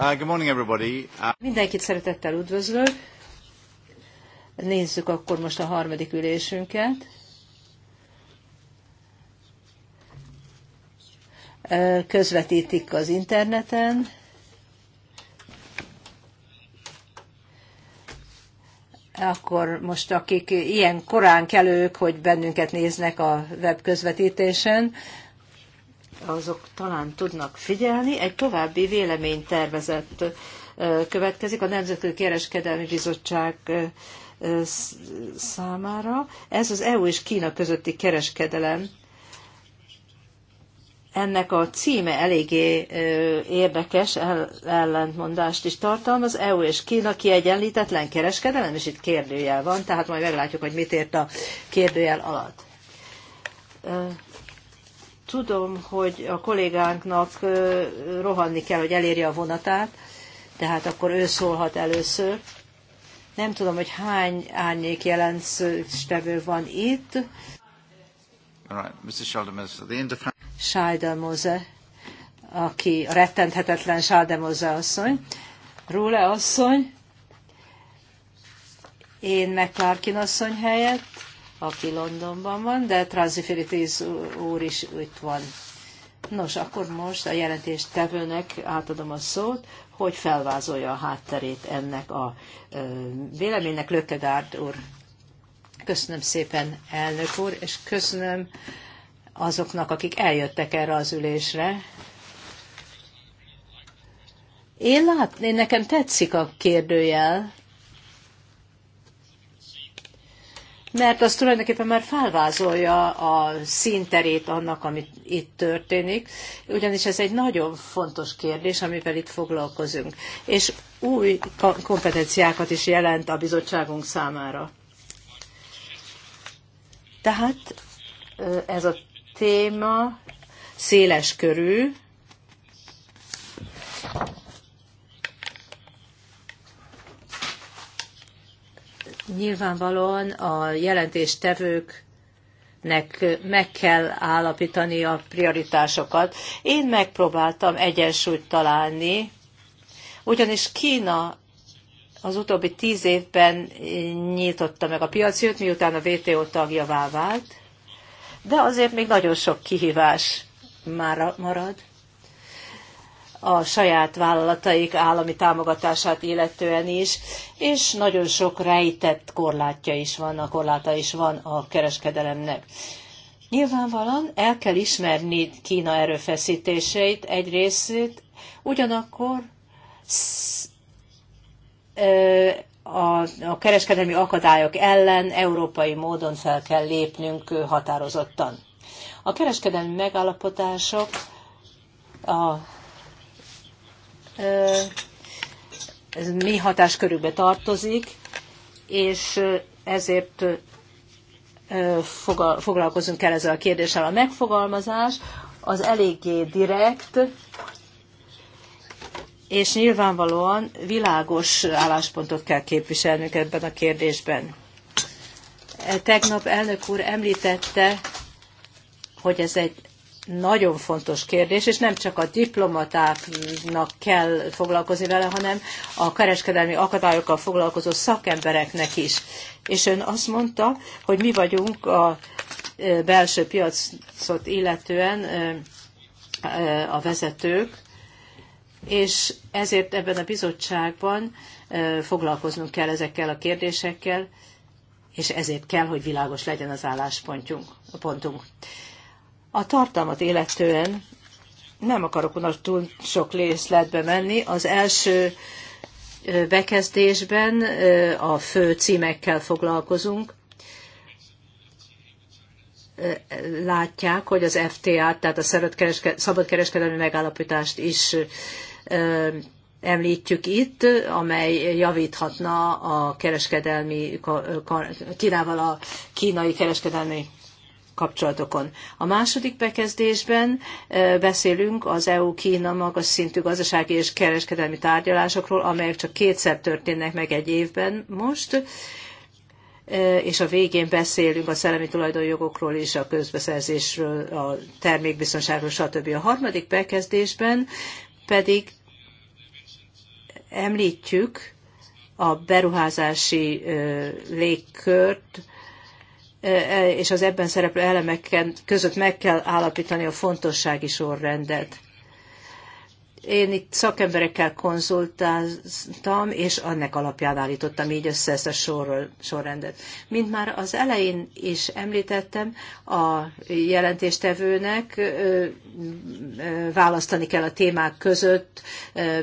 Uh, good morning everybody. Uh, Mindenkit szeretettel üdvözlök. Nézzük akkor most a harmadik ülésünket. Uh, közvetítik az interneten. Akkor most akik ilyen korán kelők, hogy bennünket néznek a web közvetítésen, azok talán tudnak figyelni. Egy további véleménytervezet következik a Nemzetközi Kereskedelmi Bizottság számára. Ez az EU és Kína közötti kereskedelem. Ennek a címe eléggé érdekes ellentmondást is tartalmaz. EU és Kína kiegyenlítetlen kereskedelem, és itt kérdőjel van, tehát majd meglátjuk, hogy mit ért a kérdőjel alatt Tudom, hogy a kollégánknak rohanni kell, hogy elérje a vonatát, tehát akkor ő szólhat először. Nem tudom, hogy hány árnyék jelentéstevő van itt. Schaldemose, aki a rettenthetetlen Schaldemose asszony, Rule asszony, én McClarkin asszony helyett, aki Londonban van, de Transiferitis úr is itt van. Nos, akkor most a tevőnek átadom a szót, hogy felvázolja a hátterét ennek a véleménynek. Lökedárd úr, köszönöm szépen, elnök úr, és köszönöm azoknak, akik eljöttek erre az ülésre. Én látni, nekem tetszik a kérdőjel, mert az tulajdonképpen már felvázolja a színterét annak, amit itt történik, ugyanis ez egy nagyon fontos kérdés, amivel itt foglalkozunk, és új kompetenciákat is jelent a bizottságunk számára. Tehát ez a téma széles körű, Nyilvánvalóan a jelentéstevőknek meg kell állapítani a prioritásokat. Én megpróbáltam egyensúlyt találni, ugyanis Kína az utóbbi tíz évben nyitotta meg a piacot, miután a WTO tagjává vált, de azért még nagyon sok kihívás marad a saját vállalataik állami támogatását illetően is, és nagyon sok rejtett korlátja is van, a korláta is van a kereskedelemnek. Nyilvánvalóan el kell ismerni Kína erőfeszítéseit egy részét, ugyanakkor a, a kereskedelmi akadályok ellen európai módon fel kell lépnünk határozottan. A kereskedelmi megállapodások a mi hatáskörükbe tartozik, és ezért foglalkozunk el ezzel a kérdéssel. A megfogalmazás az eléggé direkt, és nyilvánvalóan világos álláspontot kell képviselnünk ebben a kérdésben. Tegnap elnök úr említette, hogy ez egy nagyon fontos kérdés, és nem csak a diplomatáknak kell foglalkozni vele, hanem a kereskedelmi akadályokkal foglalkozó szakembereknek is. És ön azt mondta, hogy mi vagyunk a belső piacot illetően a vezetők, és ezért ebben a bizottságban foglalkoznunk kell ezekkel a kérdésekkel, és ezért kell, hogy világos legyen az álláspontunk. A pontunk. A tartalmat illetően nem akarok unak túl sok részletbe menni. Az első bekezdésben a fő címekkel foglalkozunk. Látják, hogy az fta tehát a szabadkereskedelmi megállapítást is említjük itt, amely javíthatna a kereskedelmi, Kínával a kínai kereskedelmi kapcsolatokon. A második bekezdésben beszélünk az EU-Kína magas szintű gazdasági és kereskedelmi tárgyalásokról, amelyek csak kétszer történnek meg egy évben most és a végén beszélünk a szellemi tulajdonjogokról és a közbeszerzésről, a termékbiztonságról, stb. A harmadik bekezdésben pedig említjük a beruházási légkört, E, e, és az ebben szereplő elemek között meg kell állapítani a fontossági sorrendet. Én itt szakemberekkel konzultáltam, és annak alapján állítottam így össze ezt a sorról, sorrendet. Mint már az elején is említettem, a jelentéstevőnek választani kell a témák között,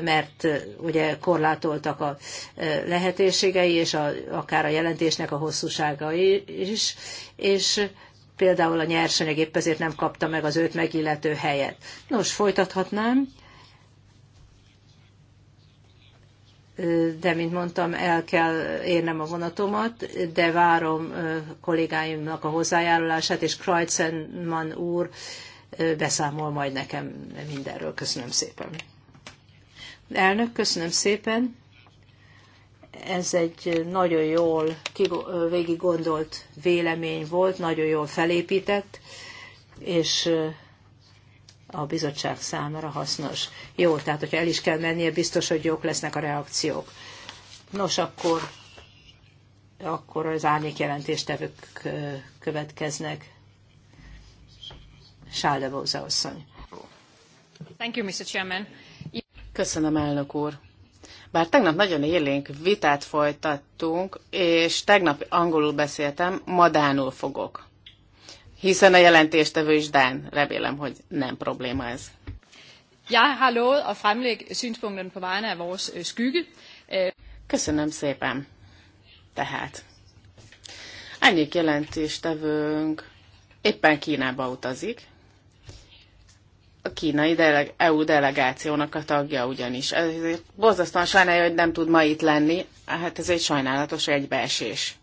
mert ugye korlátoltak a lehetőségei, és a, akár a jelentésnek a hosszúsága is, és például a nyersanyag épp ezért nem kapta meg az őt megillető helyet. Nos, folytathatnám de mint mondtam, el kell érnem a vonatomat, de várom kollégáimnak a hozzájárulását, és Kreutzmann úr beszámol majd nekem mindenről. Köszönöm szépen. Elnök, köszönöm szépen. Ez egy nagyon jól végig gondolt vélemény volt, nagyon jól felépített, és a bizottság számára hasznos. Jó, tehát hogyha el is kell mennie, biztos, hogy jók lesznek a reakciók. Nos, akkor, akkor az árnyék jelentéstevők következnek. Bóza asszony. Thank you, Mr. Chairman. Köszönöm, elnök úr. Bár tegnap nagyon élénk vitát folytattunk, és tegnap angolul beszéltem, ma dánul fogok hiszen a jelentéstevő is Dán. Remélem, hogy nem probléma ez. Jeg har lovet at fremlægge på vegne af vores øh, skygge. Øh. Köszönöm szépen. Tehát. Ennyik jelentéstevőnk éppen Kínába utazik. A kínai deleg- EU delegációnak a tagja ugyanis. Ezért borzasztóan sajnálja, hogy nem tud ma itt lenni. Hát ez egy sajnálatos egybeesés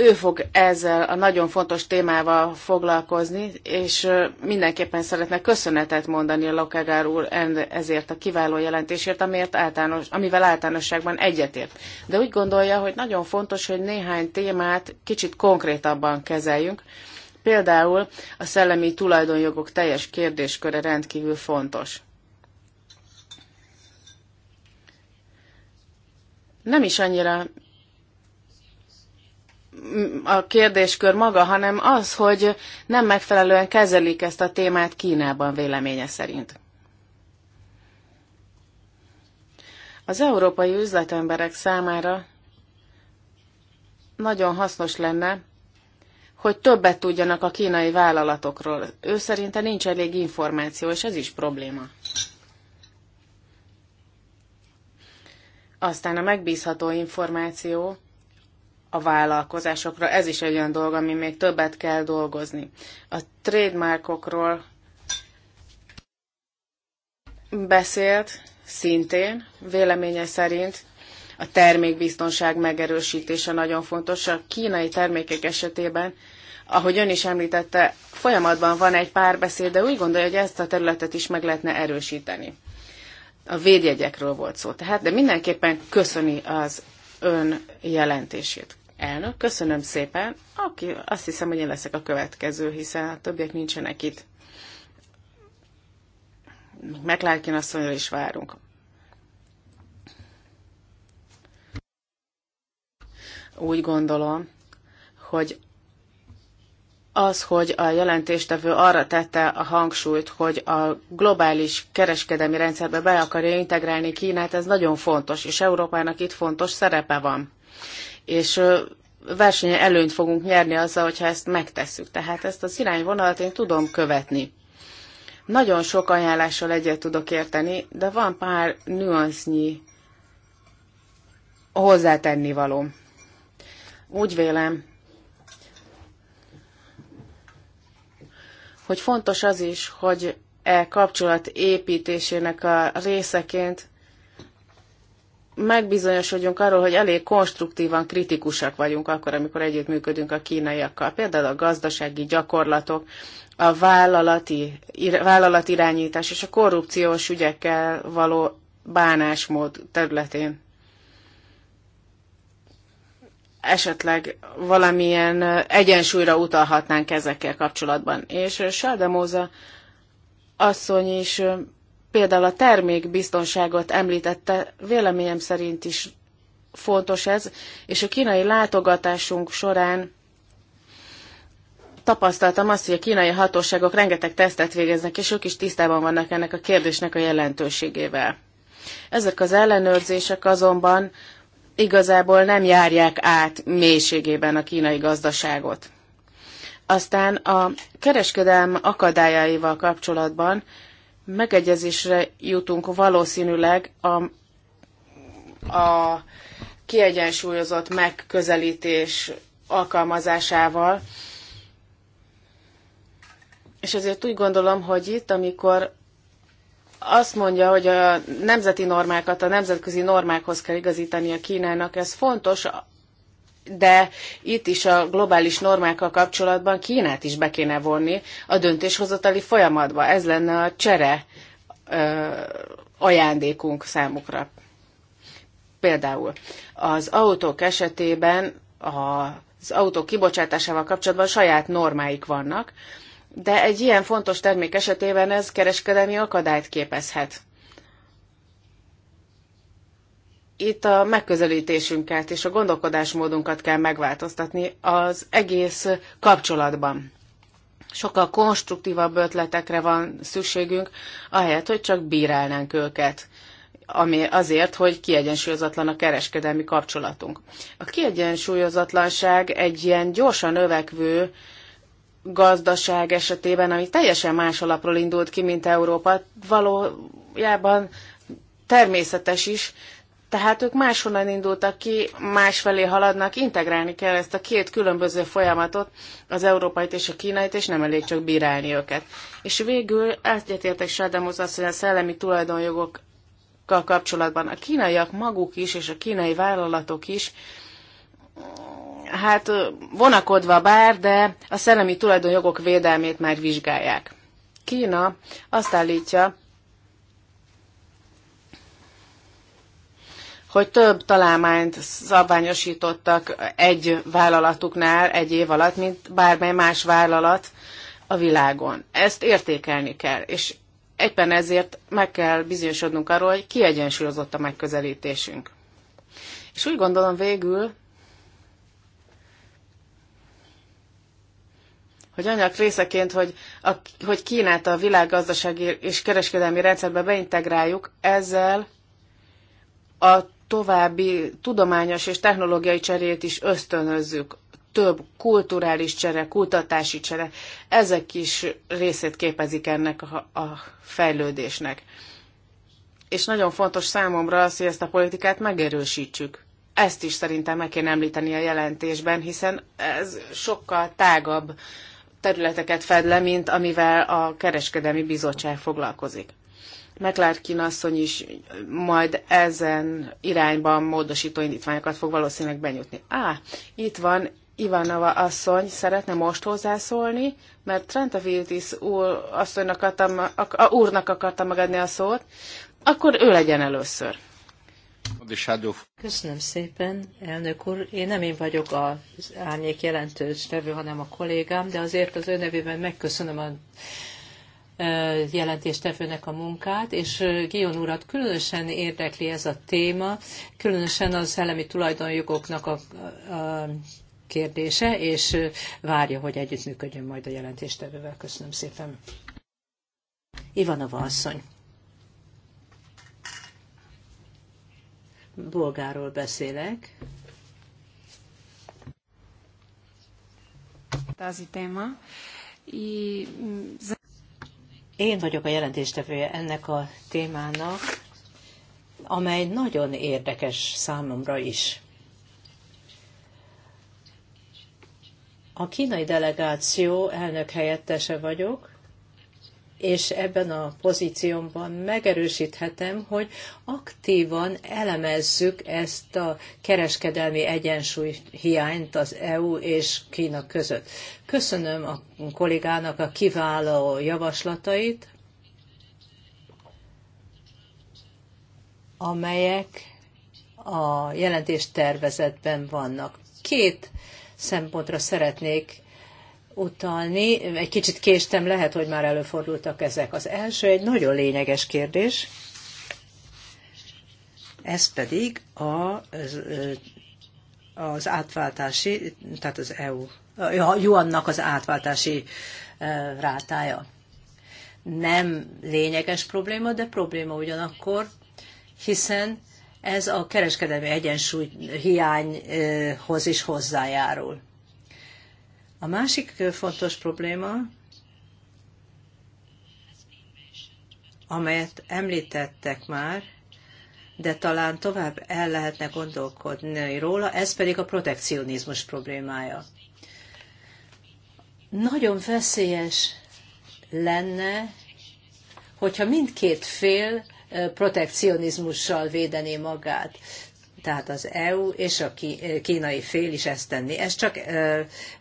ő fog ezzel a nagyon fontos témával foglalkozni, és mindenképpen szeretne köszönetet mondani a Lokegár úr ezért a kiváló jelentésért, amiért általános, amivel általánosságban egyetért. De úgy gondolja, hogy nagyon fontos, hogy néhány témát kicsit konkrétabban kezeljünk. Például a szellemi tulajdonjogok teljes kérdésköre rendkívül fontos. Nem is annyira a kérdéskör maga, hanem az, hogy nem megfelelően kezelik ezt a témát Kínában véleménye szerint. Az európai üzletemberek számára nagyon hasznos lenne, hogy többet tudjanak a kínai vállalatokról. Ő szerinte nincs elég információ, és ez is probléma. Aztán a megbízható információ a vállalkozásokra. Ez is egy olyan dolog, ami még többet kell dolgozni. A trademarkokról beszélt szintén, véleménye szerint a termékbiztonság megerősítése nagyon fontos. A kínai termékek esetében, ahogy ön is említette, folyamatban van egy párbeszéd, de úgy gondolja, hogy ezt a területet is meg lehetne erősíteni. A védjegyekről volt szó tehát, de mindenképpen köszöni az ön jelentését. Elnök, köszönöm szépen. Aki, azt hiszem, hogy én leszek a következő, hiszen a többiek nincsenek itt. Meglátjuk, asszonyra is várunk. Úgy gondolom, hogy az, hogy a jelentéstevő arra tette a hangsúlyt, hogy a globális kereskedelmi rendszerbe be akarja integrálni Kínát, ez nagyon fontos, és Európának itt fontos szerepe van és verseny előnyt fogunk nyerni azzal, hogyha ezt megtesszük. Tehát ezt az irányvonalat én tudom követni. Nagyon sok ajánlással egyet tudok érteni, de van pár nüansznyi hozzátenni való. Úgy vélem, hogy fontos az is, hogy e kapcsolat építésének a részeként megbizonyosodjunk arról, hogy elég konstruktívan kritikusak vagyunk akkor, amikor együttműködünk a kínaiakkal. Például a gazdasági gyakorlatok, a vállalati, ir, vállalatirányítás és a korrupciós ügyekkel való bánásmód területén. Esetleg valamilyen egyensúlyra utalhatnánk ezekkel kapcsolatban. És Sáldemóza asszony is például a termékbiztonságot említette, véleményem szerint is fontos ez, és a kínai látogatásunk során tapasztaltam azt, hogy a kínai hatóságok rengeteg tesztet végeznek, és ők is tisztában vannak ennek a kérdésnek a jelentőségével. Ezek az ellenőrzések azonban igazából nem járják át mélységében a kínai gazdaságot. Aztán a kereskedelm akadályaival kapcsolatban megegyezésre jutunk valószínűleg a, a kiegyensúlyozott megközelítés alkalmazásával. És ezért úgy gondolom, hogy itt, amikor azt mondja, hogy a nemzeti normákat a nemzetközi normákhoz kell igazítani a Kínának, ez fontos de itt is a globális normákkal kapcsolatban Kínát is be kéne vonni a döntéshozatali folyamatba. Ez lenne a csere ö, ajándékunk számukra. Például az autók esetében az autók kibocsátásával kapcsolatban saját normáik vannak, de egy ilyen fontos termék esetében ez kereskedelmi akadályt képezhet. itt a megközelítésünket és a gondolkodásmódunkat kell megváltoztatni az egész kapcsolatban. Sokkal konstruktívabb ötletekre van szükségünk, ahelyett, hogy csak bírálnánk őket ami azért, hogy kiegyensúlyozatlan a kereskedelmi kapcsolatunk. A kiegyensúlyozatlanság egy ilyen gyorsan növekvő gazdaság esetében, ami teljesen más alapról indult ki, mint Európa, valójában természetes is, tehát ők máshonnan indultak ki, másfelé haladnak, integrálni kell ezt a két különböző folyamatot, az európait és a kínait, és nem elég csak bírálni őket. És végül egyetértek Sádámhoz azt, hogy a szellemi tulajdonjogokkal kapcsolatban a kínaiak maguk is, és a kínai vállalatok is, hát vonakodva bár, de a szellemi tulajdonjogok védelmét már vizsgálják. Kína azt állítja, hogy több találmányt szabványosítottak egy vállalatuknál egy év alatt, mint bármely más vállalat a világon. Ezt értékelni kell, és egyben ezért meg kell bizonyosodnunk arról, hogy kiegyensúlyozott a megközelítésünk. És úgy gondolom végül, hogy anyag részeként, hogy, a, hogy Kínát a világgazdasági és kereskedelmi rendszerbe beintegráljuk, ezzel a további tudományos és technológiai cserét is ösztönözzük. Több kulturális csere, kutatási csere, ezek is részét képezik ennek a, a fejlődésnek. És nagyon fontos számomra az, hogy ezt a politikát megerősítsük. Ezt is szerintem meg kéne említeni a jelentésben, hiszen ez sokkal tágabb területeket fed le, mint amivel a kereskedelmi bizottság foglalkozik. McLarkin asszony is majd ezen irányban módosító indítványokat fog valószínűleg benyújtni. Á, itt van Ivanova asszony, szeretne most hozzászólni, mert Trentaviltis úr, asszonynak adtam, a, a, úrnak akarta megadni a szót, akkor ő legyen először. Köszönöm szépen, elnök úr. Én nem én vagyok az árnyék jelentős tevő, hanem a kollégám, de azért az ő nevében megköszönöm a jelentéstevőnek a munkát, és Gion urat különösen érdekli ez a téma, különösen az elemi tulajdonjogoknak a, a kérdése, és várja, hogy együttműködjön majd a jelentéstevővel. Köszönöm szépen. Ivanova asszony. Bolgáról beszélek. Tázi téma. I... Én vagyok a jelentéstevője ennek a témának, amely nagyon érdekes számomra is. A kínai delegáció elnök helyettese vagyok, és ebben a pozíciómban megerősíthetem, hogy aktívan elemezzük ezt a kereskedelmi egyensúly hiányt az EU és Kína között. Köszönöm a kollégának a kiváló javaslatait, amelyek a jelentés tervezetben vannak. Két szempontra szeretnék utalni. Egy kicsit késtem, lehet, hogy már előfordultak ezek. Az első egy nagyon lényeges kérdés, ez pedig a, az átváltási, tehát az EU, a Juannak az átváltási rátája. Nem lényeges probléma, de probléma ugyanakkor, hiszen ez a kereskedelmi egyensúly hiányhoz is hozzájárul. A másik fontos probléma, amelyet említettek már, de talán tovább el lehetne gondolkodni róla, ez pedig a protekcionizmus problémája. Nagyon veszélyes lenne, hogyha mindkét fél protekcionizmussal védené magát tehát az EU és a kínai fél is ezt tenni. Ez csak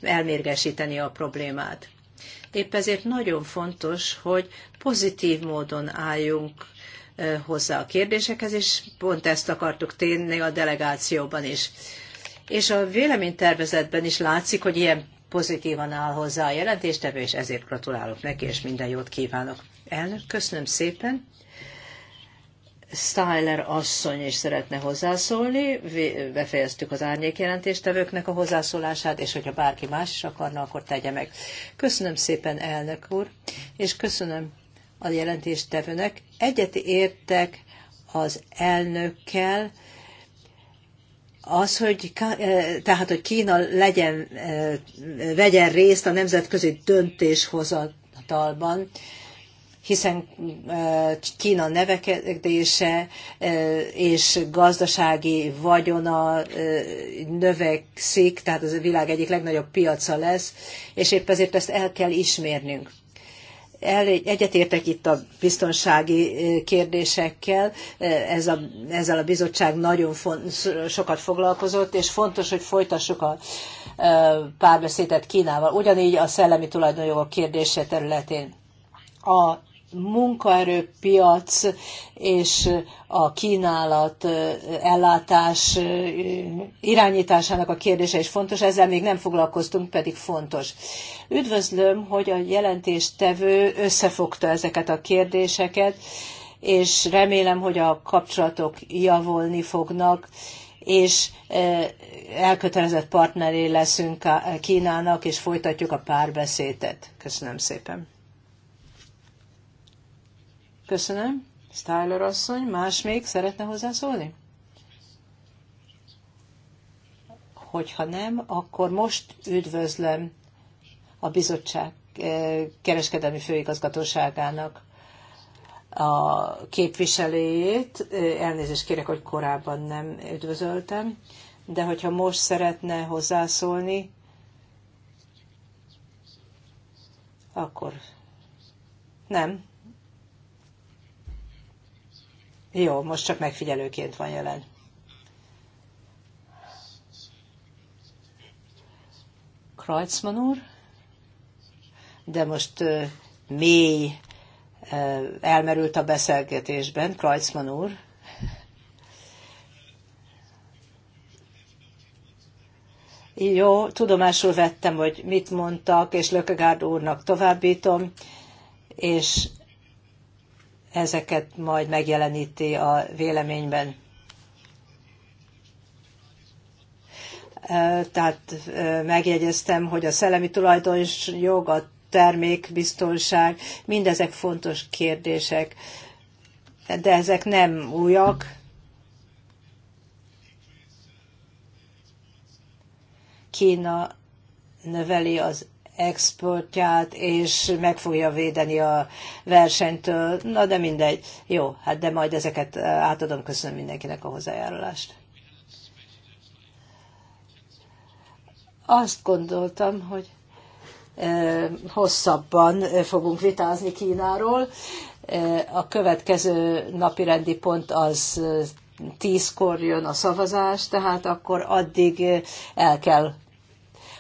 elmérgesíteni a problémát. Épp ezért nagyon fontos, hogy pozitív módon álljunk hozzá a kérdésekhez, és pont ezt akartuk tenni a delegációban is. És a véleménytervezetben is látszik, hogy ilyen pozitívan áll hozzá a jelentéstevő, és ezért gratulálok neki, és minden jót kívánok. Elnök, köszönöm szépen. Styler asszony is szeretne hozzászólni. Befejeztük az árnyékjelentéstevőknek a hozzászólását, és hogyha bárki más is akarna, akkor tegye meg. Köszönöm szépen, elnök úr, és köszönöm a jelentéstevőnek. Egyet értek az elnökkel, az, hogy, eh, tehát, hogy Kína legyen, eh, vegyen részt a nemzetközi döntéshozatalban, hiszen Kína nevekedése és gazdasági vagyona növekszik, tehát ez a világ egyik legnagyobb piaca lesz, és épp ezért ezt el kell ismernünk. Egyetértek itt a biztonsági kérdésekkel, Ez a, ezzel a bizottság nagyon font, sokat foglalkozott, és fontos, hogy folytassuk a párbeszédet Kínával, ugyanígy a szellemi tulajdonjogok kérdése területén. A munkaerőpiac és a kínálat ellátás irányításának a kérdése is fontos, ezzel még nem foglalkoztunk, pedig fontos. Üdvözlöm, hogy a jelentéstevő összefogta ezeket a kérdéseket, és remélem, hogy a kapcsolatok javulni fognak, és elkötelezett partneré leszünk Kínának, és folytatjuk a párbeszédet. Köszönöm szépen. Köszönöm. Styler asszony, más még szeretne hozzászólni? Hogyha nem, akkor most üdvözlöm a bizottság eh, kereskedelmi főigazgatóságának a képviselőjét. Eh, elnézést kérek, hogy korábban nem üdvözöltem, de hogyha most szeretne hozzászólni, akkor nem, Jó, most csak megfigyelőként van jelen. Kreuzmann úr, de most mély elmerült a beszélgetésben, Kreuzmann úr. Jó, tudomásul vettem, hogy mit mondtak, és Lökegárd úrnak továbbítom, és ezeket majd megjeleníti a véleményben. Tehát megjegyeztem, hogy a szellemi tulajdonjog, a termékbiztonság, mindezek fontos kérdések, de ezek nem újak. Kína növeli az exportját, és meg fogja védeni a versenytől. Na de mindegy. Jó, hát de majd ezeket átadom. Köszönöm mindenkinek a hozzájárulást. Azt gondoltam, hogy hosszabban fogunk vitázni Kínáról. A következő napi rendi pont az tízkor jön a szavazás, tehát akkor addig el kell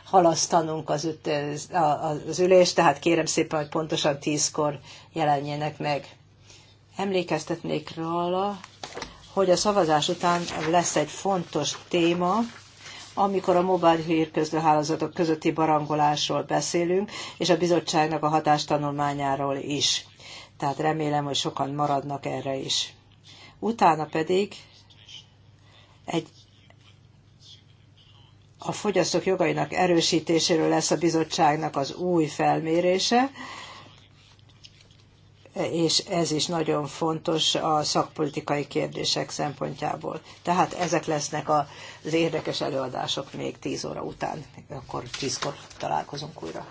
halasztanunk az, üt, az ülést, tehát kérem szépen, hogy pontosan tízkor jelenjenek meg. Emlékeztetnék róla, hogy a szavazás után lesz egy fontos téma, amikor a mobil hírközlőhálózatok közötti barangolásról beszélünk, és a bizottságnak a hatástanulmányáról is. Tehát remélem, hogy sokan maradnak erre is. Utána pedig egy a fogyasztók jogainak erősítéséről lesz a bizottságnak az új felmérése, és ez is nagyon fontos a szakpolitikai kérdések szempontjából. Tehát ezek lesznek az érdekes előadások még 10 óra után, akkor 10-kor találkozunk újra.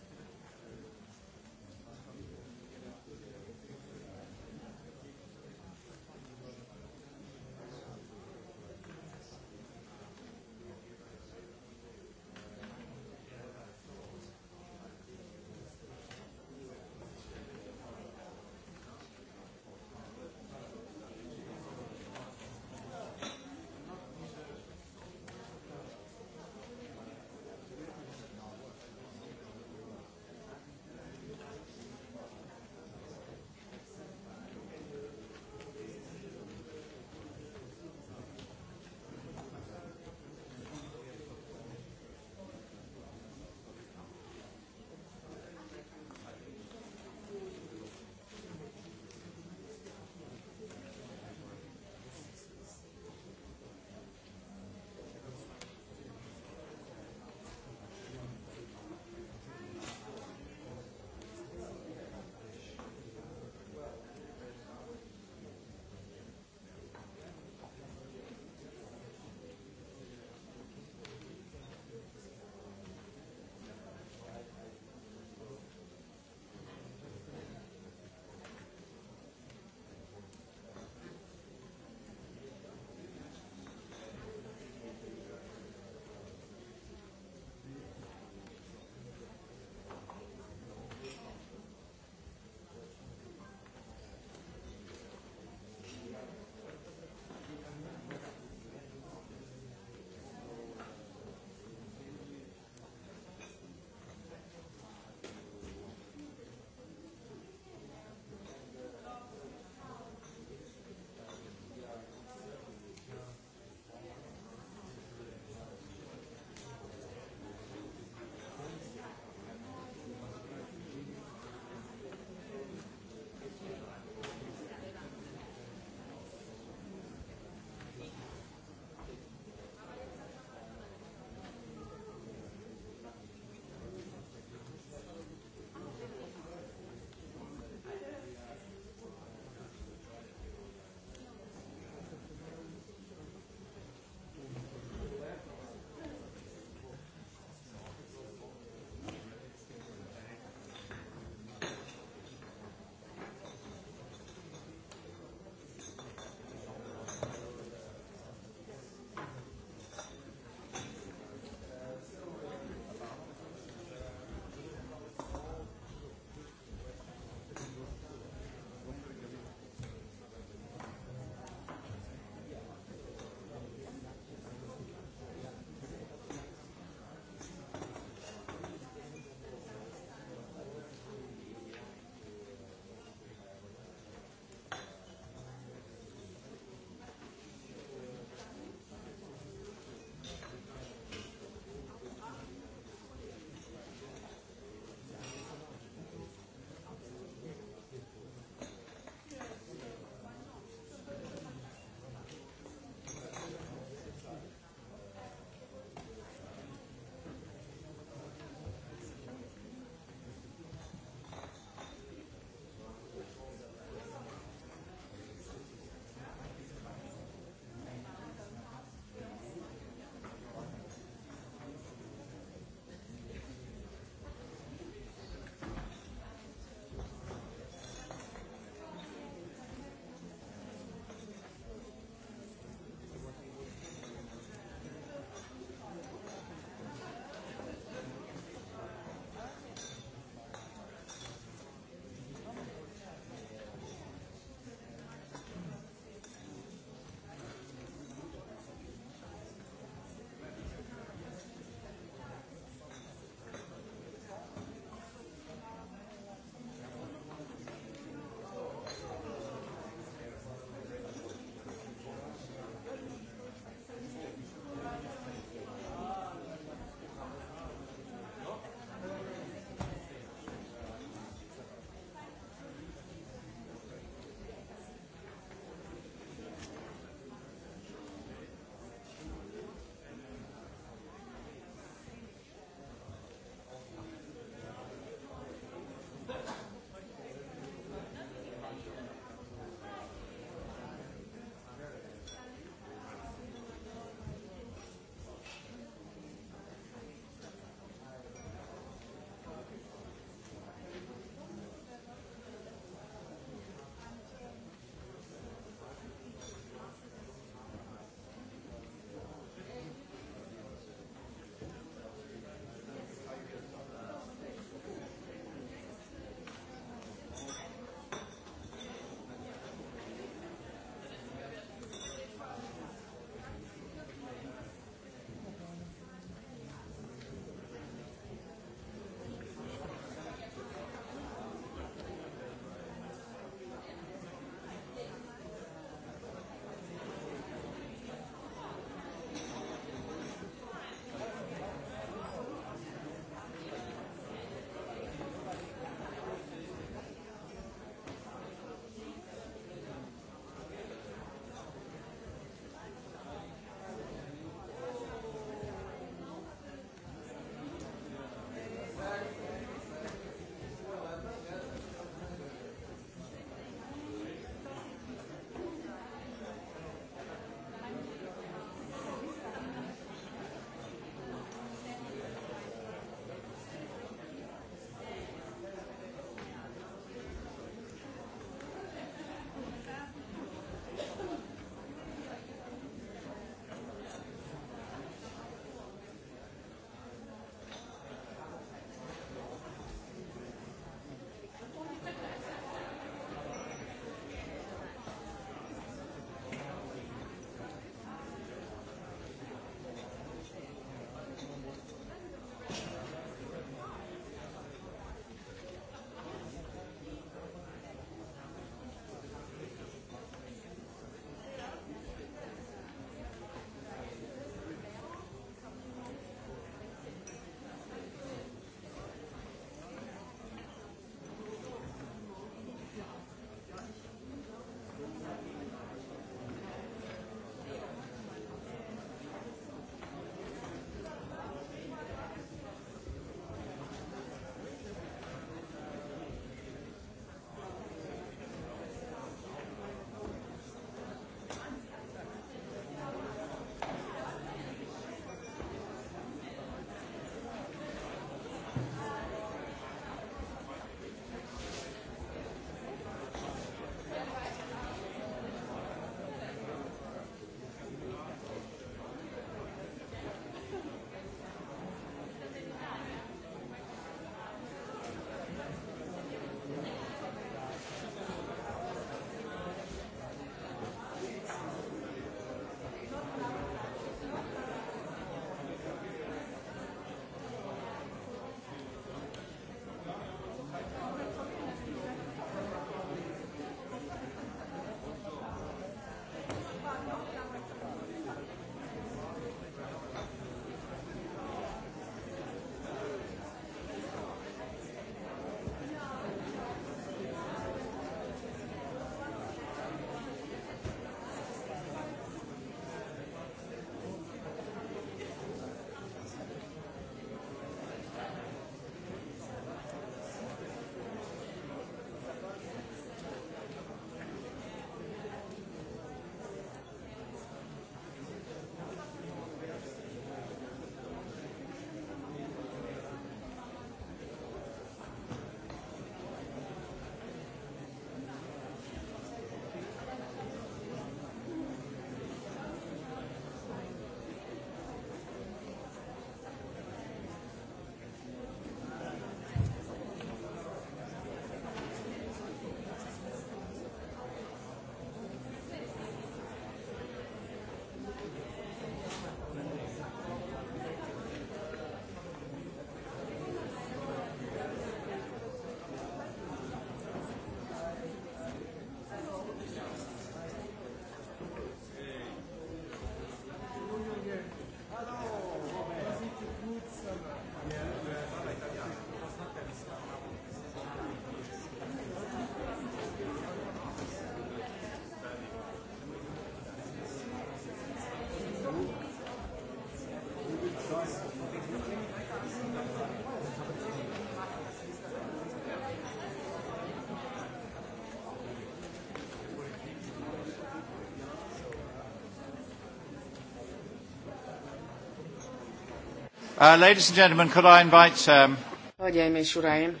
Uh, ladies and gentlemen, could I invite... Um... Hölgyeim és uraim,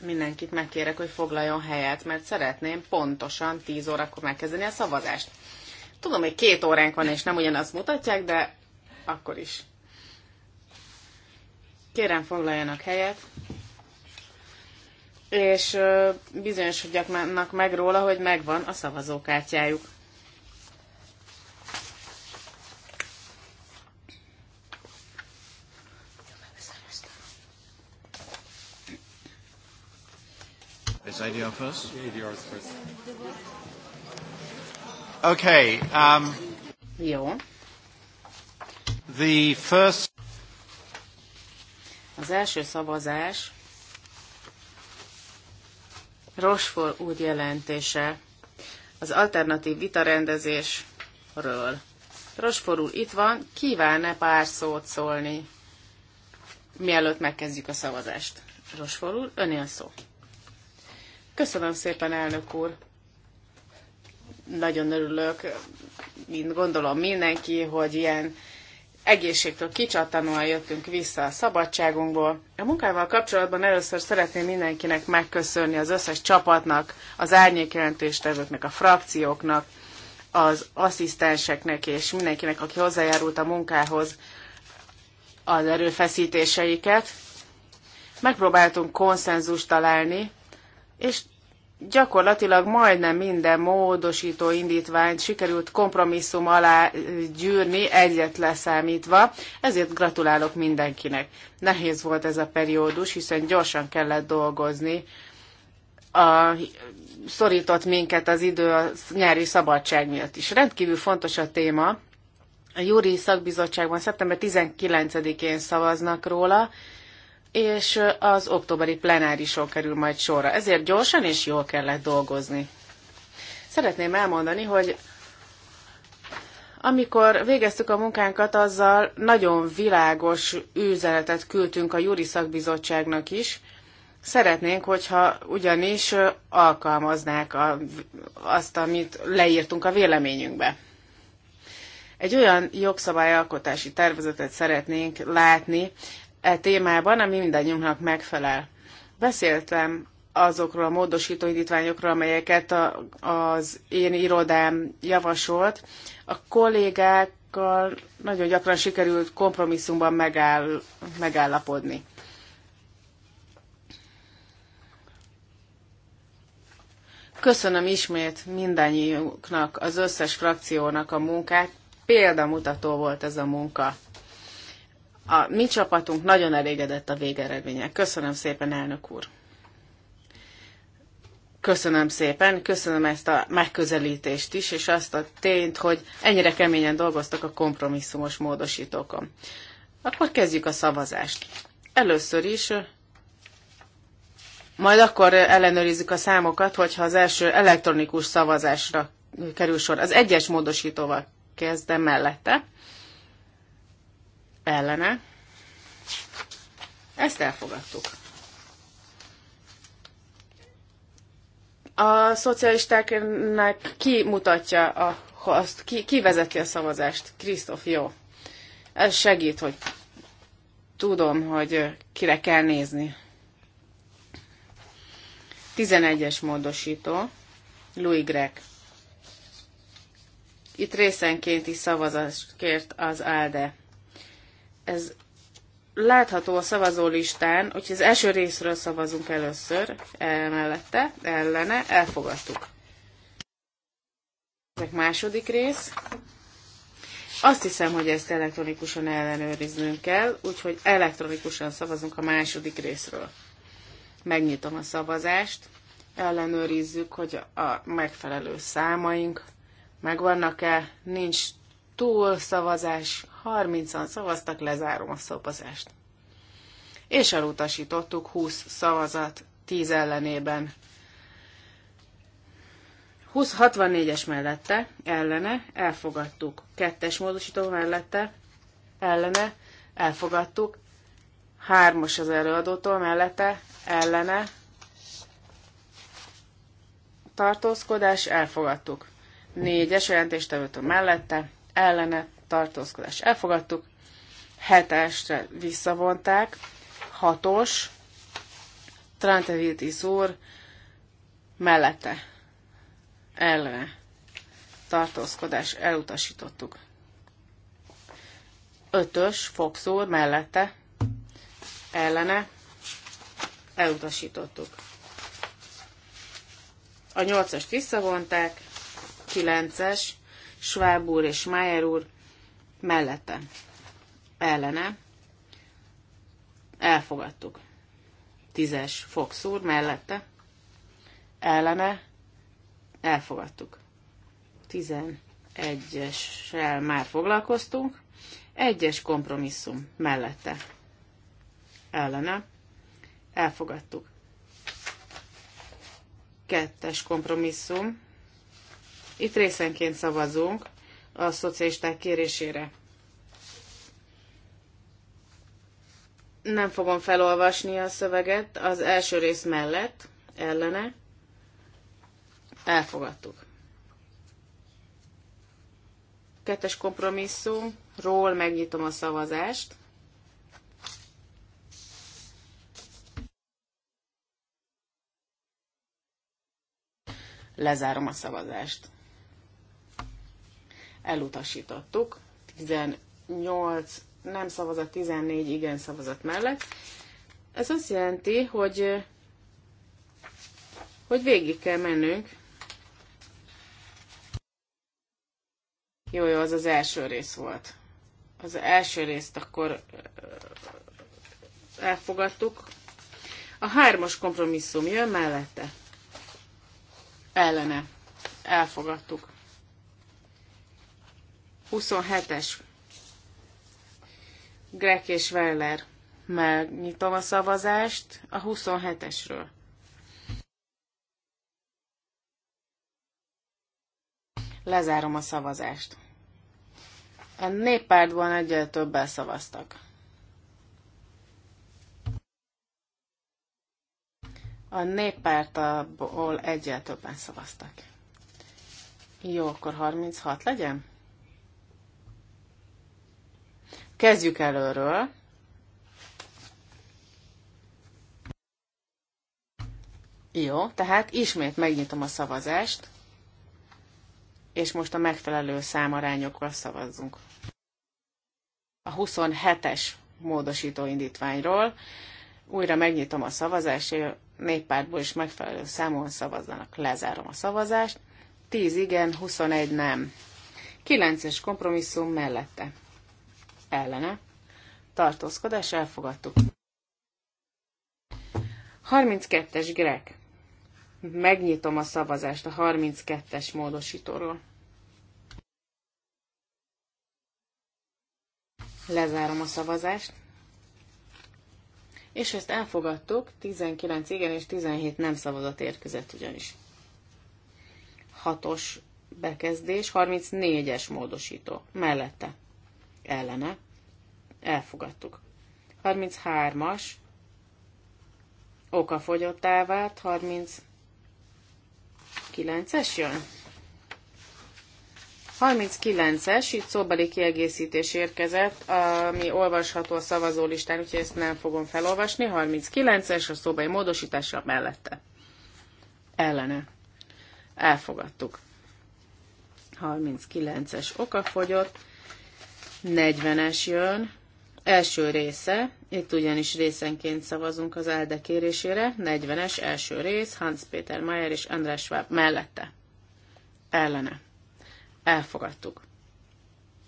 mindenkit megkérek, hogy foglaljon helyet, mert szeretném pontosan 10 órakor megkezdeni a szavazást. Tudom, hogy két óránk van, és nem ugyanazt mutatják, de akkor is. Kérem, foglaljanak helyet. És bizonyosodjanak meg róla, hogy megvan a szavazókártyájuk. first? The ADR first. Okay. Um, Jó. The first... Az első szavazás Rosfor úr jelentése az alternatív vitarendezésről. Rosfor úr itt van, kívánne pár szót szólni, mielőtt megkezdjük a szavazást? Rosfor úr, önél szó. Köszönöm szépen, elnök úr! Nagyon örülök, mint gondolom mindenki, hogy ilyen egészségtől kicsattanóan jöttünk vissza a szabadságunkból. A munkával kapcsolatban először szeretném mindenkinek megköszönni az összes csapatnak, az árnyékjelentéstevőknek, a frakcióknak, az asszisztenseknek és mindenkinek, aki hozzájárult a munkához az erőfeszítéseiket. Megpróbáltunk konszenzust találni, és gyakorlatilag majdnem minden módosító indítványt sikerült kompromisszum alá gyűrni, egyet leszámítva, ezért gratulálok mindenkinek. Nehéz volt ez a periódus, hiszen gyorsan kellett dolgozni. A, szorított minket az idő a nyári szabadság miatt is. Rendkívül fontos a téma. A Júri Szakbizottságban szeptember 19-én szavaznak róla, és az októberi plenárison kerül majd sorra. Ezért gyorsan és jól kellett dolgozni. Szeretném elmondani, hogy amikor végeztük a munkánkat, azzal nagyon világos üzenetet küldtünk a Juri Szakbizottságnak is. Szeretnénk, hogyha ugyanis alkalmaznák a, azt, amit leírtunk a véleményünkbe. Egy olyan jogszabályalkotási tervezetet szeretnénk látni, e témában, ami mindannyiunknak megfelel. Beszéltem azokról a módosító indítványokról, amelyeket a, az én irodám javasolt. A kollégákkal nagyon gyakran sikerült kompromisszumban megáll, megállapodni. Köszönöm ismét mindannyiuknak, az összes frakciónak a munkát. Példamutató volt ez a munka. A mi csapatunk nagyon elégedett a végeredménye. Köszönöm szépen, elnök úr! Köszönöm szépen, köszönöm ezt a megközelítést is, és azt a tényt, hogy ennyire keményen dolgoztak a kompromisszumos módosítókon. Akkor kezdjük a szavazást. Először is, majd akkor ellenőrizzük a számokat, hogyha az első elektronikus szavazásra kerül sor. Az egyes módosítóval kezdem mellette ellene. Ezt elfogadtuk. A szocialistáknak ki mutatja a, azt, ki, ki vezeti a szavazást? Krisztof, jó. Ez segít, hogy tudom, hogy kire kell nézni. 11-es módosító, Louis Greg. Itt részenkénti szavazást kért az ALDE ez látható a szavazólistán, úgyhogy az első részről szavazunk először, mellette, ellene, elfogadtuk. a második rész. Azt hiszem, hogy ezt elektronikusan ellenőriznünk kell, úgyhogy elektronikusan szavazunk a második részről. Megnyitom a szavazást, ellenőrizzük, hogy a megfelelő számaink megvannak-e, nincs túl szavazás, 30-an szavaztak, lezárom a szavazást. És elutasítottuk 20 szavazat 10 ellenében. 20-64-es mellette, ellene, elfogadtuk. Kettes módosító mellette, ellene, elfogadtuk. Hármas az előadótól mellette, ellene, tartózkodás, elfogadtuk. Négyes jelentéstevőtől mellette, ellene, tartózkodás elfogadtuk, hetesre visszavonták, hatos, Trantevilti úr mellette, ellene tartózkodás elutasítottuk. Ötös, Fox úr mellette, ellene elutasítottuk. A nyolcast visszavonták, kilences, Schwab úr és Mayer úr mellette, ellene, elfogadtuk. Tízes Fox úr mellette, ellene, elfogadtuk. Tizenegyessel már foglalkoztunk, egyes kompromisszum mellette, ellene, elfogadtuk. Kettes kompromisszum, itt részenként szavazunk, a szocialisták kérésére. Nem fogom felolvasni a szöveget az első rész mellett, ellene. Elfogadtuk. Kettes kompromisszum, ról megnyitom a szavazást. Lezárom a szavazást elutasítottuk. 18 nem szavazat, 14 igen szavazat mellett. Ez azt jelenti, hogy, hogy végig kell mennünk. Jó, jó, az az első rész volt. Az első részt akkor elfogadtuk. A hármas kompromisszum jön mellette. Ellene. Elfogadtuk. 27-es Greg és Weller. Megnyitom a szavazást a 27-esről. Lezárom a szavazást. A néppártban egyel többel szavaztak. A néppártból egyel többen szavaztak. Jó, akkor 36 legyen? Kezdjük előről. Jó, tehát ismét megnyitom a szavazást, és most a megfelelő számarányokkal szavazzunk. A 27-es módosító indítványról újra megnyitom a szavazást, és néppártból is megfelelő számon szavazzanak. Lezárom a szavazást. 10 igen, 21 nem. 9-es kompromisszum mellette ellene, tartózkodás elfogadtuk. 32-es Greg. Megnyitom a szavazást a 32-es módosítóról. Lezárom a szavazást. És ezt elfogadtuk, 19 igen és 17 nem szavazat érkezett ugyanis. 6-os bekezdés, 34-es módosító. Mellette ellene elfogadtuk. 33-as okafogyottá vált, 39-es jön. 39-es, itt szóbeli kiegészítés érkezett, ami olvasható a szavazólistán, úgyhogy ezt nem fogom felolvasni. 39-es a szóbeli módosítása mellette. Ellene. Elfogadtuk. 39-es okafogyott. 40-es jön, első része, itt ugyanis részenként szavazunk az ELDE kérésére, 40-es első rész, Hans Peter Mayer és András Schwab mellette. Ellene. Elfogadtuk.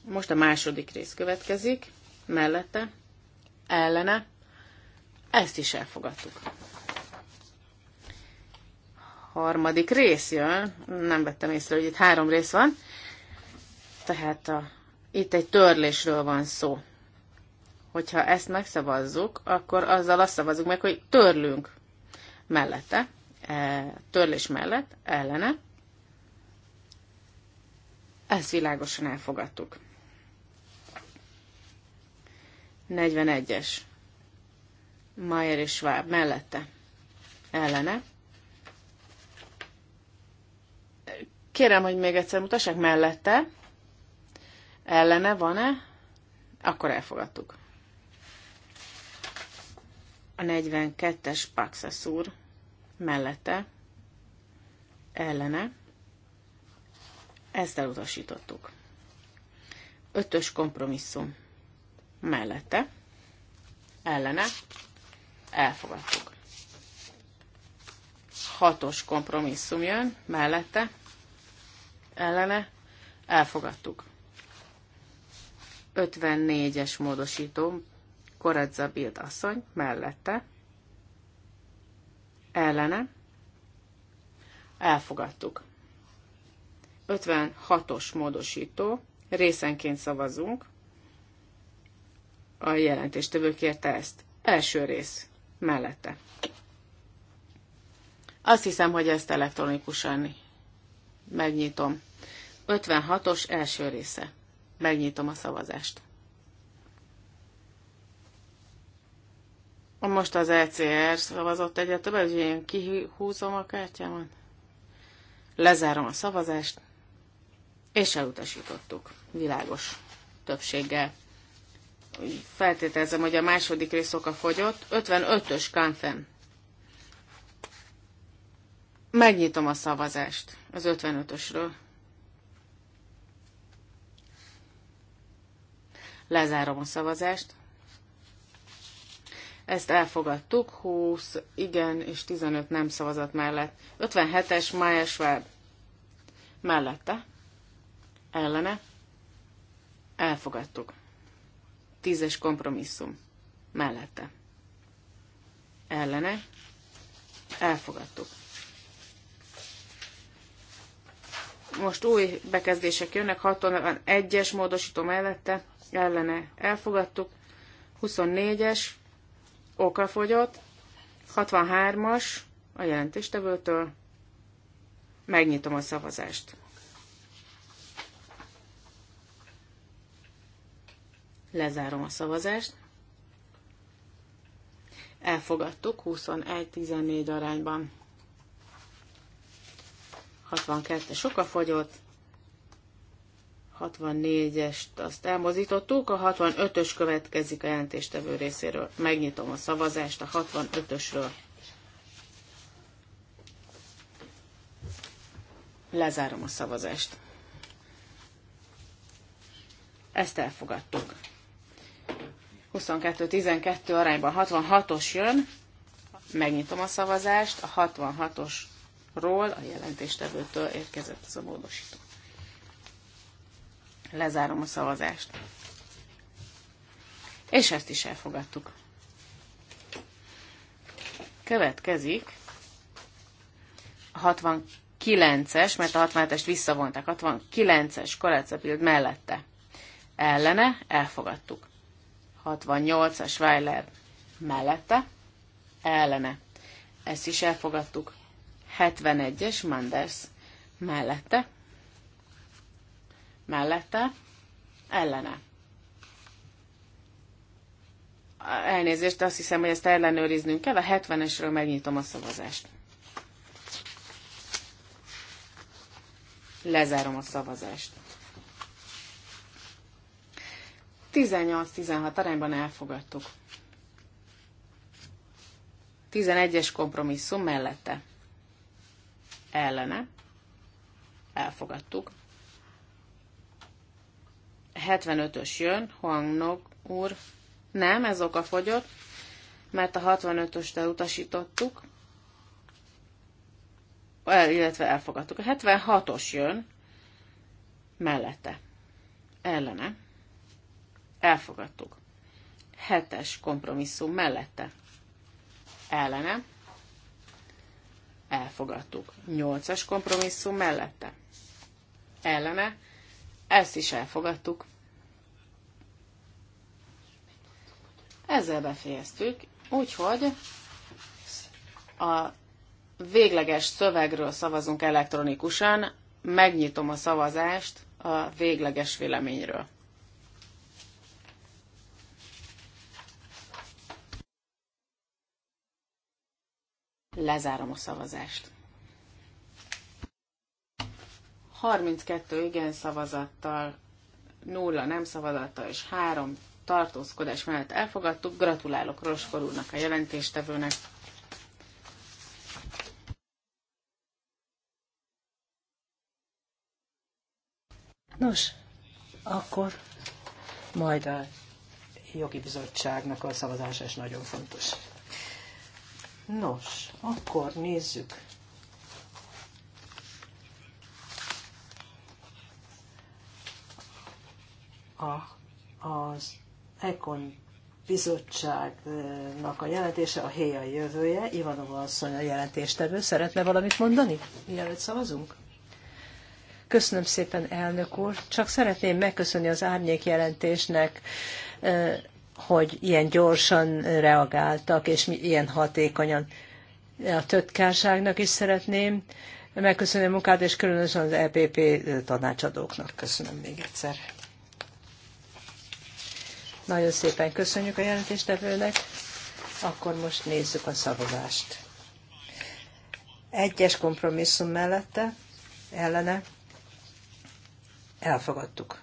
Most a második rész következik, mellette, ellene, ezt is elfogadtuk. Harmadik rész jön, nem vettem észre, hogy itt három rész van, tehát a itt egy törlésről van szó. Hogyha ezt megszavazzuk, akkor azzal azt szavazzuk meg, hogy törlünk mellette, e, törlés mellett, ellene. Ezt világosan elfogadtuk. 41-es. Mayer és Schwab mellette. Ellene. Kérem, hogy még egyszer mutassák mellette. Ellene van-e? Akkor elfogadtuk. A 42-es Paxas úr mellette, ellene, ezt elutasítottuk. Ötös kompromisszum mellette, ellene, elfogadtuk. Hatos kompromisszum jön, mellette, ellene, elfogadtuk. 54-es módosító, Koradza Bild asszony mellette, ellene, elfogadtuk. 56-os módosító, részenként szavazunk, a jelentéstevő kérte ezt. Első rész, mellette. Azt hiszem, hogy ezt elektronikusan megnyitom. 56-os első része. Megnyitom a szavazást. Most az ECR szavazott egyet hogy én kihúzom a kártyámat. Lezárom a szavazást, és elutasítottuk. Világos többséggel. Feltételezem, hogy a második rész oka fogyott. 55-ös kanfen. Megnyitom a szavazást az 55-ösről. Lezárom a szavazást. Ezt elfogadtuk, 20 igen és 15 nem szavazat mellett. 57-es Maja Schwab mellette, ellene, elfogadtuk. 10-es kompromisszum mellette, ellene, elfogadtuk. Most új bekezdések jönnek, 61-es módosító mellette, ellene elfogadtuk, 24-es okafogyott, 63-as a jelentéstevőtől, megnyitom a szavazást. Lezárom a szavazást. Elfogadtuk 21-14 arányban. 62 es fogyott, 64-est azt elmozítottuk, a 65-ös következik a jelentéstevő részéről. Megnyitom a szavazást a 65-ösről. Lezárom a szavazást. Ezt elfogadtuk. 22-12 arányban 66-os jön. Megnyitom a szavazást. A 66-osról a jelentéstevőtől érkezett az a módosító. Lezárom a szavazást. És ezt is elfogadtuk. Következik a 69-es, mert a 67-est visszavonták, 69-es Korácapild mellette. Ellene elfogadtuk. 68-as Weiler mellette, ellene. Ezt is elfogadtuk. 71-es Manders mellette, mellette, ellene. Elnézést, azt hiszem, hogy ezt ellenőriznünk kell. A 70-esről megnyitom a szavazást. Lezárom a szavazást. 18-16 arányban elfogadtuk. 11-es kompromisszum mellette. Ellene. Elfogadtuk. 75-ös jön, Nog úr. Nem, ez oka fogyott, mert a 65-öst elutasítottuk, el, illetve elfogadtuk. A 76-os jön mellette. Ellene. Elfogadtuk. 7-es kompromisszum mellette. Ellene. Elfogadtuk. 8-as kompromisszum mellette. Ellene. Ezt is elfogadtuk. Ezzel befejeztük, úgyhogy a végleges szövegről szavazunk elektronikusan, megnyitom a szavazást a végleges véleményről. Lezárom a szavazást. 32 igen szavazattal, 0 nem szavazattal és 3 tartózkodás mellett elfogadtuk. Gratulálok Roskor úrnak a jelentéstevőnek. Nos, akkor majd a jogi bizottságnak a szavazása is nagyon fontos. Nos, akkor nézzük. A, az Ekon bizottságnak a jelentése a héja jövője. Ivanova asszony a jelentéstevő. Szeretne valamit mondani, mielőtt szavazunk? Köszönöm szépen, elnök úr. Csak szeretném megköszönni az árnyék jelentésnek, hogy ilyen gyorsan reagáltak, és ilyen hatékonyan. A tötkárságnak is szeretném megköszönni a munkát, és különösen az EPP tanácsadóknak. Köszönöm még egyszer. Nagyon szépen köszönjük a jelentéstevőnek. Akkor most nézzük a szavazást. Egyes kompromisszum mellette, ellene elfogadtuk.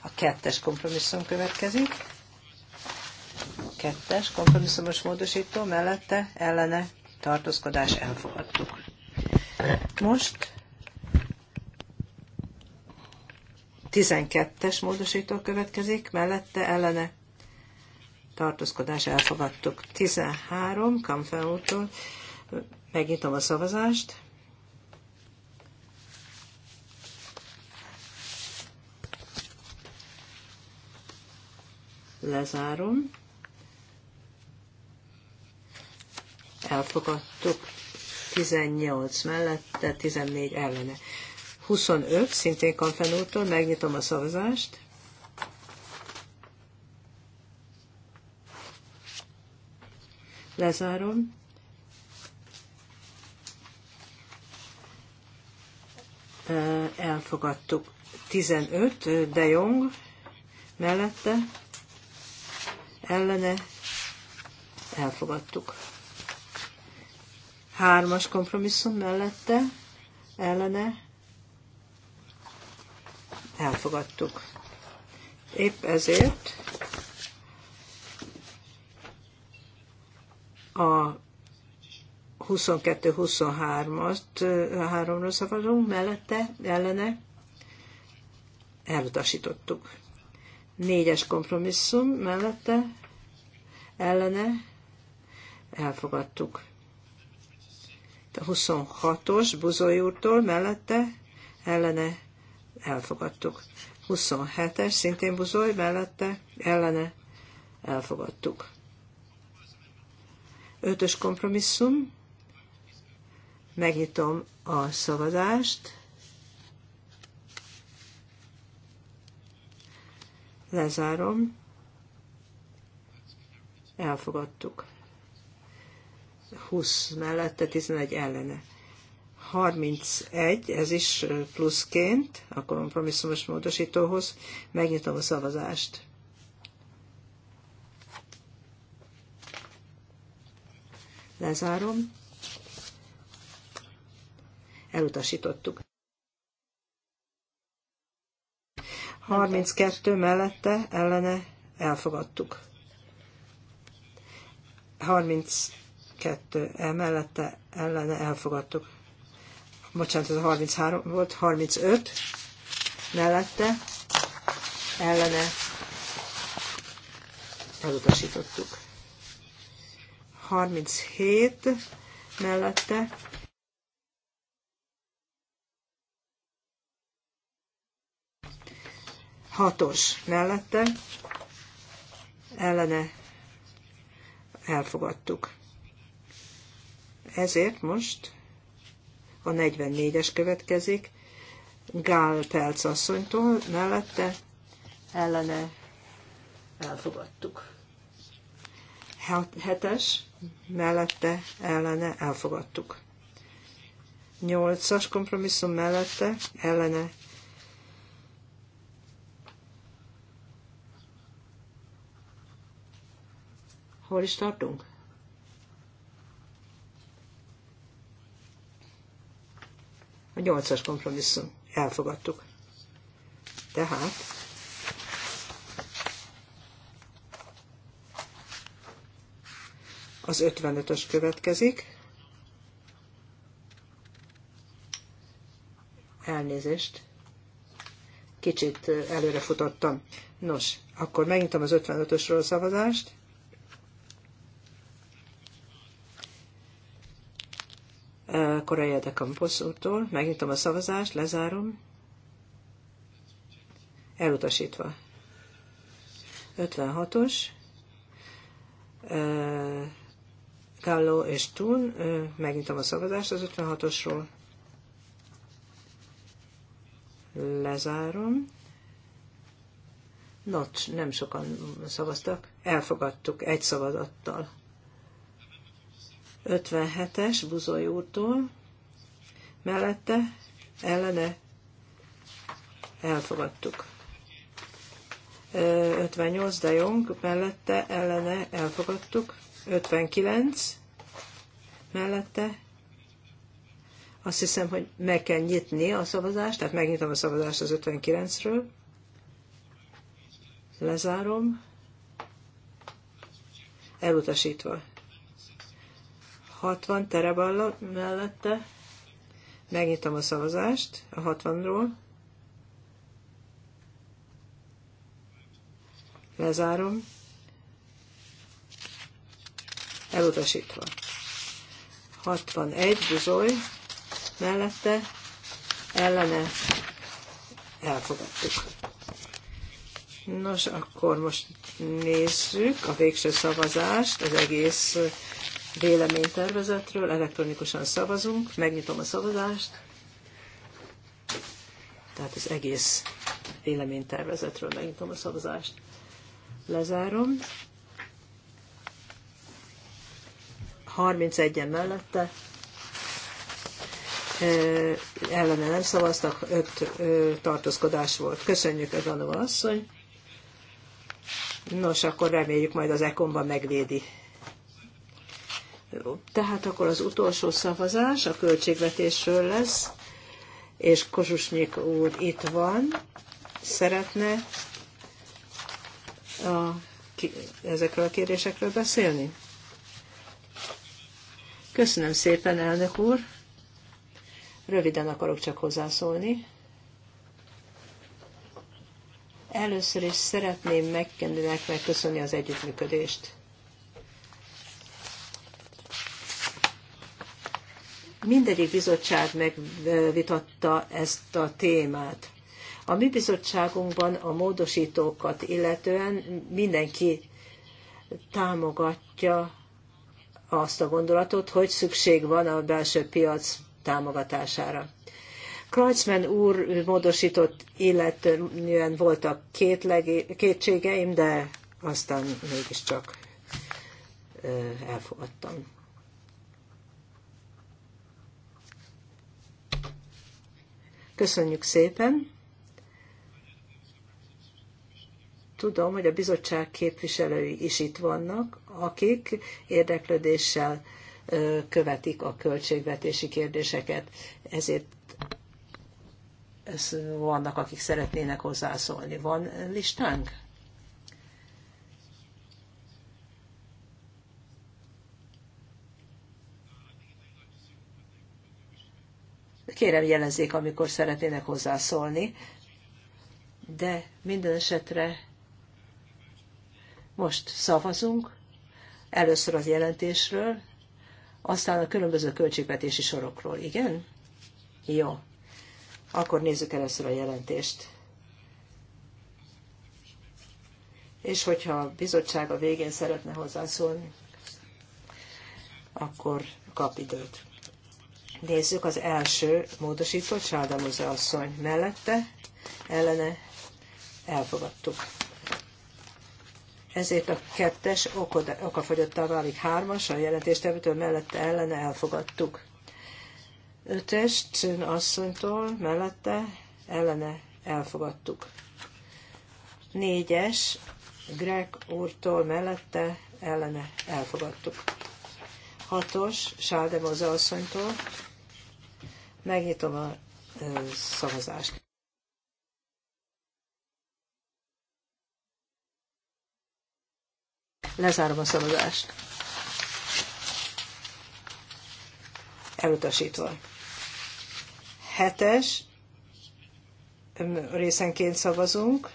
A kettes kompromisszum következik. Kettes kompromisszumos módosító mellette ellene tartózkodás elfogadtuk. Most 12-es módosító következik, mellette ellene tartózkodás elfogadtuk. 13, Kamfeótól, megnyitom a szavazást. Lezárom. Elfogadtuk 18 mellette, 14 ellene. 25, szintén Kanfenúrtól, megnyitom a szavazást. Lezárom. Elfogadtuk. 15, De Jong mellette, ellene elfogadtuk. Hármas kompromisszum mellette, ellene elfogadtuk. Épp ezért a 22-23-ra szavazunk, mellette, ellene elutasítottuk. Négyes kompromisszum mellette, ellene elfogadtuk. A 26-os Buzoly úrtól mellette, ellene elfogadtuk. 27-es, szintén buzoly, mellette, ellene, elfogadtuk. ötös kompromisszum, megnyitom a szavazást, lezárom, elfogadtuk. 20 mellette, 11 ellene. 31, ez is pluszként a kompromisszumos módosítóhoz. Megnyitom a szavazást. Lezárom. Elutasítottuk. 32 mellette ellene elfogadtuk. 32 e mellette, ellene elfogadtuk bocsánat, ez a 33 volt, 35 mellette ellene elutasítottuk. 37 mellette hatos mellette ellene elfogadtuk. Ezért most a 44-es következik. Gál Pelc asszonytól mellette ellene elfogadtuk. Hetes mellette ellene elfogadtuk. Nyolcas kompromisszum mellette ellene Hol is tartunk? A nyolcas kompromisszum. Elfogadtuk. Tehát az 55-ös következik. Elnézést. Kicsit előre futottam. Nos, akkor megnyitom az 55-ösről szavazást. Korea de Campos úrtól. Megnyitom a szavazást, lezárom. Elutasítva. 56-os. Gallo és Tún. Megnyitom a szavazást az 56-osról. Lezárom. Not, nem sokan szavaztak. Elfogadtuk egy szavazattal. 57-es Buzoly úrtól, mellette ellene elfogadtuk. 58 de Jong, mellette ellene elfogadtuk. 59 mellette azt hiszem, hogy meg kell nyitni a szavazást, tehát megnyitom a szavazást az 59-ről. Lezárom. Elutasítva. 60 tereballa mellette. Megnyitom a szavazást a 60-ról. Lezárom. Elutasítva. 61 buzoly mellette ellene elfogadtuk. Nos, akkor most nézzük a végső szavazást, az egész véleménytervezetről, elektronikusan szavazunk, megnyitom a szavazást, tehát az egész véleménytervezetről megnyitom a szavazást, lezárom. 31-en mellette, ellene nem szavaztak, öt tartózkodás volt. Köszönjük az Anova asszony. Nos, akkor reméljük majd az Ekonban megvédi tehát akkor az utolsó szavazás a költségvetésről lesz, és Kozsusnyik úr itt van, szeretne a, ki, ezekről a kérdésekről beszélni? Köszönöm szépen, elnök úr. Röviden akarok csak hozzászólni. Először is szeretném megkendőnek megköszönni az együttműködést. Mindegyik bizottság megvitatta ezt a témát. A mi bizottságunkban a módosítókat illetően mindenki támogatja azt a gondolatot, hogy szükség van a belső piac támogatására. Kreutzmann úr módosított illetően voltak kétlegi, kétségeim, de aztán mégiscsak elfogadtam. Köszönjük szépen! Tudom, hogy a bizottság képviselői is itt vannak, akik érdeklődéssel követik a költségvetési kérdéseket, ezért vannak, akik szeretnének hozzászólni. Van listánk? kérem jelezzék, amikor szeretnének hozzászólni. De minden esetre most szavazunk, először az jelentésről, aztán a különböző költségvetési sorokról. Igen? Jó. Akkor nézzük először a jelentést. És hogyha a bizottság a végén szeretne hozzászólni, akkor kap időt. Nézzük az első módosított Sáldamúze asszony mellette, ellene elfogadtuk. Ezért a kettes okafogyottá válik hármas, a jelentéstevőtől mellette ellene elfogadtuk. Ötes Csön asszonytól mellette ellene elfogadtuk. Négyes Greg úrtól mellette ellene elfogadtuk. Hatos Sáldemoza asszonytól Megnyitom a szavazást. Lezárom a szavazást. Elutasítva. Hetes részenként szavazunk.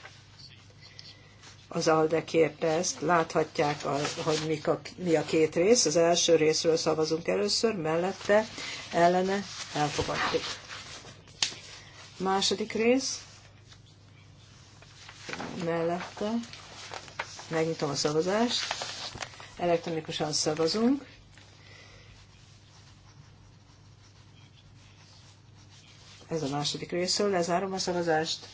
Az ALDE kérte ezt. Láthatják, hogy mik a, mi a két rész. Az első részről szavazunk először, mellette, ellene elfogadtuk. Második rész, mellette, megnyitom a szavazást, elektronikusan szavazunk, ez a második részről, lezárom a szavazást,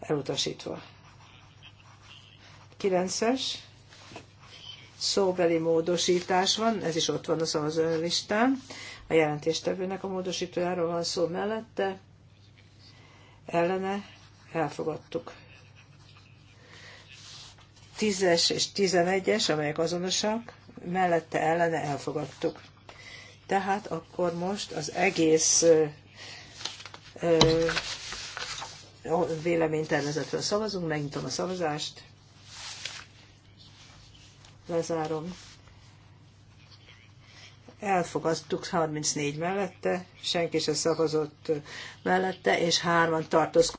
elutasítva. 9-es, szóbeli módosítás van, ez is ott van a szavazólistán. A jelentéstevőnek a módosítójáról van szó mellette, ellene elfogadtuk. 10-es és 11-es, amelyek azonosak, mellette ellene elfogadtuk. Tehát akkor most az egész véleménytervezetről szavazunk, megnyitom a szavazást, lezárom elfogadtuk 34 mellette, senki sem szavazott mellette, és hárman tartózkodtak.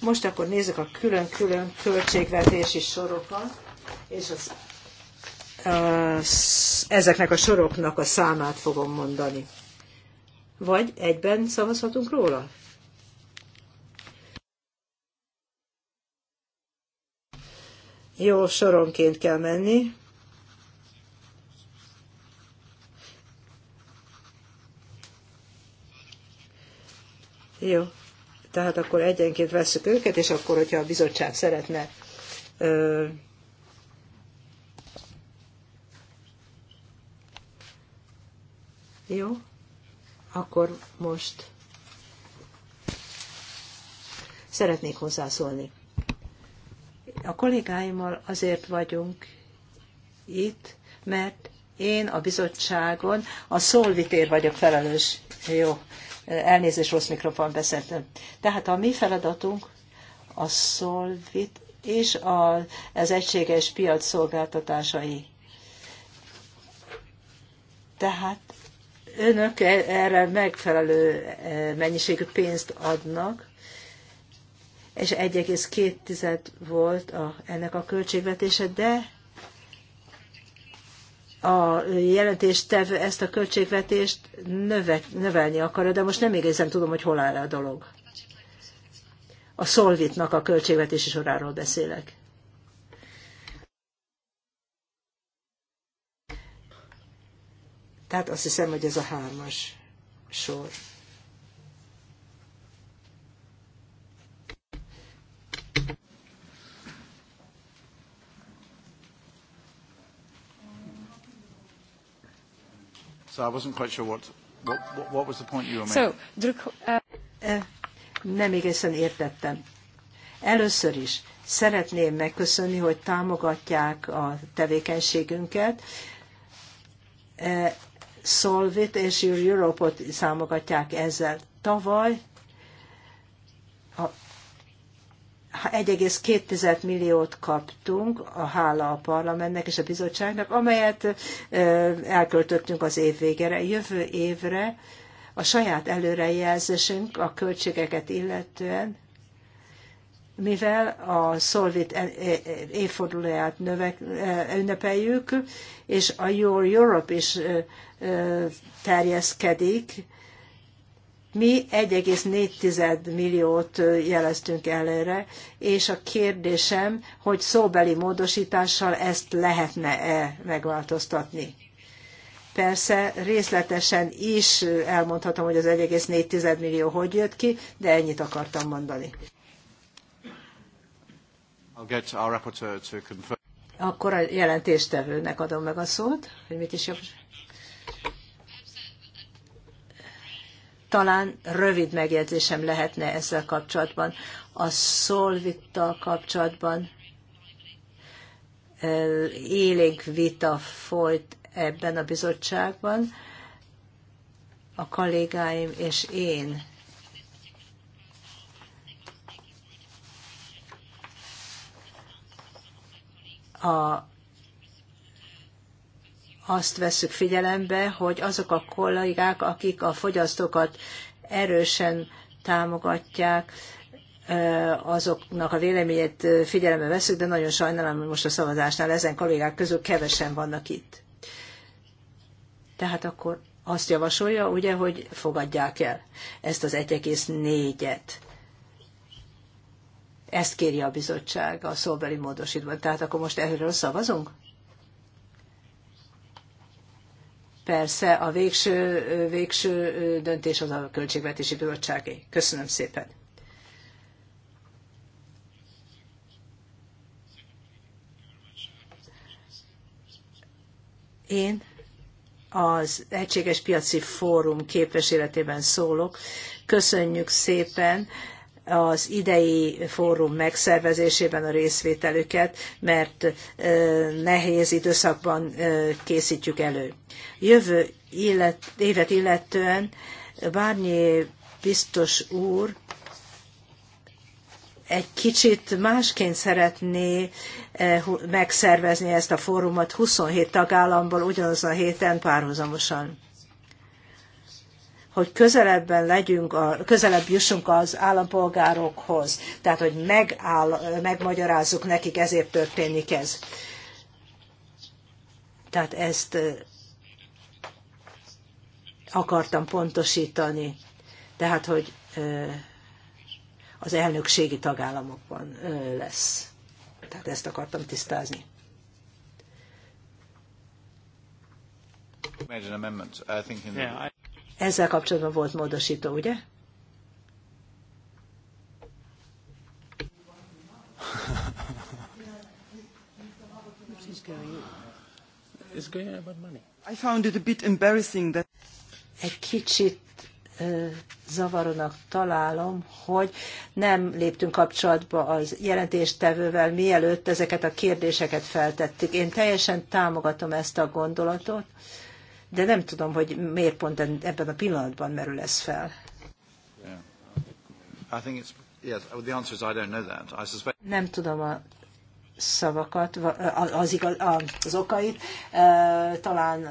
Most akkor nézzük a külön-külön költségvetési sorokat, és az, az, ezeknek a soroknak a számát fogom mondani. Vagy egyben szavazhatunk róla? Jó, soronként kell menni. Jó. Tehát akkor egyenként veszük őket, és akkor, hogyha a bizottság szeretne ö, Jó, akkor most szeretnék hozzászólni. A kollégáimmal azért vagyunk itt, mert én a bizottságon a szolvitér vagyok felelős. Jó, Elnézés rossz mikrofon beszéltem. Tehát a mi feladatunk a szolvit és a, az egységes piac szolgáltatásai. Tehát önök erre megfelelő eh, mennyiségű pénzt adnak, és 1,2 volt a, ennek a költségvetése, de a jelentéstevő ezt a költségvetést növe, növelni akarja, de most nem igazán tudom, hogy hol áll a dolog. A Szolvitnak a költségvetési soráról beszélek. Tehát azt hiszem, hogy ez a hármas sor. So I wasn't quite sure what, what, what was the point you were making. So, druk, uh, eh, nem igazán értettem. Először is szeretném megköszönni, hogy támogatják a tevékenységünket. Eh, Solvit és Europot számogatják ezzel. Tavaly a 1,2 milliót kaptunk a hála a parlamentnek és a bizottságnak, amelyet elköltöttünk az év végére. Jövő évre a saját előrejelzésünk a költségeket illetően, mivel a Solvit e, e, évfordulóját növek, e, ünnepeljük, és a Your Europe is terjeszkedik, mi 1,4 milliót jeleztünk előre, és a kérdésem, hogy szóbeli módosítással ezt lehetne-e megváltoztatni. Persze részletesen is elmondhatom, hogy az 1,4 millió hogy jött ki, de ennyit akartam mondani. Akkor a jelentéstevőnek adom meg a szót, hogy mit is javasol. Talán rövid megjegyzésem lehetne ezzel kapcsolatban. A szolvittal kapcsolatban élénk vita folyt ebben a bizottságban, a kollégáim és én. A azt vesszük figyelembe, hogy azok a kollégák, akik a fogyasztókat erősen támogatják, azoknak a véleményét figyelembe veszük, de nagyon sajnálom, hogy most a szavazásnál ezen kollégák közül kevesen vannak itt. Tehát akkor azt javasolja, ugye, hogy fogadják el ezt az 1,4-et. Ezt kéri a bizottság a szóbeli módosítban. Tehát akkor most erről szavazunk? Persze a végső, végső döntés az a költségvetési bizottságé. Köszönöm szépen. Én az Egységes Piaci Fórum képes életében szólok. Köszönjük szépen az idei fórum megszervezésében a részvételüket, mert nehéz időszakban készítjük elő. Jövő illet, évet illetően Bárnyi biztos úr egy kicsit másként szeretné megszervezni ezt a fórumot 27 tagállamból ugyanazon a héten párhuzamosan hogy közelebben legyünk, a, közelebb jussunk az állampolgárokhoz, tehát hogy megáll, megmagyarázzuk nekik, ezért történik ez. Tehát ezt akartam pontosítani. Tehát, hogy az elnökségi tagállamokban lesz. Tehát ezt akartam tisztázni. Ezzel kapcsolatban volt módosító, ugye? I found it a bit embarrassing that... Egy kicsit zavaronak találom, hogy nem léptünk kapcsolatba az jelentéstevővel, mielőtt ezeket a kérdéseket feltettük. Én teljesen támogatom ezt a gondolatot, de nem tudom, hogy miért pont ebben a pillanatban merül ez fel. Nem tudom a szavakat, az, igaz, az okait, talán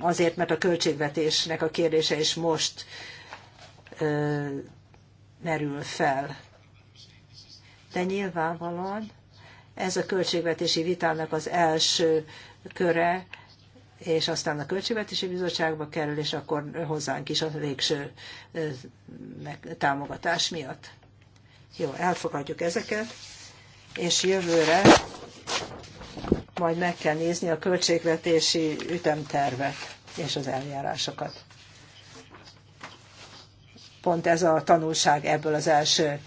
azért, mert a költségvetésnek a kérdése is most merül fel. De nyilvánvalóan ez a költségvetési vitának az első köre, és aztán a Költségvetési Bizottságba kerül, és akkor hozzánk is a végső támogatás miatt. Jó, elfogadjuk ezeket, és jövőre majd meg kell nézni a költségvetési ütemtervet és az eljárásokat. Pont ez a tanulság ebből az első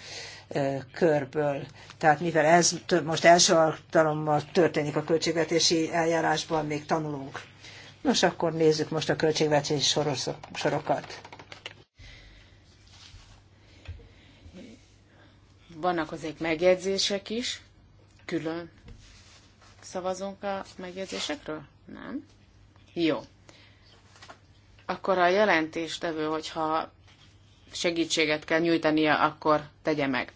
körből. Tehát mivel ez most első alkalommal történik a költségvetési eljárásban, még tanulunk. Nos, akkor nézzük most a költségvetési sorokat. Vannak azért megjegyzések is, külön szavazunk a megjegyzésekről? Nem? Jó. Akkor a jelentéstevő, hogyha segítséget kell nyújtania, akkor tegye meg.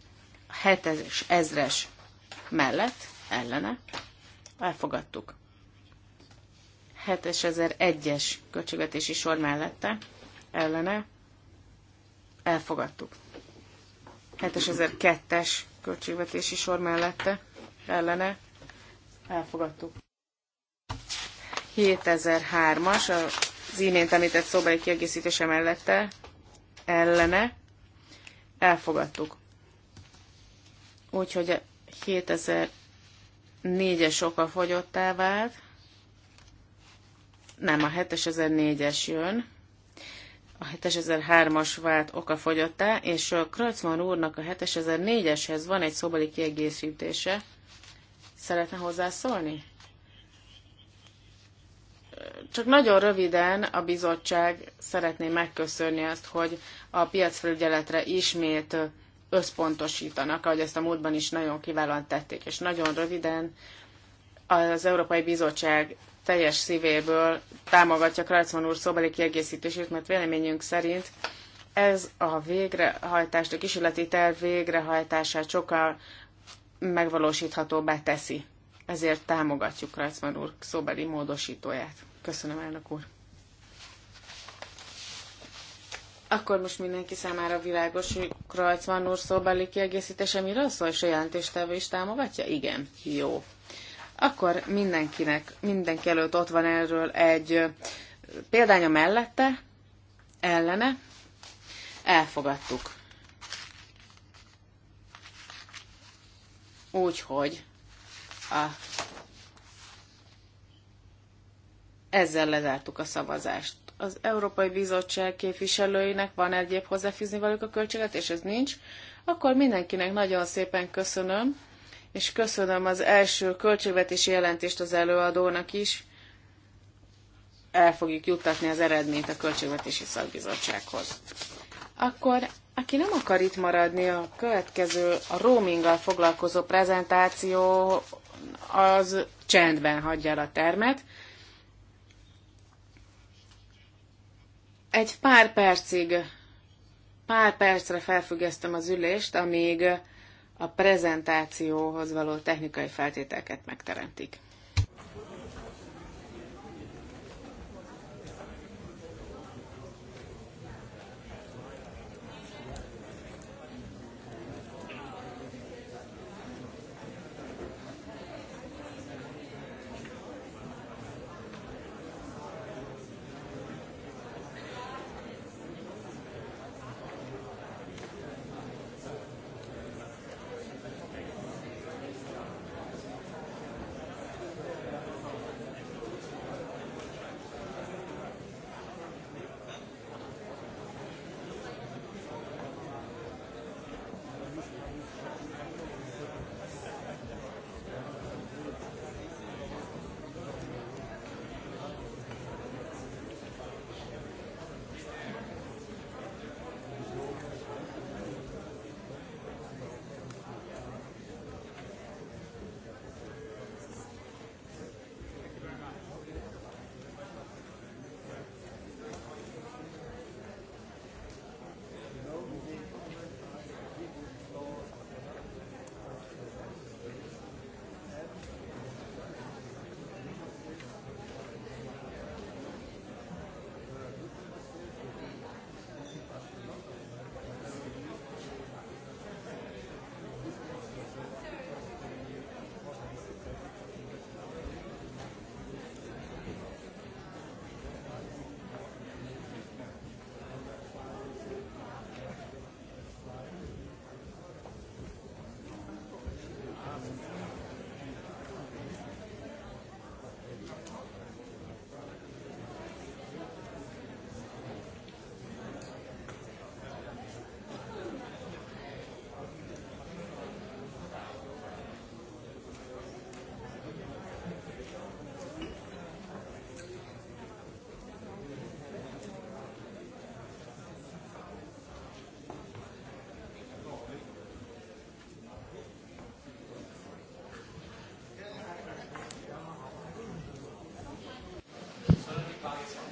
A 7 ezres mellett, ellene, elfogadtuk. 7001-es költségvetési sor mellette ellene elfogadtuk. 7002-es költségvetési sor mellette ellene elfogadtuk. 7003-as az imént említett szóbeli kiegészítése mellette ellene elfogadtuk. Úgyhogy a 7004-es oka fogyottá vált, nem, a 7004-es jön, a 7003-as vált okafogyottá, és a Kreutzmann úrnak a 7004-eshez van egy szobali kiegészítése. Szeretne hozzászólni? Csak nagyon röviden a bizottság szeretné megköszönni azt, hogy a piacfelügyeletre ismét összpontosítanak, ahogy ezt a múltban is nagyon kiválóan tették, és nagyon röviden az Európai Bizottság teljes szívéből támogatja Krajcman úr szóbeli kiegészítését, mert véleményünk szerint ez a végrehajtást, a kísérleti terv végrehajtását sokkal megvalósíthatóbbá teszi. Ezért támogatjuk Krajcman úr szóbeli módosítóját. Köszönöm, elnök úr. Akkor most mindenki számára világos, hogy Krajcman úr szóbeli kiegészítése miről szól, és a jelentéstevő is támogatja? Igen. Jó akkor mindenkinek, mindenki előtt ott van erről egy példánya mellette, ellene, elfogadtuk. Úgyhogy a ezzel lezártuk a szavazást. Az Európai Bizottság képviselőinek van egyéb hozzáfűzni velük a költséget, és ez nincs, akkor mindenkinek nagyon szépen köszönöm és köszönöm az első költségvetési jelentést az előadónak is. El fogjuk juttatni az eredményt a Költségvetési Szakbizottsághoz. Akkor, aki nem akar itt maradni, a következő, a roaminggal foglalkozó prezentáció az csendben hagyja el a termet. Egy pár percig, pár percre felfüggesztem az ülést, amíg a prezentációhoz való technikai feltételeket megteremtik.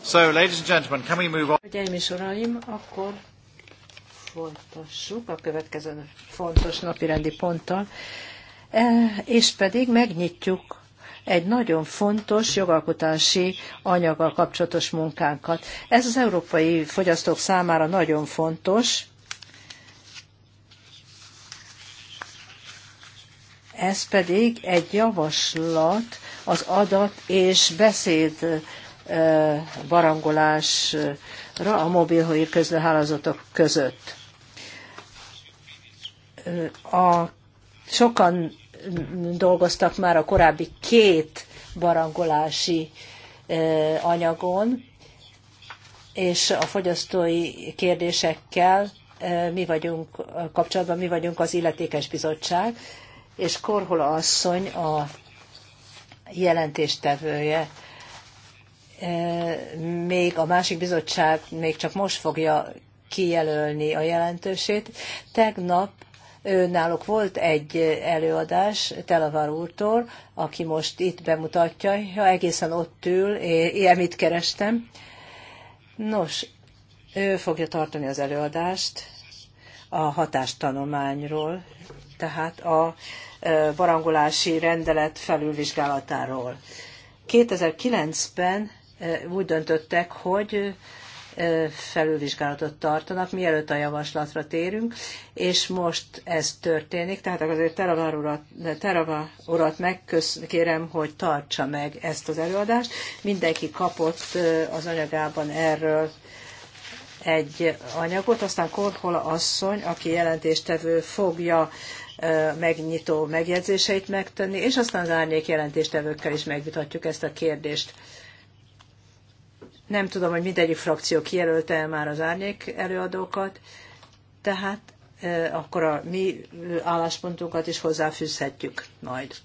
So, ladies and gentlemen, can we move on? Hölgyeim és uraim, akkor folytassuk a következő fontos rendi ponttal, e, és pedig megnyitjuk egy nagyon fontos jogalkotási anyaggal kapcsolatos munkánkat. Ez az európai fogyasztók számára nagyon fontos. Ez pedig egy javaslat az adat és beszéd barangolásra a mobil közlőhálózatok között. A, sokan dolgoztak már a korábbi két barangolási anyagon, és a fogyasztói kérdésekkel mi vagyunk kapcsolatban, mi vagyunk az illetékes bizottság, és Korhola asszony a jelentéstevője E, még a másik bizottság még csak most fogja kijelölni a jelentősét. Tegnap náluk volt egy előadás Telavar úrtól, aki most itt bemutatja, ha egészen ott ül, én mit kerestem. Nos, ő fogja tartani az előadást a hatástanományról, tehát a barangolási rendelet felülvizsgálatáról. 2009-ben úgy döntöttek, hogy felülvizsgálatot tartanak, mielőtt a javaslatra térünk, és most ez történik, tehát azért Terava urat, Terava urat megkérem, hogy tartsa meg ezt az előadást. Mindenki kapott az anyagában erről egy anyagot, aztán Korhola asszony, aki jelentéstevő fogja megnyitó megjegyzéseit megtenni, és aztán az árnyék jelentéstevőkkel is megvitatjuk ezt a kérdést. Nem tudom, hogy mindegyik frakció kijelölte el már az árnyék előadókat, tehát e, akkor a mi e, álláspontunkat is hozzáfűzhetjük majd.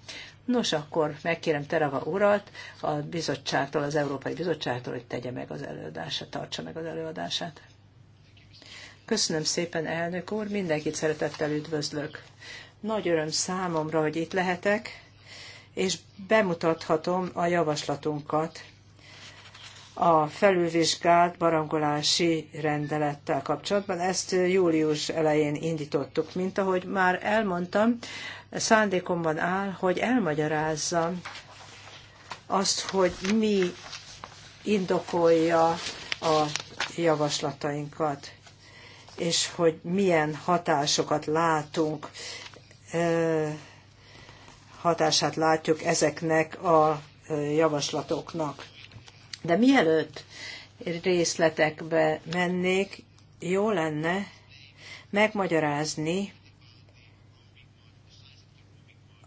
Nos, akkor megkérem Terava urat a bizottságtól, az Európai Bizottságtól, hogy tegye meg az előadását, tartsa meg az előadását. Köszönöm szépen, elnök úr, mindenkit szeretettel üdvözlök. Nagy öröm számomra, hogy itt lehetek, és bemutathatom a javaslatunkat a felülvizsgált barangolási rendelettel kapcsolatban. Ezt július elején indítottuk, mint ahogy már elmondtam, szándékomban áll, hogy elmagyarázzam azt, hogy mi indokolja a javaslatainkat, és hogy milyen hatásokat látunk, hatását látjuk ezeknek a javaslatoknak. De mielőtt részletekbe mennék, jó lenne megmagyarázni,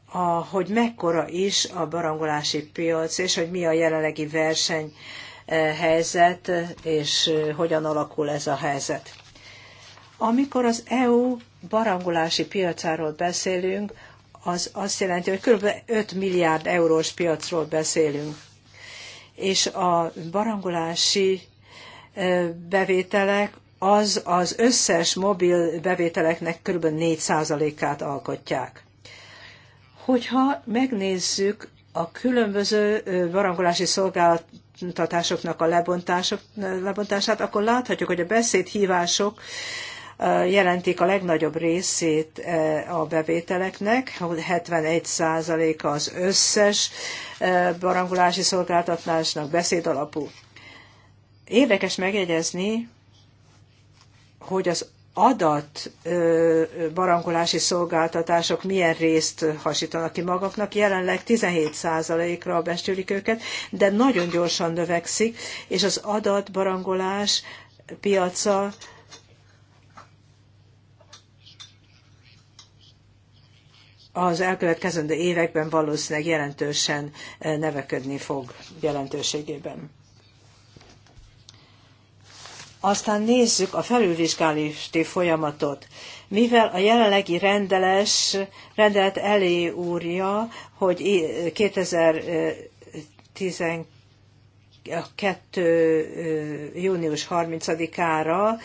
a, hogy mekkora is a barangolási piac, és hogy mi a jelenlegi verseny eh, helyzet, és eh, hogyan alakul ez a helyzet. Amikor az EU barangolási piacáról beszélünk, az azt jelenti, hogy kb. 5 milliárd eurós piacról beszélünk és a barangolási bevételek az az összes mobil bevételeknek kb. 4%-át alkotják. Hogyha megnézzük a különböző barangolási szolgáltatásoknak a lebontását, akkor láthatjuk, hogy a beszédhívások jelentik a legnagyobb részét a bevételeknek, 71%-a az összes barangolási szolgáltatásnak beszéd alapú. Érdekes megjegyezni, hogy az adat barangolási szolgáltatások milyen részt hasítanak ki magaknak. Jelenleg 17%-ra bestülik őket, de nagyon gyorsan növekszik, és az adatbarangolás piaca az elkövetkezendő években valószínűleg jelentősen eh, nevekedni fog jelentőségében. Aztán nézzük a felülvizsgálati folyamatot. Mivel a jelenlegi rendeles, rendelet elé úrja, hogy 2012 június 30-ára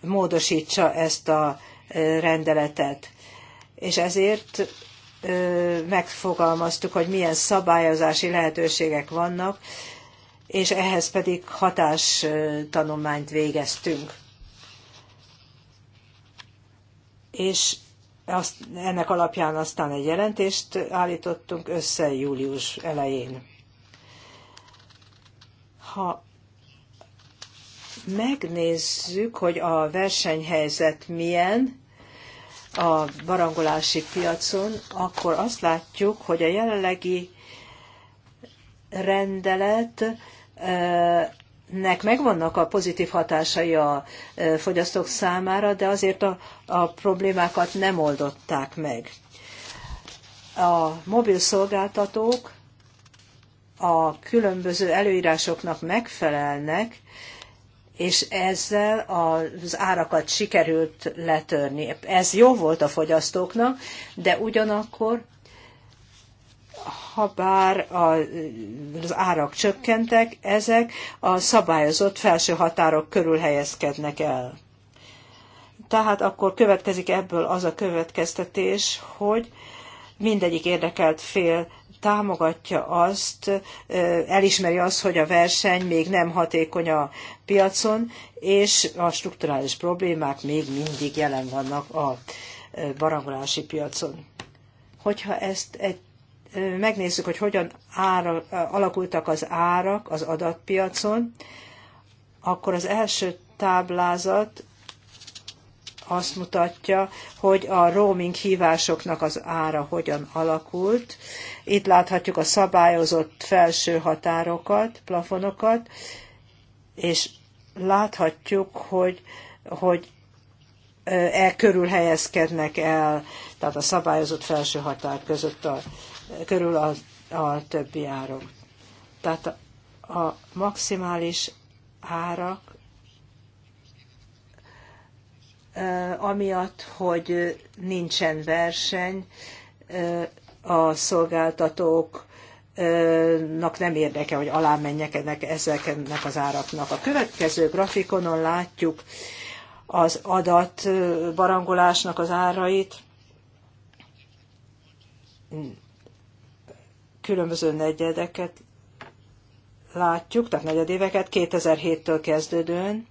módosítsa ezt a rendeletet és ezért megfogalmaztuk, hogy milyen szabályozási lehetőségek vannak, és ehhez pedig hatástanulmányt végeztünk. És azt, ennek alapján aztán egy jelentést állítottunk össze július elején. Ha megnézzük, hogy a versenyhelyzet milyen, a barangolási piacon, akkor azt látjuk, hogy a jelenlegi rendeletnek eh, megvannak a pozitív hatásai a eh, fogyasztók számára, de azért a, a problémákat nem oldották meg. A mobil szolgáltatók a különböző előírásoknak megfelelnek, és ezzel az árakat sikerült letörni. Ez jó volt a fogyasztóknak, de ugyanakkor ha bár az árak csökkentek, ezek a szabályozott felső határok körül helyezkednek el. Tehát akkor következik ebből az a következtetés, hogy mindegyik érdekelt fél támogatja azt, elismeri azt, hogy a verseny még nem hatékony a piacon, és a strukturális problémák még mindig jelen vannak a barangolási piacon. Hogyha ezt egy megnézzük, hogy hogyan ára, alakultak az árak az adatpiacon, akkor az első táblázat azt mutatja, hogy a roaming hívásoknak az ára hogyan alakult. Itt láthatjuk a szabályozott felső határokat, plafonokat, és láthatjuk, hogy, hogy e körül helyezkednek el, tehát a szabályozott felső határ között a, körül a, a többi árok. Tehát a, a maximális árak Eh, amiatt, hogy nincsen verseny, eh, a szolgáltatóknak eh, nem érdeke, hogy alá menjek ennek, ezeknek az áraknak. A következő grafikonon látjuk az adat barangolásnak az árait különböző negyedeket látjuk, tehát negyedéveket 2007-től kezdődően,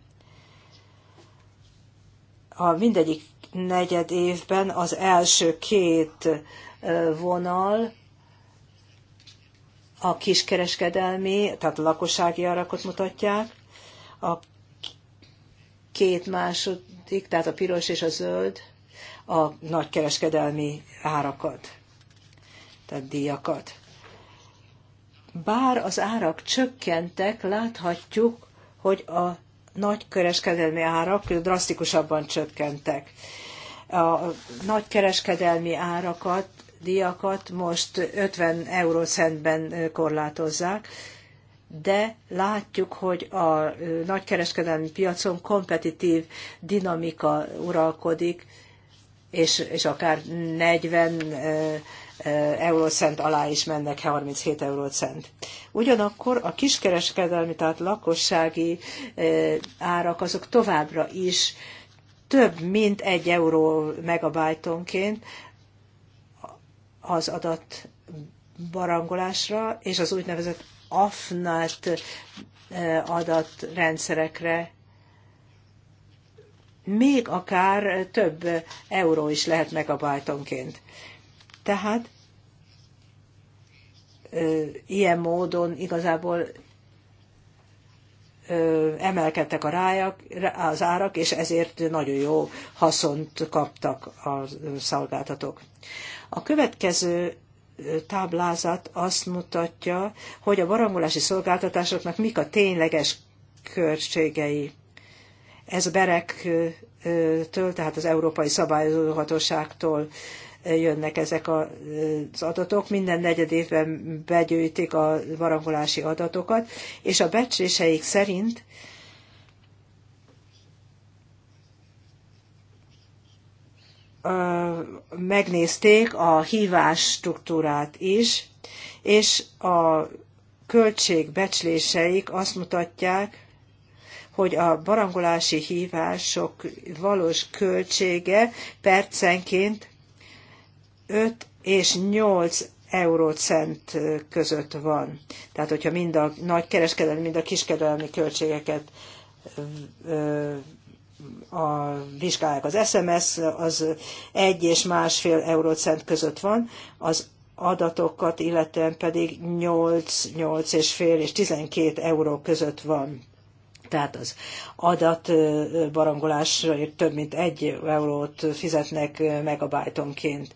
a mindegyik negyed évben az első két vonal a kiskereskedelmi, tehát a lakossági arakot mutatják, a két második, tehát a piros és a zöld, a nagykereskedelmi árakat, tehát díjakat. Bár az árak csökkentek, láthatjuk, hogy a nagy kereskedelmi árak drasztikusabban csökkentek. A nagy kereskedelmi árakat, díjakat most 50 eurócentben korlátozzák, de látjuk, hogy a nagykereskedelmi piacon kompetitív dinamika uralkodik, és, és akár 40 eurócent alá is mennek 37 eurócent. Ugyanakkor a kiskereskedelmi, tehát lakossági árak azok továbbra is több mint egy euró megabájtonként az adat barangolásra és az úgynevezett AFNAT adatrendszerekre még akár több euró is lehet megabájtonként. Tehát ilyen módon igazából emelkedtek a rájak, az árak, és ezért nagyon jó haszont kaptak a szolgáltatók. A következő táblázat azt mutatja, hogy a barangolási szolgáltatásoknak mik a tényleges költségei. Ez a berek től, tehát az Európai Szabályozóhatóságtól jönnek ezek az adatok. Minden negyed évben begyűjtik a barangolási adatokat, és a becsléseik szerint megnézték a hívás struktúrát is, és a becsléseik azt mutatják, hogy a barangolási hívások valós költsége percenként 5 és 8 eurócent között van. Tehát, hogyha mind a nagy kereskedelmi, mind a kiskedelmi költségeket a, vizsgálják. Az SMS az egy és másfél eurócent között van, az adatokat illetően pedig 8, 8 és fél és 12 euró között van. Tehát az adatbarangolásra több mint egy eurót fizetnek megabájtonként.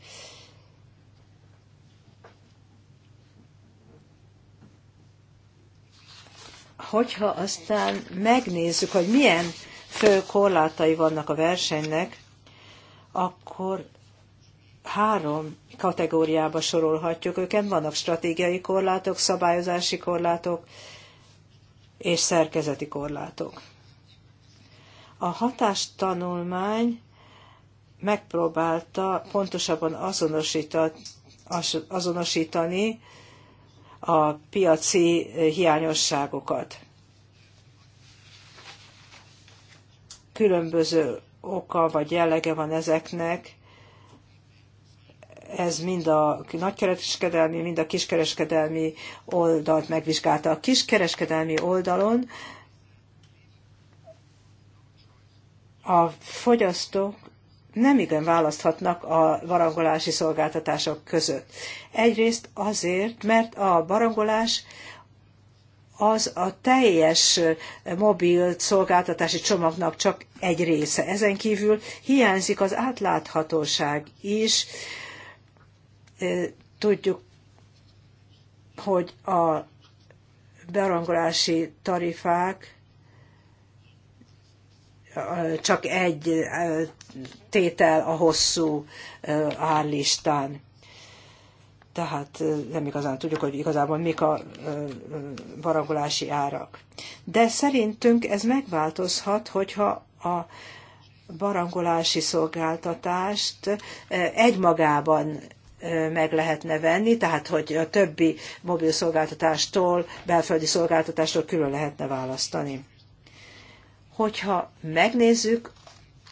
Hogyha aztán megnézzük, hogy milyen fő korlátai vannak a versenynek, akkor három kategóriába sorolhatjuk őket. Vannak stratégiai korlátok, szabályozási korlátok és szerkezeti korlátok. A hatástanulmány megpróbálta pontosabban azonosítani, azonosítani a piaci eh, hiányosságokat. Különböző oka vagy jellege van ezeknek, ez mind a nagykereskedelmi, mind a kiskereskedelmi oldalt megvizsgálta. A kiskereskedelmi oldalon a fogyasztó nem igen választhatnak a barangolási szolgáltatások között. Egyrészt azért, mert a barangolás az a teljes mobil szolgáltatási csomagnak csak egy része. Ezen kívül hiányzik az átláthatóság is. Tudjuk, hogy a barangolási tarifák csak egy tétel a hosszú árlistán. Tehát nem igazán tudjuk, hogy igazából mik a barangolási árak. De szerintünk ez megváltozhat, hogyha a barangolási szolgáltatást egymagában meg lehetne venni, tehát hogy a többi mobil szolgáltatástól, belföldi szolgáltatástól külön lehetne választani. Hogyha megnézzük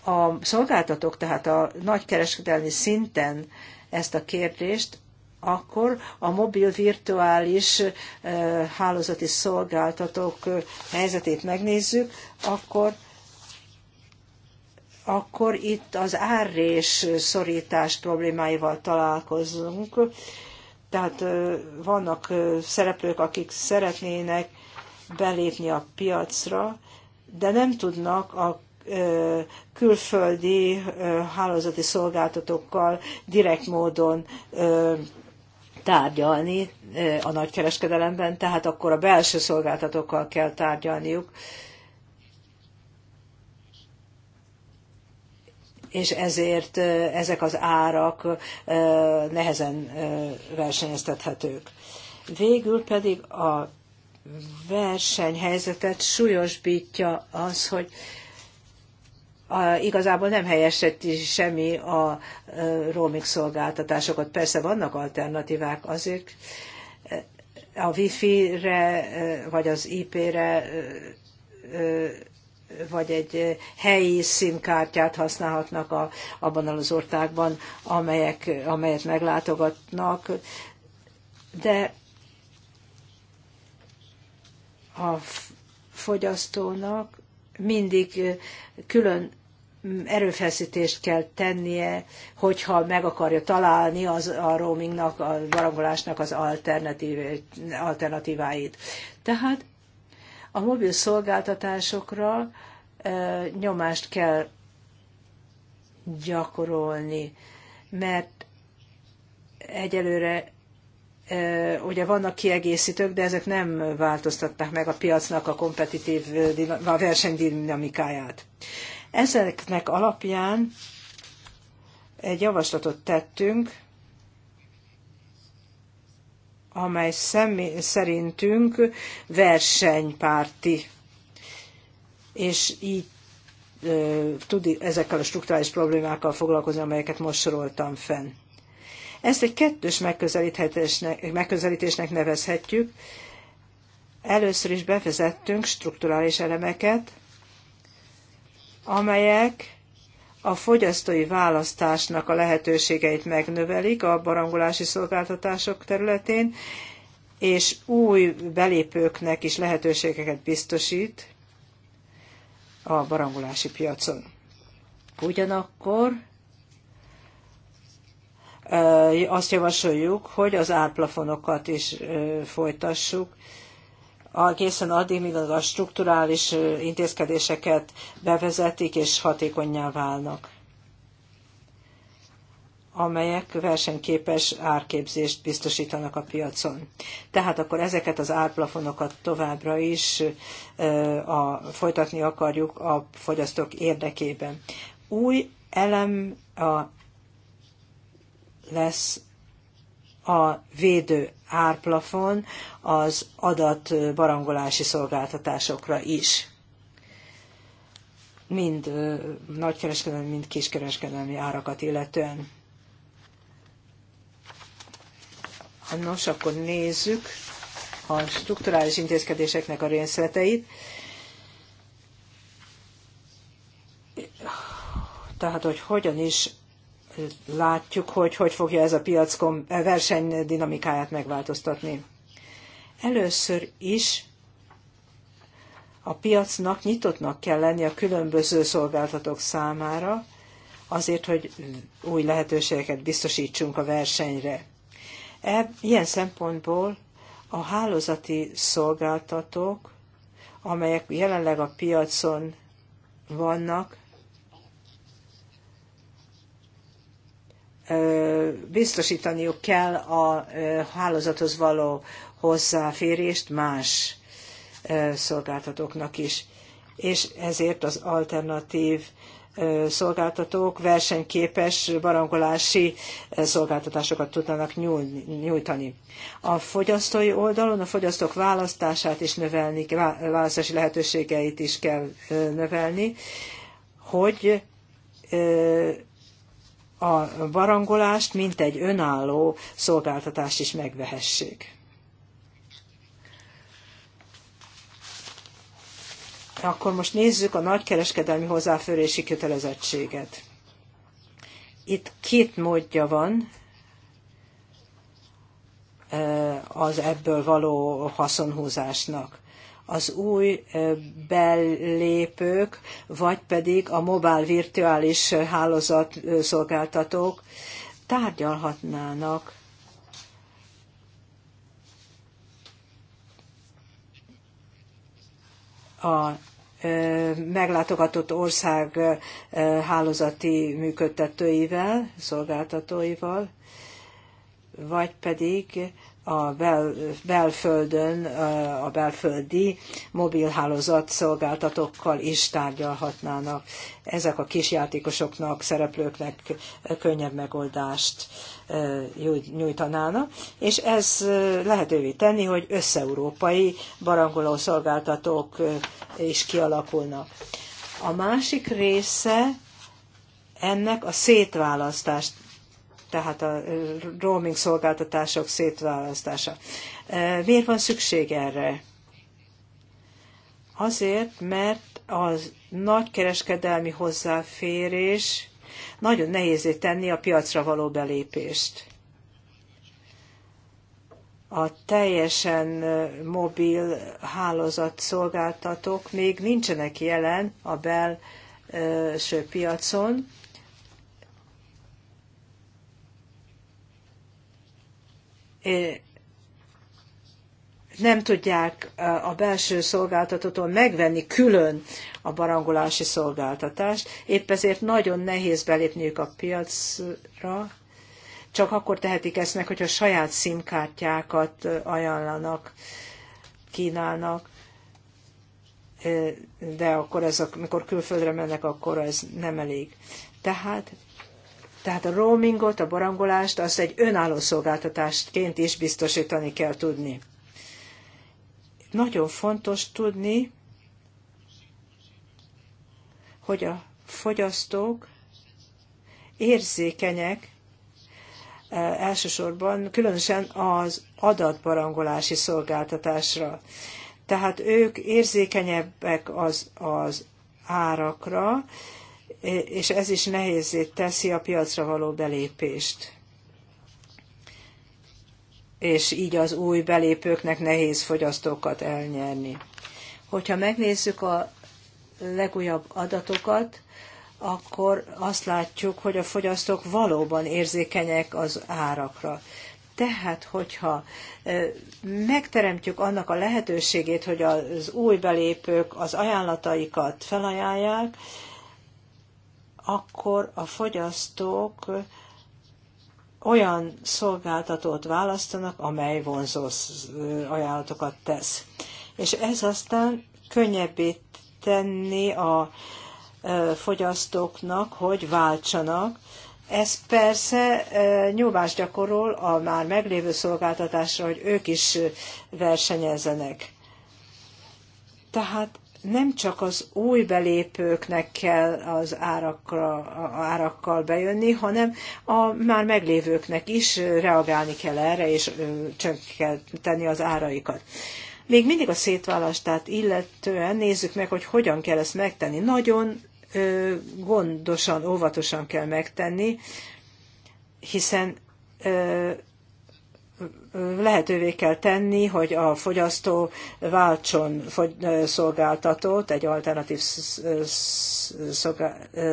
a szolgáltatók, tehát a nagykereskedelmi szinten ezt a kérdést, akkor a mobil virtuális hálózati szolgáltatók helyzetét megnézzük, akkor akkor itt az árrés szorítás problémáival találkozunk. Tehát vannak szereplők, akik szeretnének belépni a piacra, de nem tudnak a külföldi hálózati szolgáltatókkal direkt módon tárgyalni a nagykereskedelemben, tehát akkor a belső szolgáltatókkal kell tárgyalniuk. És ezért ezek az árak nehezen versenyeztethetők. Végül pedig a versenyhelyzetet súlyosbítja az, hogy a, igazából nem helyesett is semmi a, a roaming szolgáltatásokat. Persze vannak alternatívák azért, a wifi-re, vagy az IP-re, vagy egy helyi színkártyát használhatnak a, abban az országban, amelyek, amelyet meglátogatnak. De a fogyasztónak mindig külön mm, erőfeszítést kell tennie, hogyha meg akarja találni az, a roamingnak, a barangolásnak az alternatíváit. Tehát a mobil szolgáltatásokra e, nyomást kell gyakorolni, mert egyelőre ugye vannak kiegészítők, de ezek nem változtatták meg a piacnak a kompetitív a versenydinamikáját. Ezeknek alapján egy javaslatot tettünk, amely személy, szerintünk versenypárti, és így tud ezekkel a strukturális problémákkal foglalkozni, amelyeket most soroltam fenn. Ezt egy kettős megközelítésnek, nevezhetjük. Először is bevezettünk strukturális elemeket, amelyek a fogyasztói választásnak a lehetőségeit megnövelik a barangolási szolgáltatások területén, és új belépőknek is lehetőségeket biztosít a barangolási piacon. Ugyanakkor azt javasoljuk, hogy az árplafonokat is folytassuk, egészen addig, míg a strukturális intézkedéseket bevezetik és hatékonyá válnak amelyek versenyképes árképzést biztosítanak a piacon. Tehát akkor ezeket az árplafonokat továbbra is a, folytatni akarjuk a fogyasztók érdekében. Új elem a lesz a védő árplafon az adat barangolási szolgáltatásokra is. Mind nagykereskedelmi, mind kiskereskedelmi árakat illetően. Nos, akkor nézzük a strukturális intézkedéseknek a részleteit. Tehát, hogy hogyan is látjuk, hogy hogy fogja ez a piac eh, dinamikáját megváltoztatni. Először is a piacnak nyitottnak kell lenni a különböző szolgáltatók számára, azért, hogy új lehetőségeket biztosítsunk a versenyre. E, ilyen szempontból a hálózati szolgáltatók, amelyek jelenleg a piacon vannak, biztosítaniuk kell a hálózathoz való hozzáférést más szolgáltatóknak is. És ezért az alternatív szolgáltatók versenyképes barangolási szolgáltatásokat tudnának nyújtani. A fogyasztói oldalon a fogyasztók választását is növelni, választási lehetőségeit is kell növelni, hogy a barangolást, mint egy önálló szolgáltatást is megvehessék. Akkor most nézzük a nagykereskedelmi hozzáférési kötelezettséget. Itt két módja van az ebből való haszonhúzásnak az új belépők, vagy pedig a mobil virtuális hálózat szolgáltatók tárgyalhatnának a meglátogatott ország hálózati működtetőivel, szolgáltatóival, vagy pedig a bel, belföldön, a belföldi mobilhálózat szolgáltatókkal is tárgyalhatnának. Ezek a kisjátékosoknak, szereplőknek könnyebb megoldást nyújtanának, és ez lehetővé tenni, hogy összeurópai barangoló szolgáltatók is kialakulnak. A másik része ennek a szétválasztást tehát a roaming szolgáltatások szétválasztása. Miért van szükség erre? Azért, mert a nagy kereskedelmi hozzáférés nagyon nehézé tenni a piacra való belépést. A teljesen mobil hálózat szolgáltatók még nincsenek jelen a belső piacon, nem tudják a belső szolgáltatótól megvenni külön a barangolási szolgáltatást, épp ezért nagyon nehéz belépniük a piacra, csak akkor tehetik ezt meg, hogyha saját szimkártyákat ajánlanak, kínálnak, de akkor ez, amikor külföldre mennek, akkor ez nem elég. Tehát tehát a roamingot, a barangolást, azt egy önálló szolgáltatásként is biztosítani kell tudni. Nagyon fontos tudni, hogy a fogyasztók érzékenyek eh, elsősorban, különösen az adatbarangolási szolgáltatásra. Tehát ők érzékenyebbek az, az árakra, és ez is nehézé teszi a piacra való belépést. És így az új belépőknek nehéz fogyasztókat elnyerni. Hogyha megnézzük a legújabb adatokat, akkor azt látjuk, hogy a fogyasztók valóban érzékenyek az árakra. Tehát, hogyha megteremtjük annak a lehetőségét, hogy az új belépők az ajánlataikat felajánlják, akkor a fogyasztók olyan szolgáltatót választanak, amely vonzó ajánlatokat tesz. És ez aztán könnyebbé tenni a fogyasztóknak, hogy váltsanak. Ez persze nyomást gyakorol a már meglévő szolgáltatásra, hogy ők is versenyezzenek. Tehát nem csak az új belépőknek kell az árakra, árakkal bejönni, hanem a már meglévőknek is reagálni kell erre, és csökkenteni az áraikat. Még mindig a szétválasztát illetően nézzük meg, hogy hogyan kell ezt megtenni. Nagyon gondosan, óvatosan kell megtenni, hiszen lehetővé kell tenni, hogy a fogyasztó váltson szolgáltatót, egy alternatív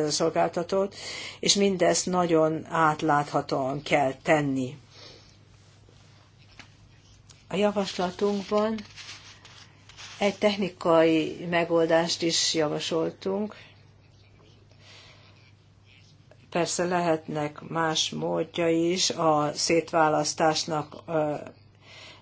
szolgáltatót, és mindezt nagyon átláthatóan kell tenni. A javaslatunkban egy technikai megoldást is javasoltunk, Persze lehetnek más módja is a szétválasztásnak,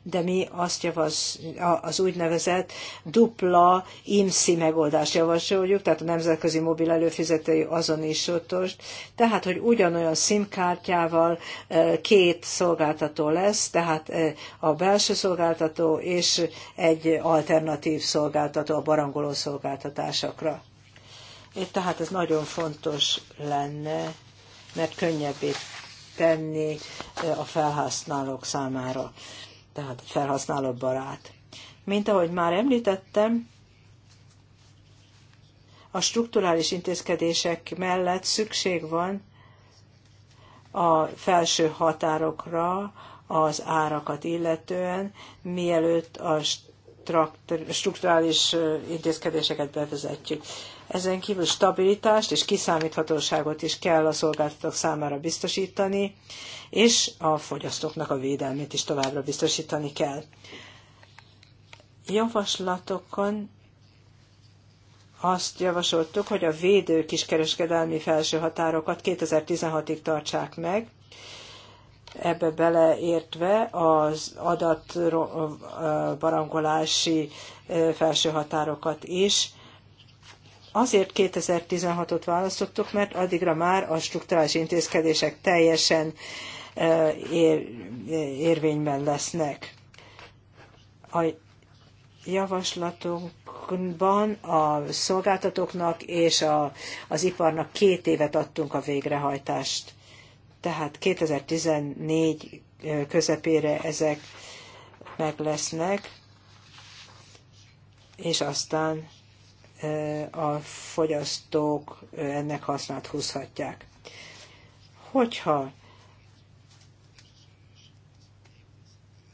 de mi azt javas, az úgynevezett dupla IMSI megoldást javasoljuk, tehát a nemzetközi mobil előfizetői azonosítóst, tehát hogy ugyanolyan SIM-kártyával két szolgáltató lesz, tehát a belső szolgáltató és egy alternatív szolgáltató a barangoló szolgáltatásokra. Tehát ez nagyon fontos lenne, mert könnyebbé tenni a felhasználók számára, tehát felhasználó barát. Mint ahogy már említettem, a strukturális intézkedések mellett szükség van a felső határokra az árakat illetően, mielőtt a strukturális intézkedéseket bevezetjük. Ezen kívül stabilitást és kiszámíthatóságot is kell a szolgáltatók számára biztosítani, és a fogyasztóknak a védelmét is továbbra biztosítani kell. Javaslatokon azt javasoltuk, hogy a védő kiskereskedelmi felső határokat 2016-ig tartsák meg, ebbe beleértve az adatbarangolási felső határokat is, Azért 2016-ot választottuk, mert addigra már a struktúrális intézkedések teljesen ér, érvényben lesznek. A javaslatunkban a szolgáltatóknak és a, az iparnak két évet adtunk a végrehajtást. Tehát 2014 közepére ezek meg lesznek, és aztán a fogyasztók ennek hasznát húzhatják. Hogyha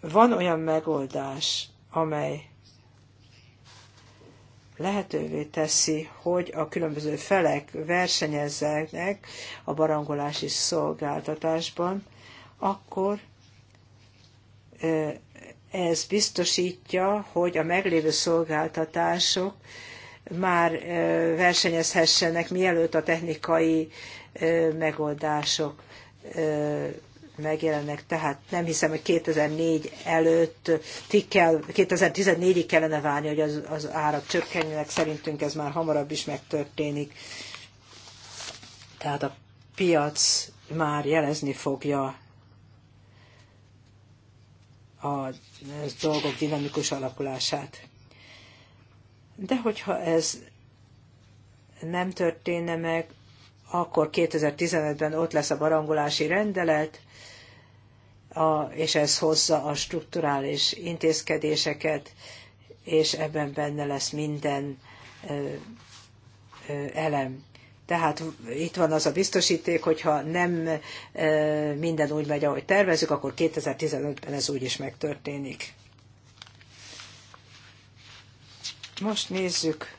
van olyan megoldás, amely lehetővé teszi, hogy a különböző felek versenyezzenek a barangolási szolgáltatásban, akkor ez biztosítja, hogy a meglévő szolgáltatások már versenyezhessenek, mielőtt a technikai megoldások megjelennek. Tehát nem hiszem, hogy 2004 előtt, kell, 2014-ig kellene várni, hogy az, az árak csökkenjenek. Szerintünk ez már hamarabb is megtörténik. Tehát a piac már jelezni fogja a dolgok dinamikus alakulását. De hogyha ez nem történne meg, akkor 2015-ben ott lesz a barangolási rendelet, a, és ez hozza a strukturális intézkedéseket, és ebben benne lesz minden ö, ö, elem. Tehát itt van az a biztosíték, hogyha nem ö, minden úgy megy, ahogy tervezük, akkor 2015-ben ez úgy is megtörténik. Most nézzük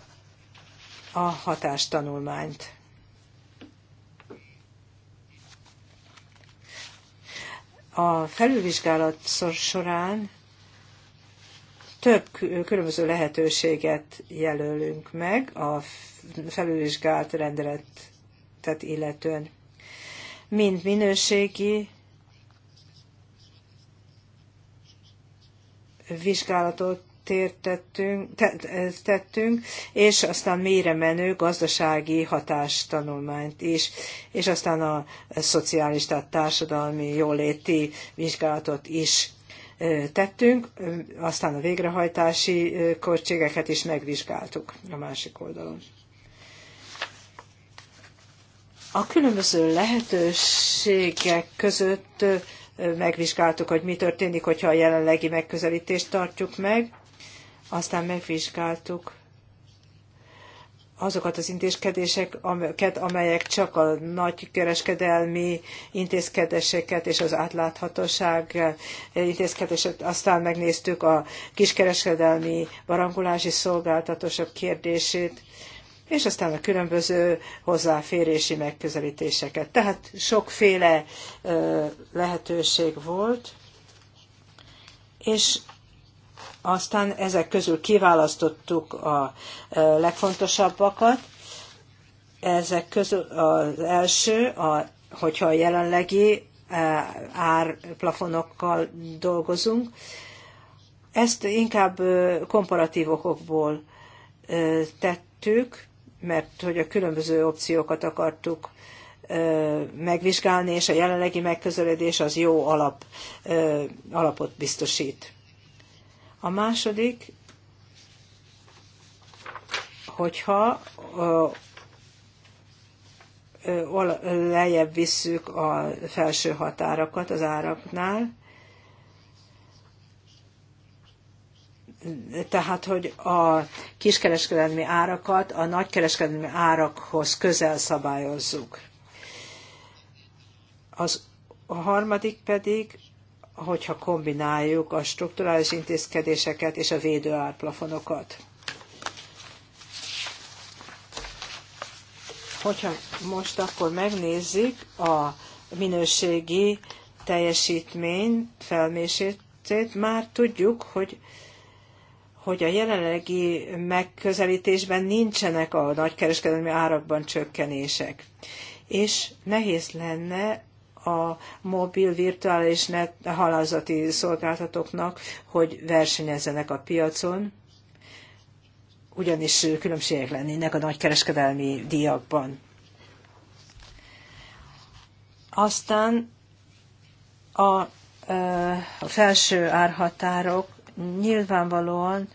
a hatástanulmányt. A felülvizsgálat során több különböző lehetőséget jelölünk meg a felülvizsgált rendeletet illetően. Mind minőségi vizsgálatot tettünk, tettünk, és aztán mélyre menő gazdasági hatástanulmányt is, és aztán a szociális, tehát társadalmi jóléti vizsgálatot is tettünk, aztán a végrehajtási költségeket is megvizsgáltuk a másik oldalon. A különböző lehetőségek között megvizsgáltuk, hogy mi történik, hogyha a jelenlegi megközelítést tartjuk meg, aztán megvizsgáltuk azokat az intézkedéseket, amelyek csak a nagy kereskedelmi intézkedéseket és az átláthatóság intézkedéseket, aztán megnéztük a kiskereskedelmi barangolási szolgáltatások kérdését, és aztán a különböző hozzáférési megközelítéseket. Tehát sokféle lehetőség volt, és aztán ezek közül kiválasztottuk a e, legfontosabbakat. Ezek közül az első, a, hogyha a jelenlegi e, árplafonokkal dolgozunk, ezt inkább e, komparatív okokból tettük, mert hogy a különböző opciókat akartuk megvizsgálni, és a jelenlegi megközelítés az jó alap, alapot biztosít. A második, hogyha lejjebb visszük a felső határokat az áraknál, tehát, hogy a kiskereskedelmi árakat a nagykereskedelmi árakhoz közel szabályozzuk. Az, a harmadik pedig hogyha kombináljuk a strukturális intézkedéseket és a védőárplafonokat. Hogyha most akkor megnézzük a minőségi teljesítmény felmését, már tudjuk, hogy hogy a jelenlegi megközelítésben nincsenek a nagykereskedelmi árakban csökkenések. És nehéz lenne a mobil virtuális net halázati szolgáltatóknak, hogy versenyezzenek a piacon, ugyanis különbségek lennének a nagykereskedelmi díjakban. Aztán a, a felső árhatárok nyilvánvalóan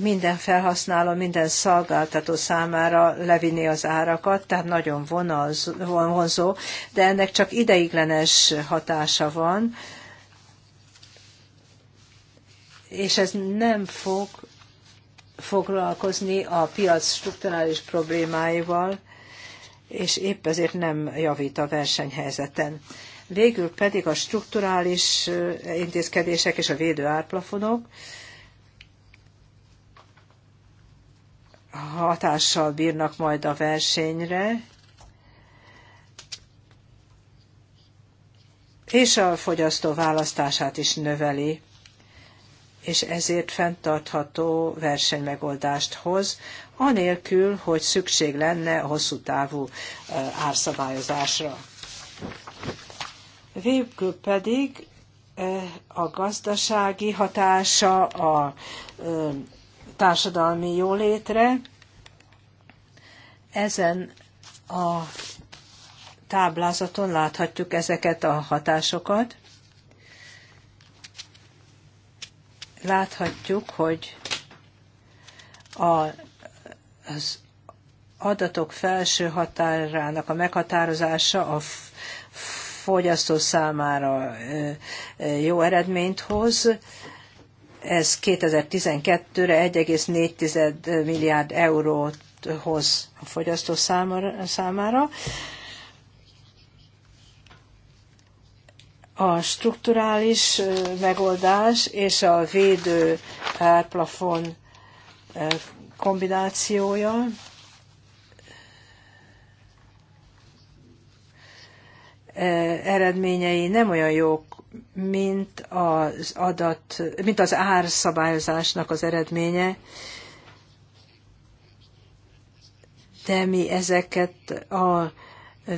minden felhasználó, minden szolgáltató számára levinni az árakat, tehát nagyon vonzó, de ennek csak ideiglenes hatása van, és ez nem fog foglalkozni a piac strukturális problémáival, és épp ezért nem javít a versenyhelyzeten. Végül pedig a strukturális intézkedések és a védő árplafonok, hatással bírnak majd a versenyre, és a fogyasztó választását is növeli, és ezért fenntartható versenymegoldást hoz, anélkül, hogy szükség lenne a hosszú távú árszabályozásra. Végül pedig a gazdasági hatása a társadalmi jólétre. Ezen a táblázaton láthatjuk ezeket a hatásokat. Láthatjuk, hogy a, az adatok felső határának a meghatározása a fogyasztó számára jó eredményt hoz, ez 2012-re 1,4 milliárd eurót hoz a fogyasztó számára. A strukturális megoldás és a védő árplafon kombinációja eredményei nem olyan jók mint az adat, mint az árszabályozásnak az eredménye, de mi ezeket a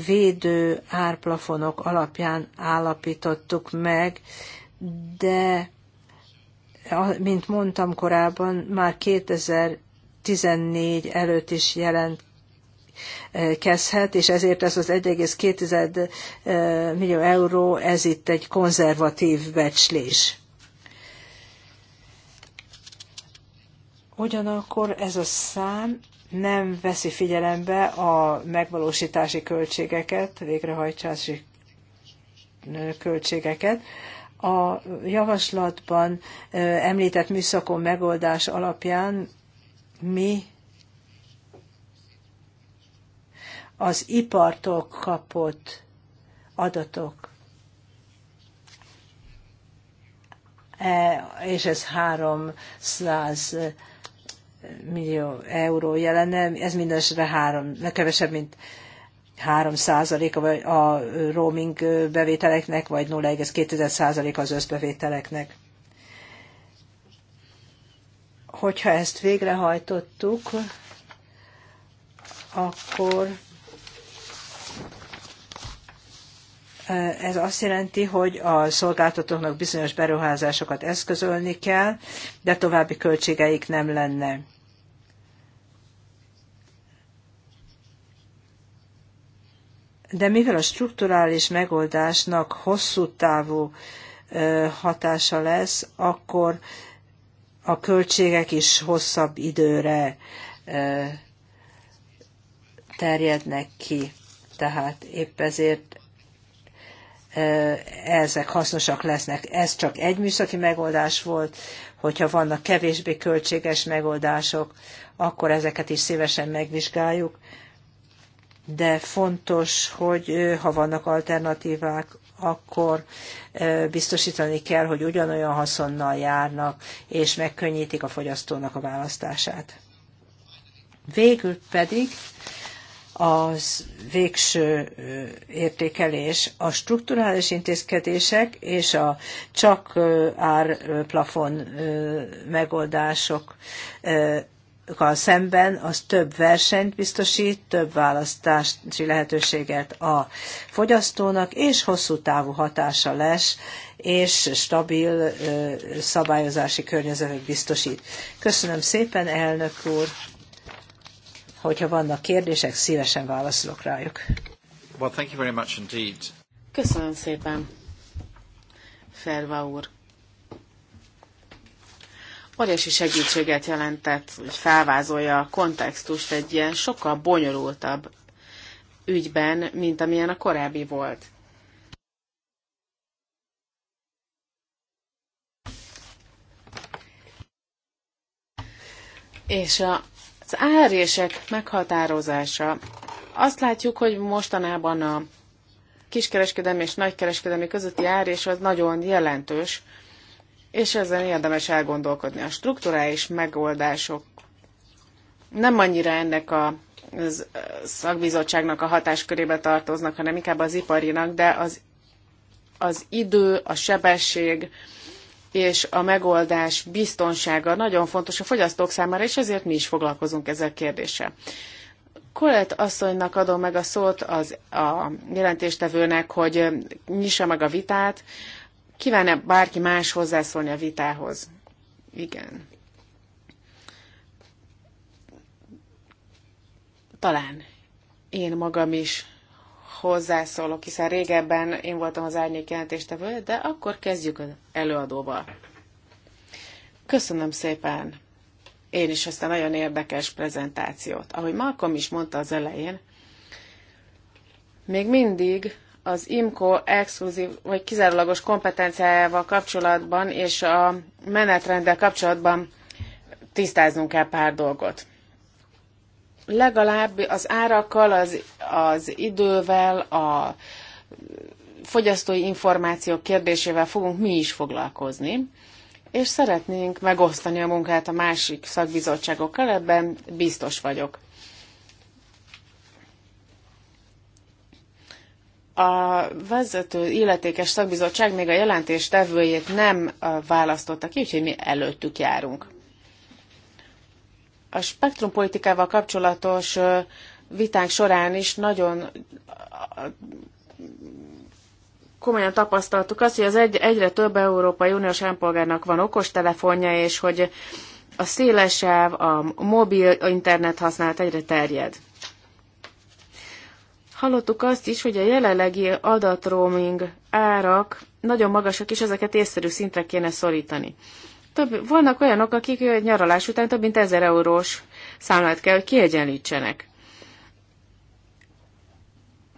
védő árplafonok alapján állapítottuk meg, de mint mondtam korábban, már 2014 előtt is jelent kezdhet, és ezért ez az 1,2 millió euró, ez itt egy konzervatív becslés. Ugyanakkor ez a szám nem veszi figyelembe a megvalósítási költségeket, végrehajtási költségeket. A javaslatban említett műszakon megoldás alapján mi az ipartól kapott adatok. E, és ez 300 millió euró jelenne, ez mindesre három, kevesebb, mint 3 százalék a roaming bevételeknek, vagy 0,2 százaléka az összbevételeknek. Hogyha ezt végrehajtottuk, akkor Ez azt jelenti, hogy a szolgáltatóknak bizonyos beruházásokat eszközölni kell, de további költségeik nem lenne. De mivel a strukturális megoldásnak hosszú távú hatása lesz, akkor a költségek is hosszabb időre terjednek ki. Tehát épp ezért ezek hasznosak lesznek. Ez csak egy műszaki megoldás volt, hogyha vannak kevésbé költséges megoldások, akkor ezeket is szívesen megvizsgáljuk. De fontos, hogy ha vannak alternatívák, akkor biztosítani kell, hogy ugyanolyan haszonnal járnak, és megkönnyítik a fogyasztónak a választását. Végül pedig az végső értékelés. A strukturális intézkedések és a csak árplafon megoldások szemben az több versenyt biztosít, több választási lehetőséget a fogyasztónak, és hosszú távú hatása lesz, és stabil szabályozási környezetet biztosít. Köszönöm szépen, elnök úr! Hogyha vannak kérdések, szívesen válaszolok rájuk. Well, thank you very much indeed. Köszönöm szépen, Ferva úr. Óriási segítséget jelentett, hogy felvázolja a kontextust egy ilyen sokkal bonyolultabb ügyben, mint amilyen a korábbi volt. És a az árések meghatározása. Azt látjuk, hogy mostanában a kiskereskedelmi és nagykereskedelmi közötti árés az nagyon jelentős, és ezen érdemes elgondolkodni. A strukturális megoldások nem annyira ennek a az szakbizottságnak a hatáskörébe tartoznak, hanem inkább az iparinak, de az, az idő, a sebesség, és a megoldás biztonsága nagyon fontos a fogyasztók számára, és ezért mi is foglalkozunk ezzel a kérdéssel. Kolett asszonynak adom meg a szót az, a jelentéstevőnek, hogy nyissa meg a vitát. Kívánne bárki más hozzászólni a vitához? Igen. Talán én magam is Hozzászólok, hiszen régebben én voltam az árnyék jelentéstevő, de akkor kezdjük az előadóval. Köszönöm szépen én is ezt a nagyon érdekes prezentációt. Ahogy Malcolm is mondta az elején, még mindig az IMCO exkluzív vagy kizárólagos kompetenciájával kapcsolatban és a menetrenddel kapcsolatban tisztáznunk kell pár dolgot legalább az árakkal, az, az idővel, a fogyasztói információk kérdésével fogunk mi is foglalkozni, és szeretnénk megosztani a munkát a másik szakbizottságokkal, ebben biztos vagyok. A vezető illetékes szakbizottság még a jelentés tevőjét nem választotta ki, úgyhogy mi előttük járunk. A spektrumpolitikával kapcsolatos vitánk során is nagyon komolyan tapasztaltuk azt, hogy az egy, egyre több Európai Uniós állampolgárnak van okostelefonja, és hogy a szélesebb a mobil internet használat egyre terjed. Hallottuk azt is, hogy a jelenlegi adatroaming árak nagyon magasak, és ezeket észszerű szintre kéne szorítani több, vannak olyanok, akik egy nyaralás után több mint 1000 eurós számlát kell, hogy kiegyenlítsenek.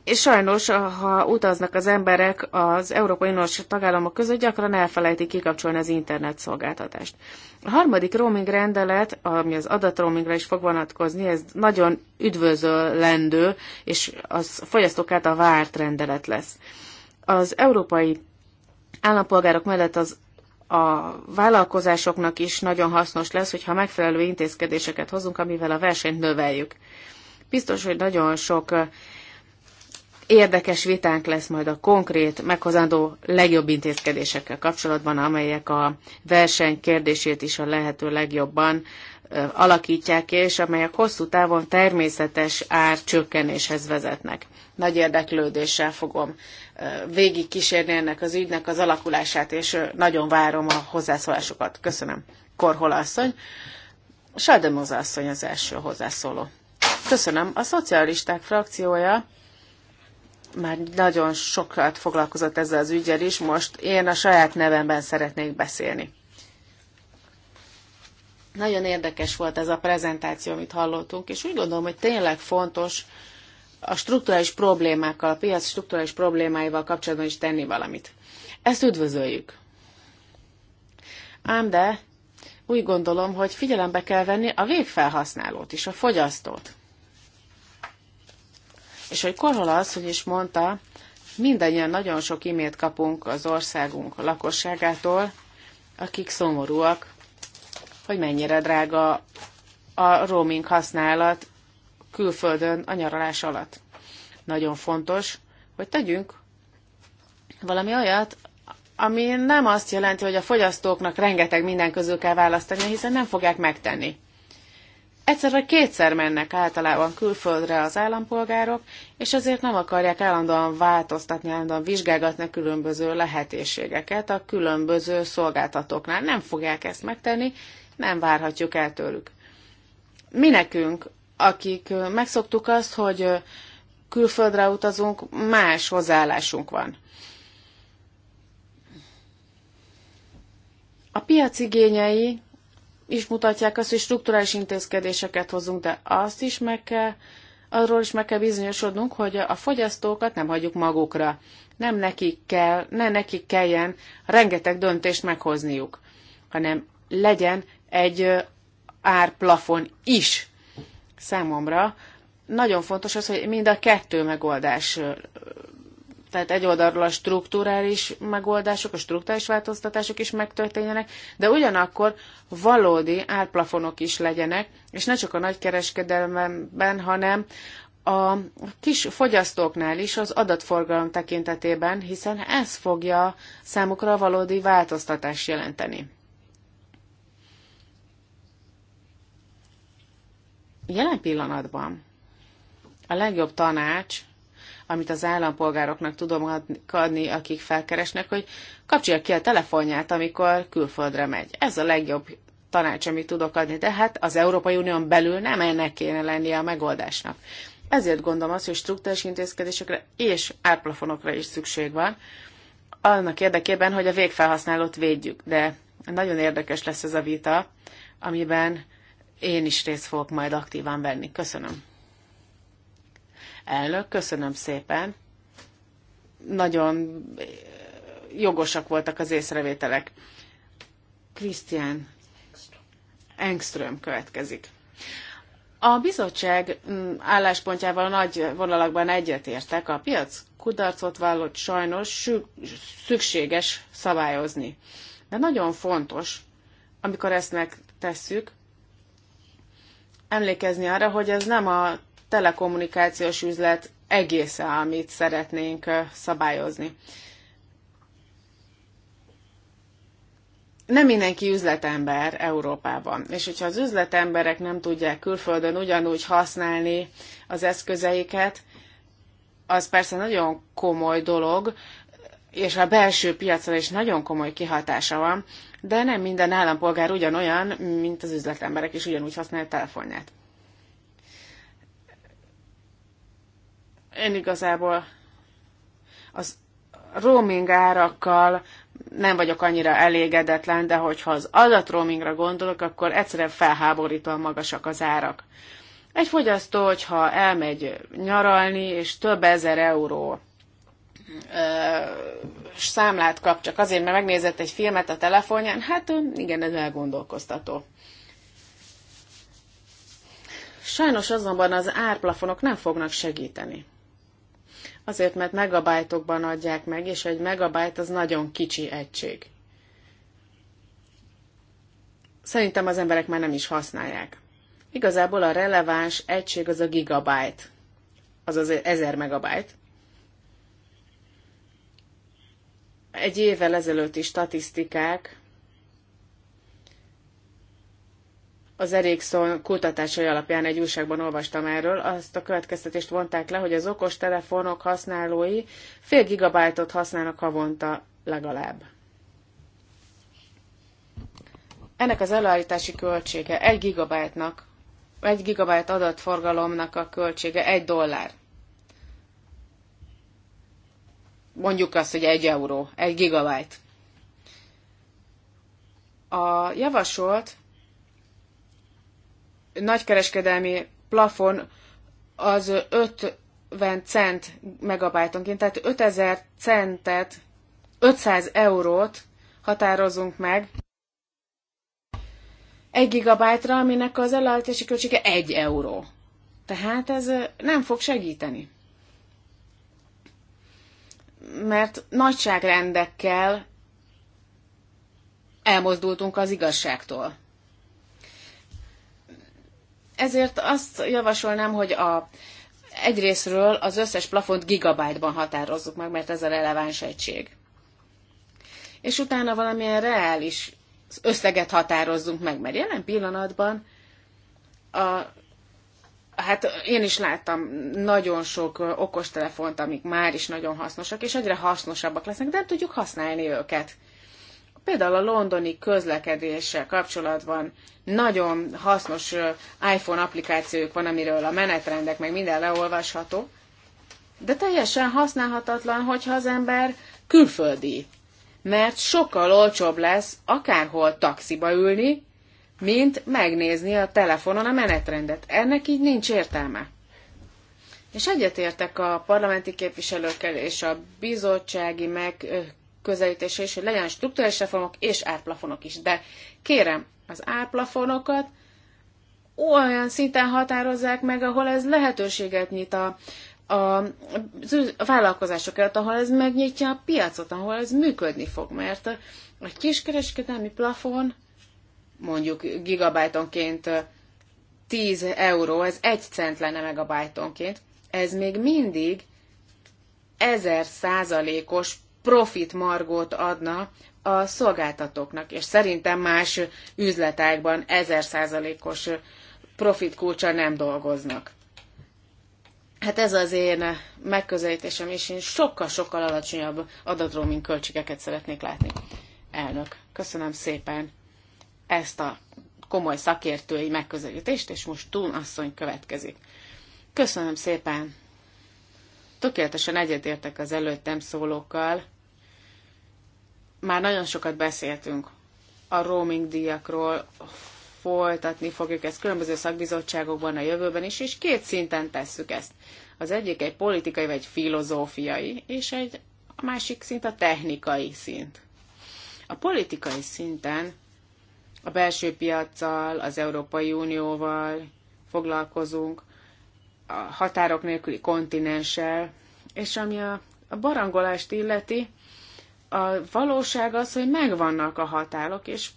És sajnos, ha utaznak az emberek az Európai Uniós tagállamok között, gyakran elfelejtik kikapcsolni az internet szolgáltatást. A harmadik roaming rendelet, ami az adatroamingra is fog vonatkozni, ez nagyon üdvözöllendő, és az fogyasztók által várt rendelet lesz. Az európai állampolgárok mellett az a vállalkozásoknak is nagyon hasznos lesz, hogyha megfelelő intézkedéseket hozunk, amivel a versenyt növeljük. Biztos, hogy nagyon sok érdekes vitánk lesz majd a konkrét, meghozandó legjobb intézkedésekkel kapcsolatban, amelyek a verseny kérdését is a lehető legjobban alakítják, és amelyek hosszú távon természetes árcsökkenéshez vezetnek nagy érdeklődéssel fogom végigkísérni ennek az ügynek az alakulását, és nagyon várom a hozzászólásokat. Köszönöm, Korhol asszony. Sajdemoz asszony az első hozzászóló. Köszönöm. A szocialisták frakciója már nagyon sokat foglalkozott ezzel az ügyel is, most én a saját nevemben szeretnék beszélni. Nagyon érdekes volt ez a prezentáció, amit hallottunk, és úgy gondolom, hogy tényleg fontos, a strukturális problémákkal, a piac strukturális problémáival kapcsolatban is tenni valamit. Ezt üdvözöljük. Ám de úgy gondolom, hogy figyelembe kell venni a végfelhasználót is, a fogyasztót. És hogy Korhol asszony is mondta, mindannyian nagyon sok imét kapunk az országunk lakosságától, akik szomorúak, hogy mennyire drága a roaming használat, külföldön a nyaralás alatt. Nagyon fontos, hogy tegyünk valami olyat, ami nem azt jelenti, hogy a fogyasztóknak rengeteg minden közül kell választani, hiszen nem fogják megtenni. Egyszer vagy kétszer mennek általában külföldre az állampolgárok, és azért nem akarják állandóan változtatni, állandóan vizsgálgatni különböző lehetőségeket a különböző szolgáltatóknál. Nem fogják ezt megtenni, nem várhatjuk el tőlük. Mi nekünk, akik megszoktuk azt, hogy külföldre utazunk, más hozzáállásunk van. A piac igényei is mutatják azt, hogy strukturális intézkedéseket hozunk, de azt is meg kell, arról is meg kell bizonyosodnunk, hogy a fogyasztókat nem hagyjuk magukra. Nem nekik kell, ne nekik kelljen rengeteg döntést meghozniuk, hanem legyen egy árplafon is számomra nagyon fontos az, hogy mind a kettő megoldás, tehát egy oldalról a struktúrális megoldások, a struktúrális változtatások is megtörténjenek, de ugyanakkor valódi árplafonok is legyenek, és ne csak a nagy nagykereskedelemben, hanem a kis fogyasztóknál is az adatforgalom tekintetében, hiszen ez fogja számukra a valódi változtatást jelenteni. Jelen pillanatban a legjobb tanács, amit az állampolgároknak tudom adni, akik felkeresnek, hogy kapcsolja ki a telefonját, amikor külföldre megy. Ez a legjobb tanács, amit tudok adni, de hát az Európai Unión belül nem ennek kéne lennie a megoldásnak. Ezért gondolom azt, hogy struktúrás intézkedésekre és árplafonokra is szükség van, annak érdekében, hogy a végfelhasználót védjük. De nagyon érdekes lesz ez a vita, amiben én is részt fogok majd aktívan venni. Köszönöm. Elnök, köszönöm szépen. Nagyon eh, jogosak voltak az észrevételek. Krisztián Engström következik. A bizottság mm, álláspontjával nagy vonalakban egyetértek, a piac kudarcot vallott sajnos szükséges szabályozni. De nagyon fontos, amikor ezt megtesszük, emlékezni arra, hogy ez nem a telekommunikációs üzlet egésze, amit szeretnénk szabályozni. nem mindenki üzletember Európában, és hogyha az üzletemberek nem tudják külföldön ugyanúgy használni az eszközeiket, az persze nagyon komoly dolog, és a belső piacra is nagyon komoly kihatása van, de nem minden állampolgár ugyanolyan, mint az üzletemberek, és ugyanúgy használja a telefonját. Én igazából az roaming árakkal nem vagyok annyira elégedetlen, de hogyha az roamingra gondolok, akkor egyszerűen felháborítóan magasak az árak. Egy fogyasztó, hogyha elmegy nyaralni, és több ezer euró számlát kap csak azért, mert megnézett egy filmet a telefonján, hát igen, ez elgondolkoztató. Sajnos azonban az árplafonok nem fognak segíteni. Azért, mert megabájtokban adják meg, és egy megabájt az nagyon kicsi egység. Szerintem az emberek már nem is használják. Igazából a releváns egység az a gigabyte, azaz 1000 megabyte, egy évvel ezelőtti statisztikák az Ericsson kutatásai alapján egy újságban olvastam erről, azt a következtetést vonták le, hogy az okos telefonok használói fél gigabájtot használnak havonta legalább. Ennek az előállítási költsége egy gigabájtnak, egy gigabájt adatforgalomnak a költsége egy dollár. mondjuk azt, hogy egy euró, egy gigabyte. A javasolt nagykereskedelmi plafon az 50 cent megabajtonként, tehát 5000 centet, 500 eurót határozunk meg egy gigabájtra, aminek az elállítási költsége egy euró. Tehát ez nem fog segíteni mert nagyságrendekkel elmozdultunk az igazságtól. Ezért azt javasolnám, hogy a, egyrésztről az összes plafont gigabájtban határozzuk meg, mert ez a releváns egység. És utána valamilyen reális összeget határozzunk meg, mert jelen pillanatban a hát én is láttam nagyon sok okostelefont, amik már is nagyon hasznosak, és egyre hasznosabbak lesznek, de nem tudjuk használni őket. Például a londoni közlekedéssel kapcsolatban nagyon hasznos iPhone applikációk van, amiről a menetrendek meg minden leolvasható, de teljesen használhatatlan, hogyha az ember külföldi, mert sokkal olcsóbb lesz akárhol taxiba ülni, mint megnézni a telefonon a menetrendet. Ennek így nincs értelme. És egyetértek a parlamenti képviselőkkel és a bizottsági megközelítése is, hogy legyen struktúrális reformok és árplafonok is. De kérem, az árplafonokat olyan szinten határozzák meg, ahol ez lehetőséget nyit a, a, a vállalkozások előtt, ahol ez megnyitja a piacot, ahol ez működni fog, mert a kiskereskedelmi plafon mondjuk gigabájtonként 10 euró, ez egy cent lenne megabájtonként, ez még mindig 1000 százalékos profit margót adna a szolgáltatóknak, és szerintem más üzletágban 1000 százalékos profit kulcsa nem dolgoznak. Hát ez az én megközelítésem, és én sokkal-sokkal alacsonyabb mint költségeket szeretnék látni. Elnök, köszönöm szépen ezt a komoly szakértői megközelítést, és most Tún asszony következik. Köszönöm szépen! Tökéletesen egyetértek az előttem szólókkal. Már nagyon sokat beszéltünk a roaming díjakról, folytatni fogjuk ezt különböző szakbizottságokban a jövőben is, és két szinten tesszük ezt. Az egyik egy politikai vagy egy filozófiai, és egy a másik szint a technikai szint. A politikai szinten a belső piaccal, az Európai Unióval foglalkozunk, a határok nélküli kontinenssel, és ami a, a barangolást illeti, a valóság az, hogy megvannak a határok, és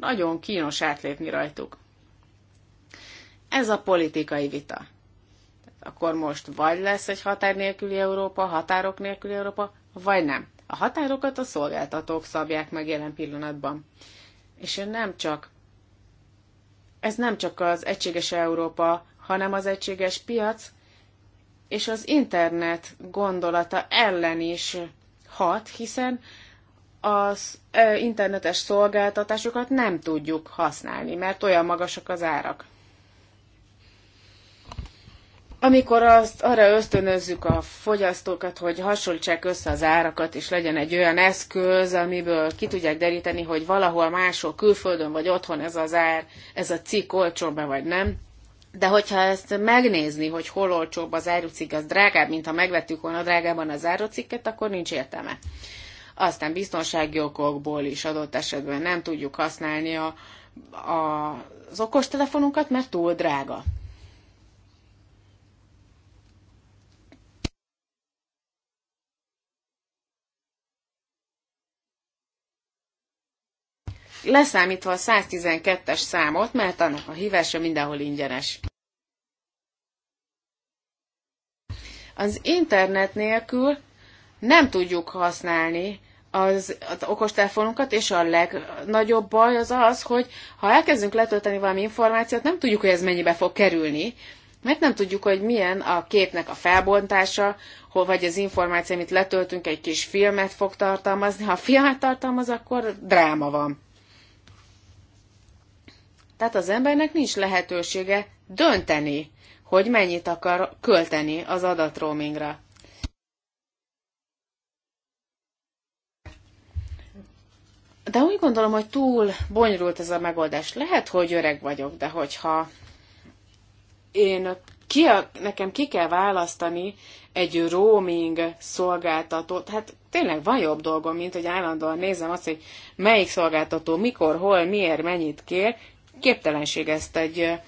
nagyon kínos átlépni rajtuk. Ez a politikai vita. Akkor most vagy lesz egy határ nélküli Európa, határok nélküli Európa, vagy nem. A határokat a szolgáltatók szabják meg jelen pillanatban. És én nem csak, ez nem csak az egységes Európa, hanem az egységes piac és az internet gondolata ellen is hat, hiszen az internetes szolgáltatásokat nem tudjuk használni, mert olyan magasak az árak amikor azt arra ösztönözzük a fogyasztókat, hogy hasonlítsák össze az árakat, és legyen egy olyan eszköz, amiből ki tudják deríteni, hogy valahol máshol, külföldön vagy otthon ez az ár, ez a cikk olcsóbb vagy nem. De hogyha ezt megnézni, hogy hol olcsóbb az árucikk, az drágább, mint ha megvettük volna drágában az árucikket, akkor nincs értelme. Aztán biztonsági okokból is adott esetben nem tudjuk használni a, a, az okostelefonunkat, mert túl drága. leszámítva a 112-es számot, mert annak a hívása mindenhol ingyenes. Az internet nélkül nem tudjuk használni az, az okostelefonunkat, és a legnagyobb baj az az, hogy ha elkezdünk letölteni valami információt, nem tudjuk, hogy ez mennyibe fog kerülni, mert nem tudjuk, hogy milyen a képnek a felbontása, hol vagy az információ, amit letöltünk, egy kis filmet fog tartalmazni. Ha a filmet tartalmaz, akkor dráma van. Tehát az embernek nincs lehetősége dönteni, hogy mennyit akar költeni az adatroamingra. De úgy gondolom, hogy túl bonyolult ez a megoldás. Lehet, hogy öreg vagyok, de hogyha én ki a, nekem ki kell választani egy roaming szolgáltatót, hát tényleg van jobb dolgom, mint hogy állandóan nézem azt, hogy melyik szolgáltató mikor, hol, miért, mennyit kér, képtelenség ezt egy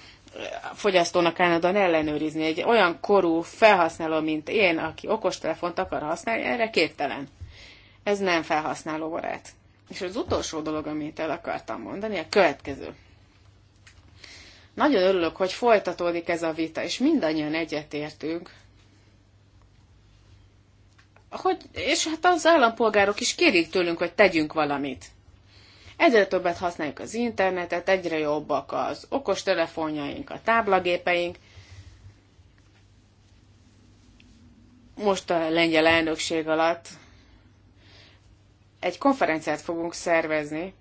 fogyasztónak állandóan ellenőrizni. Egy olyan korú felhasználó, mint én, aki okostelefont akar használni, erre képtelen. Ez nem felhasználó barát. És az utolsó dolog, amit el akartam mondani, a következő. Nagyon örülök, hogy folytatódik ez a vita, és mindannyian egyetértünk, hogy, és hát az állampolgárok is kérik tőlünk, hogy tegyünk valamit. Egyre többet használjuk az internetet, egyre jobbak az okostelefonjaink, a táblagépeink. Most a lengyel elnökség alatt egy konferenciát fogunk szervezni,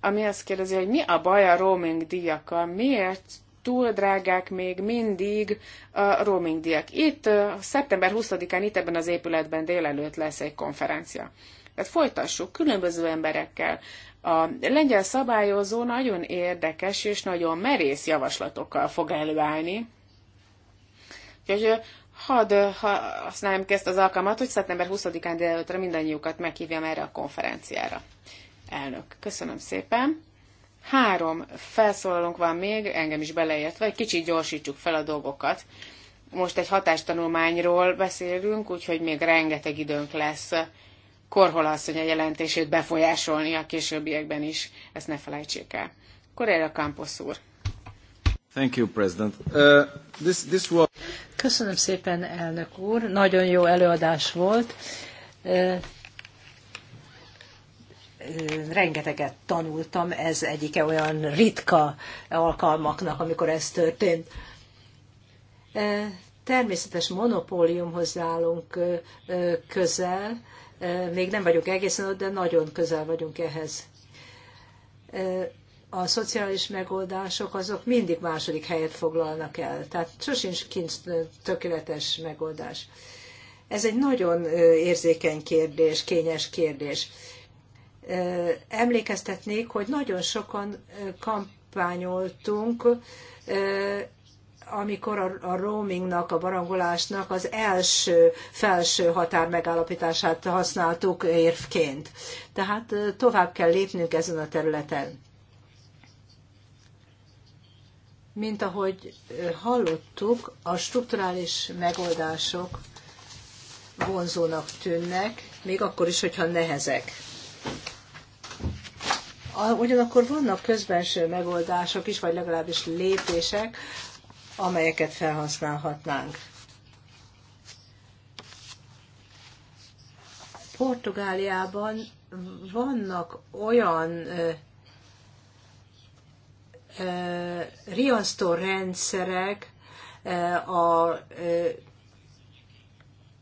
ami azt kérdezi, hogy mi a baj a roaming díjakkal, miért túl drágák még mindig a roaming díjak. Itt szeptember 20-án itt ebben az épületben délelőtt lesz egy konferencia. Tehát folytassuk különböző emberekkel, a lengyel szabályozó nagyon érdekes és nagyon merész javaslatokkal fog előállni. Úgyhogy hadd ha használjam ezt az alkalmat, hogy szeptember 20-án délelőttre mindannyiukat meghívjam erre a konferenciára. Elnök, köszönöm szépen. Három felszólalunk van még, engem is beleértve, egy kicsit gyorsítsuk fel a dolgokat. Most egy hatástanulmányról beszélünk, úgyhogy még rengeteg időnk lesz Korhol asszony a jelentését befolyásolni a későbbiekben is. Ezt ne felejtsék el. Correa Campos úr. Thank you, President. Uh, this, this was... Köszönöm szépen, elnök úr. Nagyon jó előadás volt. Uh, rengeteget tanultam, ez egyike olyan ritka alkalmaknak, amikor ez történt. Uh, természetes monopóliumhoz állunk uh, uh, közel, még nem vagyunk egészen ott, de nagyon közel vagyunk ehhez. A szociális megoldások azok mindig második helyet foglalnak el, tehát sosincs kincs tökéletes megoldás. Ez egy nagyon érzékeny kérdés, kényes kérdés. Emlékeztetnék, hogy nagyon sokan kampányoltunk amikor a, a roamingnak, a barangolásnak az első felső határ megállapítását használtuk érvként. Tehát tovább kell lépnünk ezen a területen. Mint ahogy hallottuk, a strukturális megoldások vonzónak tűnnek, még akkor is, hogyha nehezek. Ugyanakkor vannak közbenső megoldások is, vagy legalábbis lépések, amelyeket felhasználhatnánk. Portugáliában vannak olyan riasztó rendszerek a,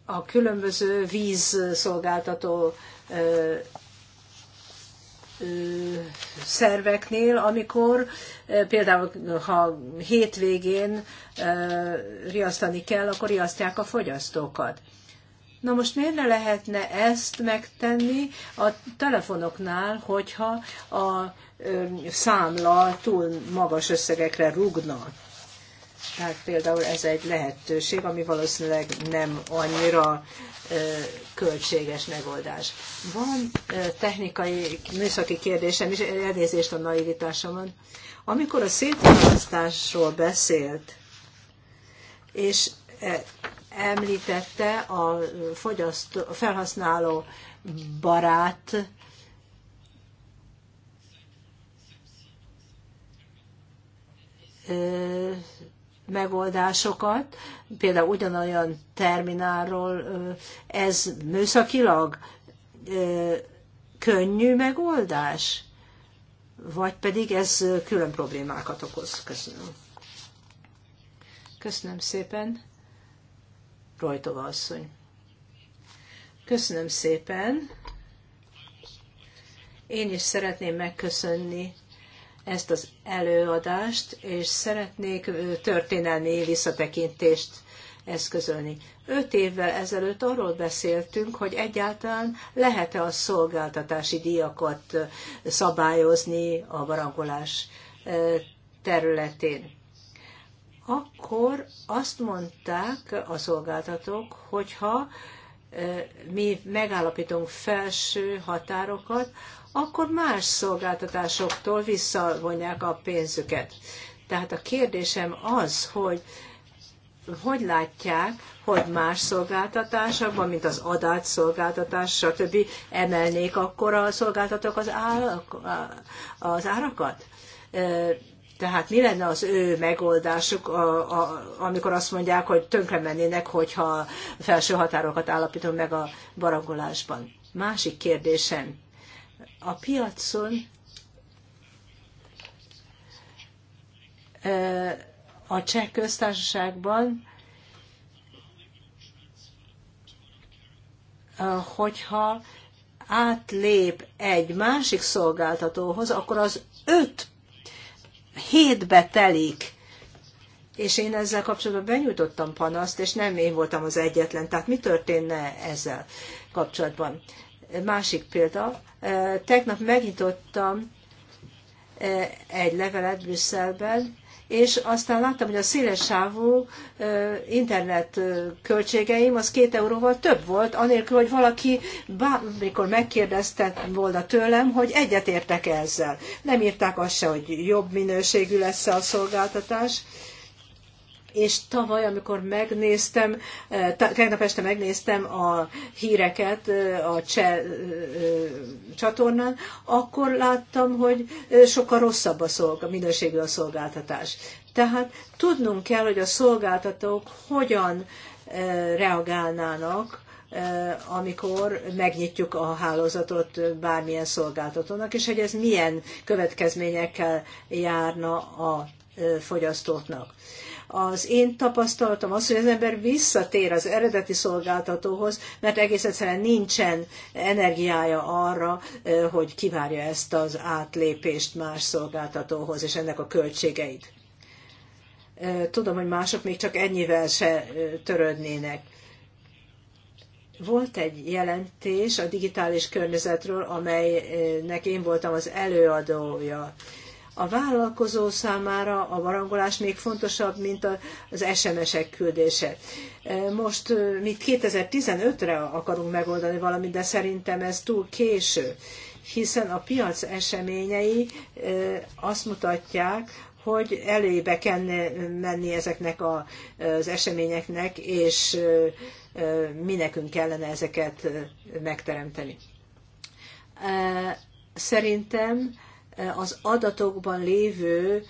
a különböző vízszolgáltató szerveknél, amikor például ha hétvégén riasztani kell, akkor riasztják a fogyasztókat. Na most miért ne lehetne ezt megtenni a telefonoknál, hogyha a számla túl magas összegekre rugna? Tehát például ez egy lehetőség, ami valószínűleg nem annyira költséges megoldás. Van technikai, műszaki kérdésem is, elnézést a naivitásomon. Amikor a szétválasztásról beszélt, és említette a, fogyasztó, a felhasználó barát megoldásokat, például ugyanolyan terminálról, ez műszakilag könnyű megoldás, vagy pedig ez külön problémákat okoz. Köszönöm. Köszönöm szépen. Rojtova asszony. Köszönöm szépen. Én is szeretném megköszönni ezt az előadást, és szeretnék történelmi visszatekintést eszközölni. Öt évvel ezelőtt arról beszéltünk, hogy egyáltalán lehet-e a szolgáltatási díjakat szabályozni a barangolás területén. Akkor azt mondták a szolgáltatók, hogyha mi megállapítunk felső határokat, akkor más szolgáltatásoktól visszavonják a pénzüket. Tehát a kérdésem az, hogy hogy látják, hogy más szolgáltatásokban, mint az adat szolgáltatás, stb. emelnék akkor a szolgáltatók az, ára, az árakat? Tehát mi lenne az ő megoldásuk, a, a, amikor azt mondják, hogy tönkre mennének, hogyha felső határokat állapítom meg a barangolásban? Másik kérdésem a piacon eh, a cseh köztársaságban, eh, hogyha átlép egy másik szolgáltatóhoz, akkor az öt hétbe telik. És én ezzel kapcsolatban benyújtottam panaszt, és nem én voltam az egyetlen. Tehát mi történne ezzel kapcsolatban? Másik példa, tegnap megnyitottam egy levelet Brüsszelben, és aztán láttam, hogy a széles sávú internet költségeim az két euróval több volt, anélkül, hogy valaki bármikor megkérdezte volna tőlem, hogy egyetértek ezzel. Nem írták azt se, hogy jobb minőségű lesz a szolgáltatás, és tavaly, amikor megnéztem, eh, tegnap este megnéztem a híreket eh, a cseh eh, csatornán, akkor láttam, hogy sokkal rosszabb a, szolga, minőségű a szolgáltatás. Tehát tudnunk kell, hogy a szolgáltatók hogyan reagálnának, amikor megnyitjuk a hálózatot bármilyen szolgáltatónak, és hogy ez milyen következményekkel járna a fogyasztóknak az én tapasztalatom az, hogy az ember visszatér az eredeti szolgáltatóhoz, mert egész egyszerűen nincsen energiája arra, hogy kivárja ezt az átlépést más szolgáltatóhoz, és ennek a költségeit. Tudom, hogy mások még csak ennyivel se törődnének volt egy jelentés a digitális környezetről, amelynek én voltam az előadója. A vállalkozó számára a barangolás még fontosabb, mint az SMS-ek küldése. E, most mi 2015-re akarunk megoldani valamit, de szerintem ez túl késő, hiszen a piac eseményei azt mutatják, hogy elébe kell menni ezeknek a, az eseményeknek, és mi nekünk kellene ezeket megteremteni. E, szerintem az adatokban lévő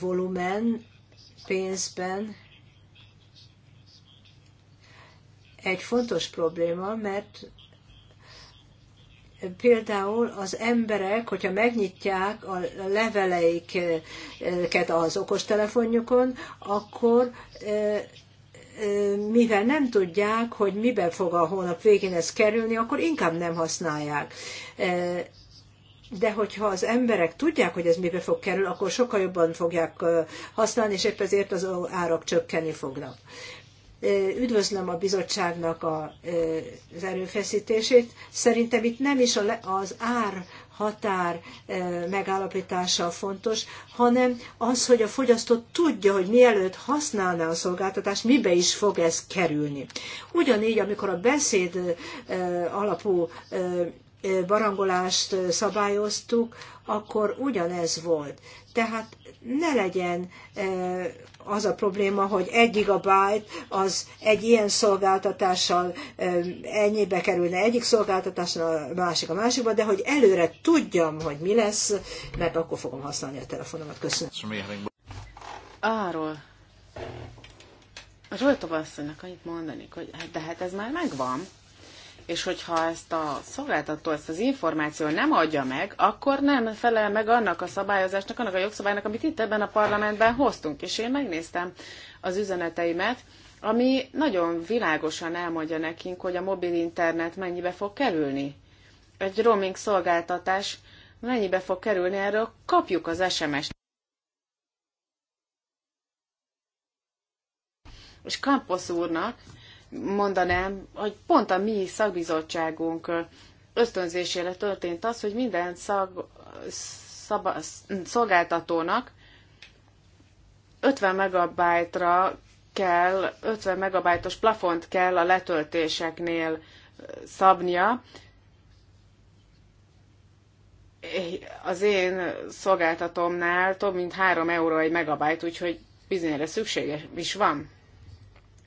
volumen pénzben egy fontos probléma, mert például az emberek, hogyha megnyitják a leveleiket az okostelefonjukon, akkor mivel nem tudják, hogy miben fog a hónap végén ez kerülni, akkor inkább nem használják de hogyha az emberek tudják, hogy ez mibe fog kerülni, akkor sokkal jobban fogják használni, és épp ezért az árak csökkenni fognak. Üdvözlöm a bizottságnak a, az erőfeszítését. Szerintem itt nem is az ár határ megállapítása fontos, hanem az, hogy a fogyasztó tudja, hogy mielőtt használná a szolgáltatást, mibe is fog ez kerülni. Ugyanígy, amikor a beszéd alapú barangolást szabályoztuk, akkor ugyanez volt. Tehát ne legyen az a probléma, hogy egy gigabyte az egy ilyen szolgáltatással ennyibe kerülne egyik szolgáltatásnál a másik a másikba, de hogy előre tudjam, hogy mi lesz, mert akkor fogom használni a telefonomat. Köszönöm. Arról. Zsoltov asszonynak annyit mondanék, hogy hát de hát ez már megvan és hogyha ezt a szolgáltató ezt az információ nem adja meg, akkor nem felel meg annak a szabályozásnak, annak a jogszabálynak, amit itt ebben a parlamentben hoztunk. És én megnéztem az üzeneteimet, ami nagyon világosan elmondja nekünk, hogy a mobil internet mennyibe fog kerülni. Egy roaming szolgáltatás mennyibe fog kerülni, erről kapjuk az SMS-t. És Kampos úrnak mondanám, hogy pont a mi szakbizottságunk ösztönzésére történt az, hogy minden szag, szaba, szolgáltatónak 50 megabájtra kell, 50 megabájtos plafont kell a letöltéseknél szabnia. Az én szolgáltatomnál több mint 3 euró egy megabájt, úgyhogy bizonyára szükséges is van.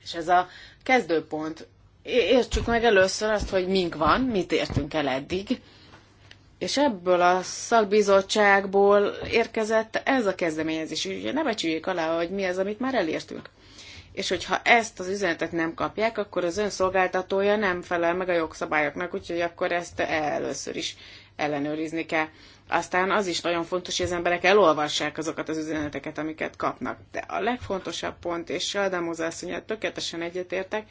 És ez a kezdőpont. Értsük meg először azt, hogy mink van, mit értünk el eddig, és ebből a szakbizottságból érkezett ez a kezdeményezés, Ugye ne becsüljék alá, hogy mi az, amit már elértünk. És hogyha ezt az üzenetet nem kapják, akkor az ön szolgáltatója nem felel meg a jogszabályoknak, úgyhogy akkor ezt először is ellenőrizni kell. Aztán az is nagyon fontos, hogy az emberek elolvassák azokat az üzeneteket, amiket kapnak. De a legfontosabb pont, és Saldamoza asszonyat tökéletesen egyetértek,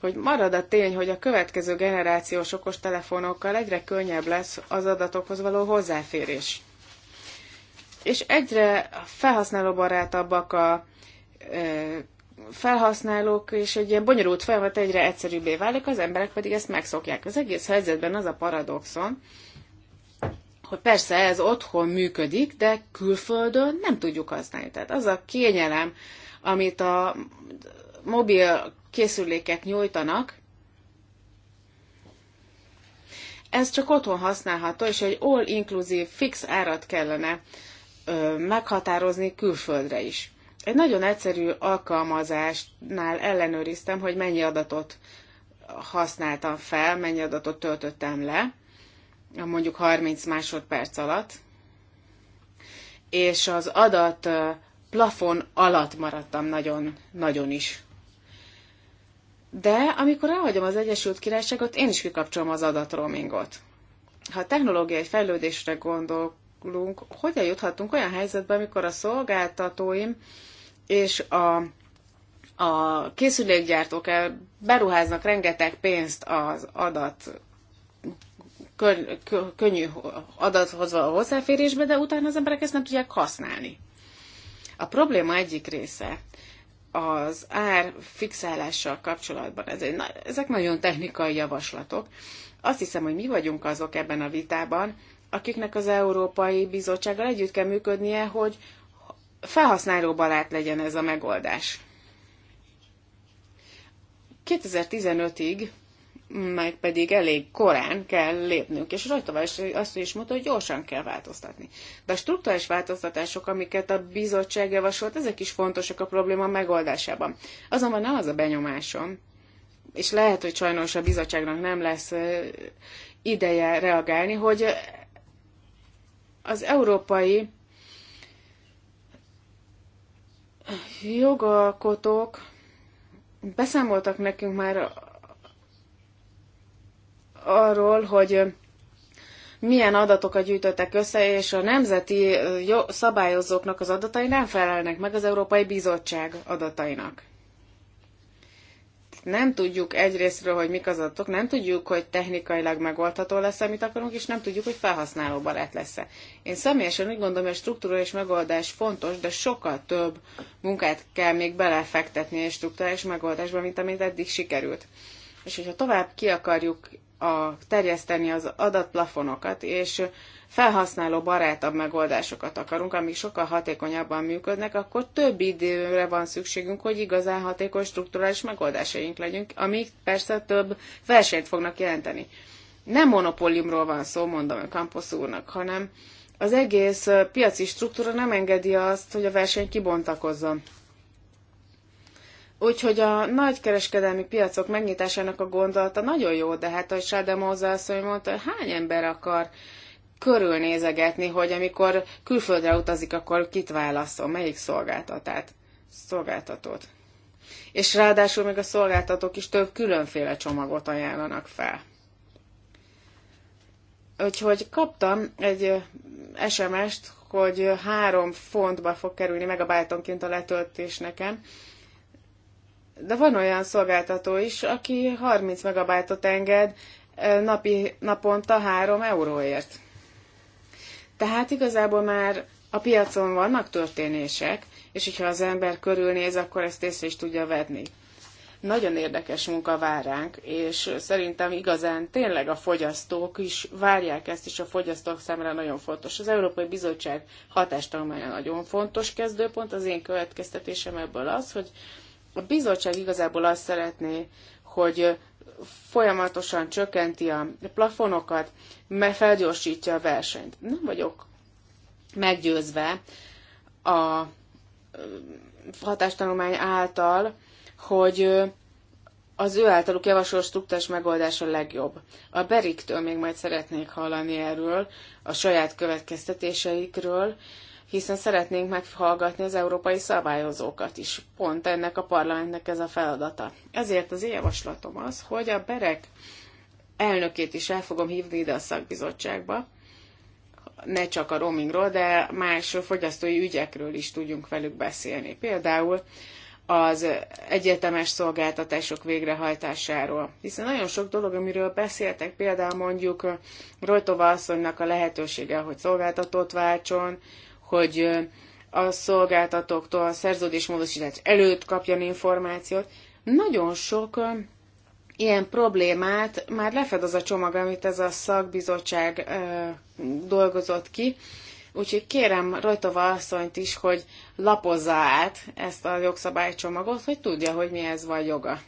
hogy marad a tény, hogy a következő generációs okostelefonokkal egyre könnyebb lesz az adatokhoz való hozzáférés. És egyre felhasználóbarátabbak a e, felhasználók, és egy ilyen bonyolult folyamat egyre egyszerűbbé válik, az emberek pedig ezt megszokják. Az egész helyzetben az a paradoxon, hogy persze ez otthon működik, de külföldön nem tudjuk használni. Tehát az a kényelem, amit a mobil készülékek nyújtanak, ez csak otthon használható, és egy all inclusive fix árat kellene ö, meghatározni külföldre is. Egy nagyon egyszerű alkalmazásnál ellenőriztem, hogy mennyi adatot használtam fel, mennyi adatot töltöttem le, mondjuk 30 másodperc alatt, és az adat plafon alatt maradtam nagyon, nagyon is. De amikor elhagyom az Egyesült Királyságot, én is kikapcsolom az adatromingot. Ha a technológiai fejlődésre gondolunk, hogyan juthatunk olyan helyzetbe, amikor a szolgáltatóim és a, a készülékgyártók beruháznak rengeteg pénzt az adat kön, könnyű adathoz való hozzáférésbe, de utána az emberek ezt nem tudják használni. A probléma egyik része az ár fixálással kapcsolatban, ez egy, na, ezek nagyon technikai javaslatok. Azt hiszem, hogy mi vagyunk azok ebben a vitában, akiknek az Európai Bizottsággal együtt kell működnie, hogy felhasználóbarát legyen ez a megoldás. 2015-ig meg pedig elég korán kell lépnünk, és rajta azt is mondta, hogy gyorsan kell változtatni. De a struktúrális változtatások, amiket a bizottság javasolt, ezek is fontosak a probléma megoldásában. Azonban nem az a benyomásom, és lehet, hogy sajnos a bizottságnak nem lesz ideje reagálni, hogy az európai jogalkotók beszámoltak nekünk már arról, hogy milyen adatokat gyűjtöttek össze, és a nemzeti szabályozóknak az adatai nem felelnek meg az Európai Bizottság adatainak. Nem tudjuk egyrésztről, hogy mik az adatok, nem tudjuk, hogy technikailag megoldható lesz, amit akarunk, és nem tudjuk, hogy felhasználó barát lesz-e. Én személyesen úgy gondolom, hogy a és megoldás fontos, de sokkal több munkát kell még belefektetni a és megoldásba, mint amit eddig sikerült. És hogyha tovább ki akarjuk a, terjeszteni az adatplafonokat, és felhasználó barátabb megoldásokat akarunk, amik sokkal hatékonyabban működnek, akkor több időre van szükségünk, hogy igazán hatékony strukturális megoldásaink legyünk, amik persze több versenyt fognak jelenteni. Nem monopóliumról van szó, mondom a Campos úrnak, hanem az egész piaci struktúra nem engedi azt, hogy a verseny kibontakozzon. Úgyhogy a nagy kereskedelmi piacok megnyitásának a gondolata nagyon jó, de hát, ahogy Sádemóza hogy mondta, hány ember akar körülnézegetni, hogy amikor külföldre utazik, akkor kit válaszol, melyik szolgáltatát, szolgáltatót. És ráadásul még a szolgáltatók is több különféle csomagot ajánlanak fel. Úgyhogy kaptam egy SMS-t, hogy három fontba fog kerülni bájtonként a letöltés nekem, de van olyan szolgáltató is, aki 30 megabájtot enged napi, naponta 3 euróért. Tehát igazából már a piacon vannak történések, és hogyha az ember körülnéz, akkor ezt észre is tudja venni. Nagyon érdekes munka vár ránk, és szerintem igazán tényleg a fogyasztók is várják ezt, és a fogyasztók számára nagyon fontos. Az Európai Bizottság hatástalmája nagyon fontos kezdőpont. Az én következtetésem ebből az, hogy a bizottság igazából azt szeretné, hogy folyamatosan csökkenti a plafonokat, mert felgyorsítja a versenyt. Nem vagyok meggyőzve a hatástanulmány által, hogy az ő általuk javasolt struktúrás megoldás a legjobb. A Beriktől még majd szeretnék hallani erről, a saját következtetéseikről, hiszen szeretnénk meghallgatni az európai szabályozókat is. Pont ennek a parlamentnek ez a feladata. Ezért az én javaslatom az, hogy a berek elnökét is el fogom hívni ide a szakbizottságba, ne csak a roamingról, de más fogyasztói ügyekről is tudjunk velük beszélni. Például az egyetemes szolgáltatások végrehajtásáról. Hiszen nagyon sok dolog, amiről beszéltek, például mondjuk Rojtova asszonynak a lehetősége, hogy szolgáltatót váltson, hogy a szolgáltatóktól a szerződésmódosítás előtt kapjon információt. Nagyon sok ilyen problémát már lefed az a csomag, amit ez a szakbizottság dolgozott ki. Úgyhogy kérem Rojtova asszonyt is, hogy lapozza át ezt a jogszabálycsomagot, hogy tudja, hogy mi ez vagy joga.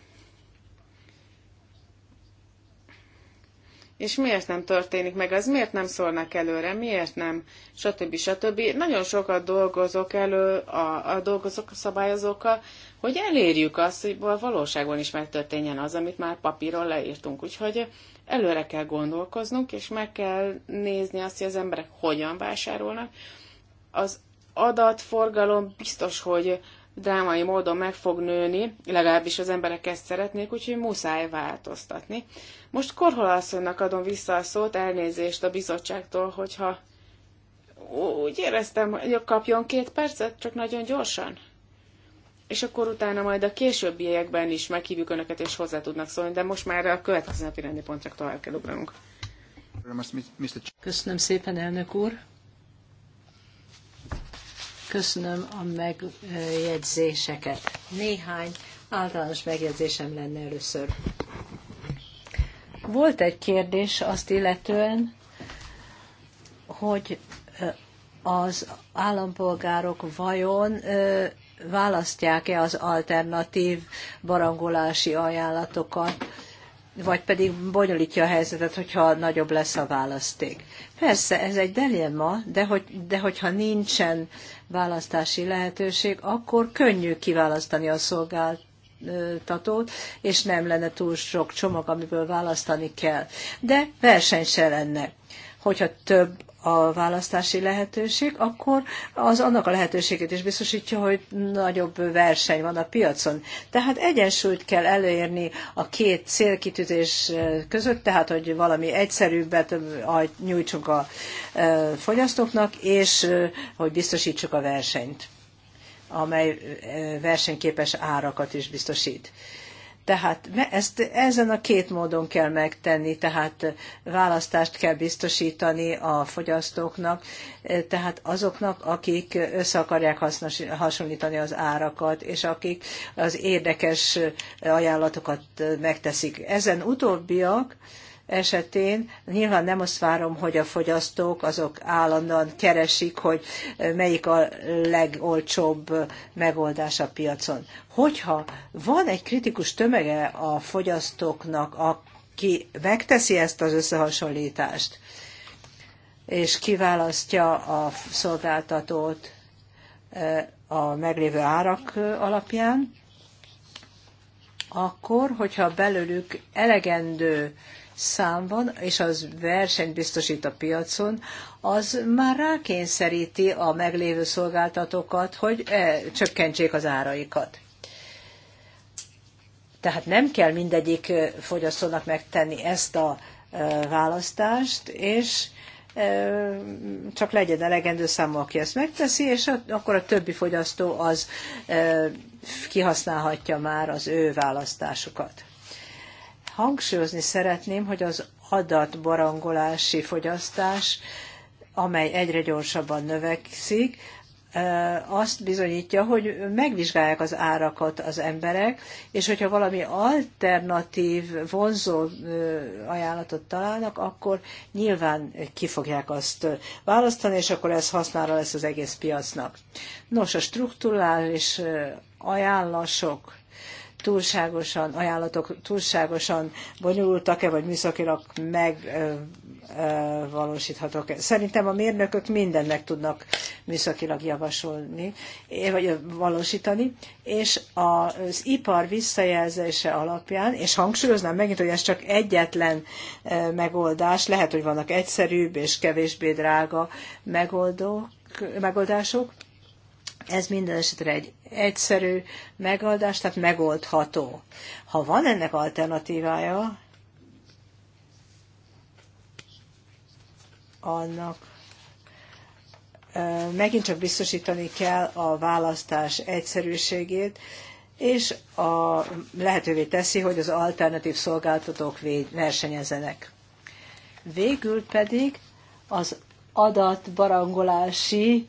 és miért nem történik meg az, miért nem szólnak előre, miért nem, stb. stb. Nagyon sokat dolgozok elő, a, a dolgozók, a szabályozókkal, hogy elérjük azt, hogy valóságban is megtörténjen az, amit már papíron leírtunk. Úgyhogy előre kell gondolkoznunk, és meg kell nézni azt, hogy az emberek hogyan vásárolnak. Az adatforgalom biztos, hogy drámai módon meg fog nőni, legalábbis az emberek ezt szeretnék, úgyhogy muszáj változtatni. Most Korhol adom vissza a szót, elnézést a bizottságtól, hogyha úgy éreztem, hogy kapjon két percet, csak nagyon gyorsan. És akkor utána majd a későbbiekben is meghívjuk Önöket, és hozzá tudnak szólni, de most már a következő napi rendi pontra tovább kell ugranunk. Köszönöm szépen, elnök úr! Köszönöm a megjegyzéseket. Néhány általános megjegyzésem lenne először. Volt egy kérdés azt illetően, hogy az állampolgárok vajon választják-e az alternatív barangolási ajánlatokat, vagy pedig bonyolítja a helyzetet, hogyha nagyobb lesz a választék. Persze, ez egy dilemma, de, hogy, de hogyha nincsen választási lehetőség, akkor könnyű kiválasztani a szolgált tatót, és nem lenne túl sok csomag, amiből választani kell. De verseny se lenne. Hogyha több a választási lehetőség, akkor az annak a lehetőségét is biztosítja, hogy nagyobb verseny van a piacon. Tehát egyensúlyt kell elérni a két célkitűzés között, tehát hogy valami egyszerűbbet nyújtsunk a fogyasztóknak, és hogy biztosítsuk a versenyt amely versenyképes árakat is biztosít. Tehát ezt ezen a két módon kell megtenni, tehát választást kell biztosítani a fogyasztóknak, eh, tehát azoknak, akik össze akarják hasznos, hasonlítani az árakat, és akik az érdekes eh, ajánlatokat eh, megteszik. Ezen utóbbiak, esetén nyilván nem azt várom, hogy a fogyasztók azok állandóan keresik, hogy melyik a legolcsóbb megoldás a piacon. Hogyha van egy kritikus tömege a fogyasztóknak, aki megteszi ezt az összehasonlítást, és kiválasztja a szolgáltatót eh, a meglévő árak eh, alapján, akkor, hogyha belőlük elegendő számban, és az verseny biztosít a piacon, az már rákényszeríti a meglévő szolgáltatókat, hogy eh, csökkentsék az áraikat. Tehát nem kell mindegyik eh, fogyasztónak megtenni ezt a eh, választást, és csak legyen elegendő számú, aki ezt megteszi, és akkor a többi fogyasztó az kihasználhatja már az ő választásukat hangsúlyozni szeretném, hogy az adatbarangolási fogyasztás, amely egyre gyorsabban növekszik, azt bizonyítja, hogy megvizsgálják az árakat az emberek, és hogyha valami alternatív, vonzó ajánlatot találnak, akkor nyilván ki fogják azt választani, és akkor ez hasznára lesz az egész piacnak. Nos, a strukturális ajánlások túlságosan, ajánlatok túlságosan bonyolultak-e, vagy műszakilag megvalósíthatók-e. Szerintem a mérnökök mindent meg tudnak műszakilag javasolni, eh, vagy valósítani, és az ipar visszajelzése alapján, és hangsúlyoznám megint, hogy ez csak egyetlen megoldás, lehet, hogy vannak egyszerűbb és kevésbé drága megoldók, megoldások, ez minden esetre egy egyszerű megoldás, tehát megoldható. Ha van ennek alternatívája, annak megint csak biztosítani kell a választás egyszerűségét, és a, lehetővé teszi, hogy az alternatív szolgáltatók versenyezenek. Végül pedig az adatbarangolási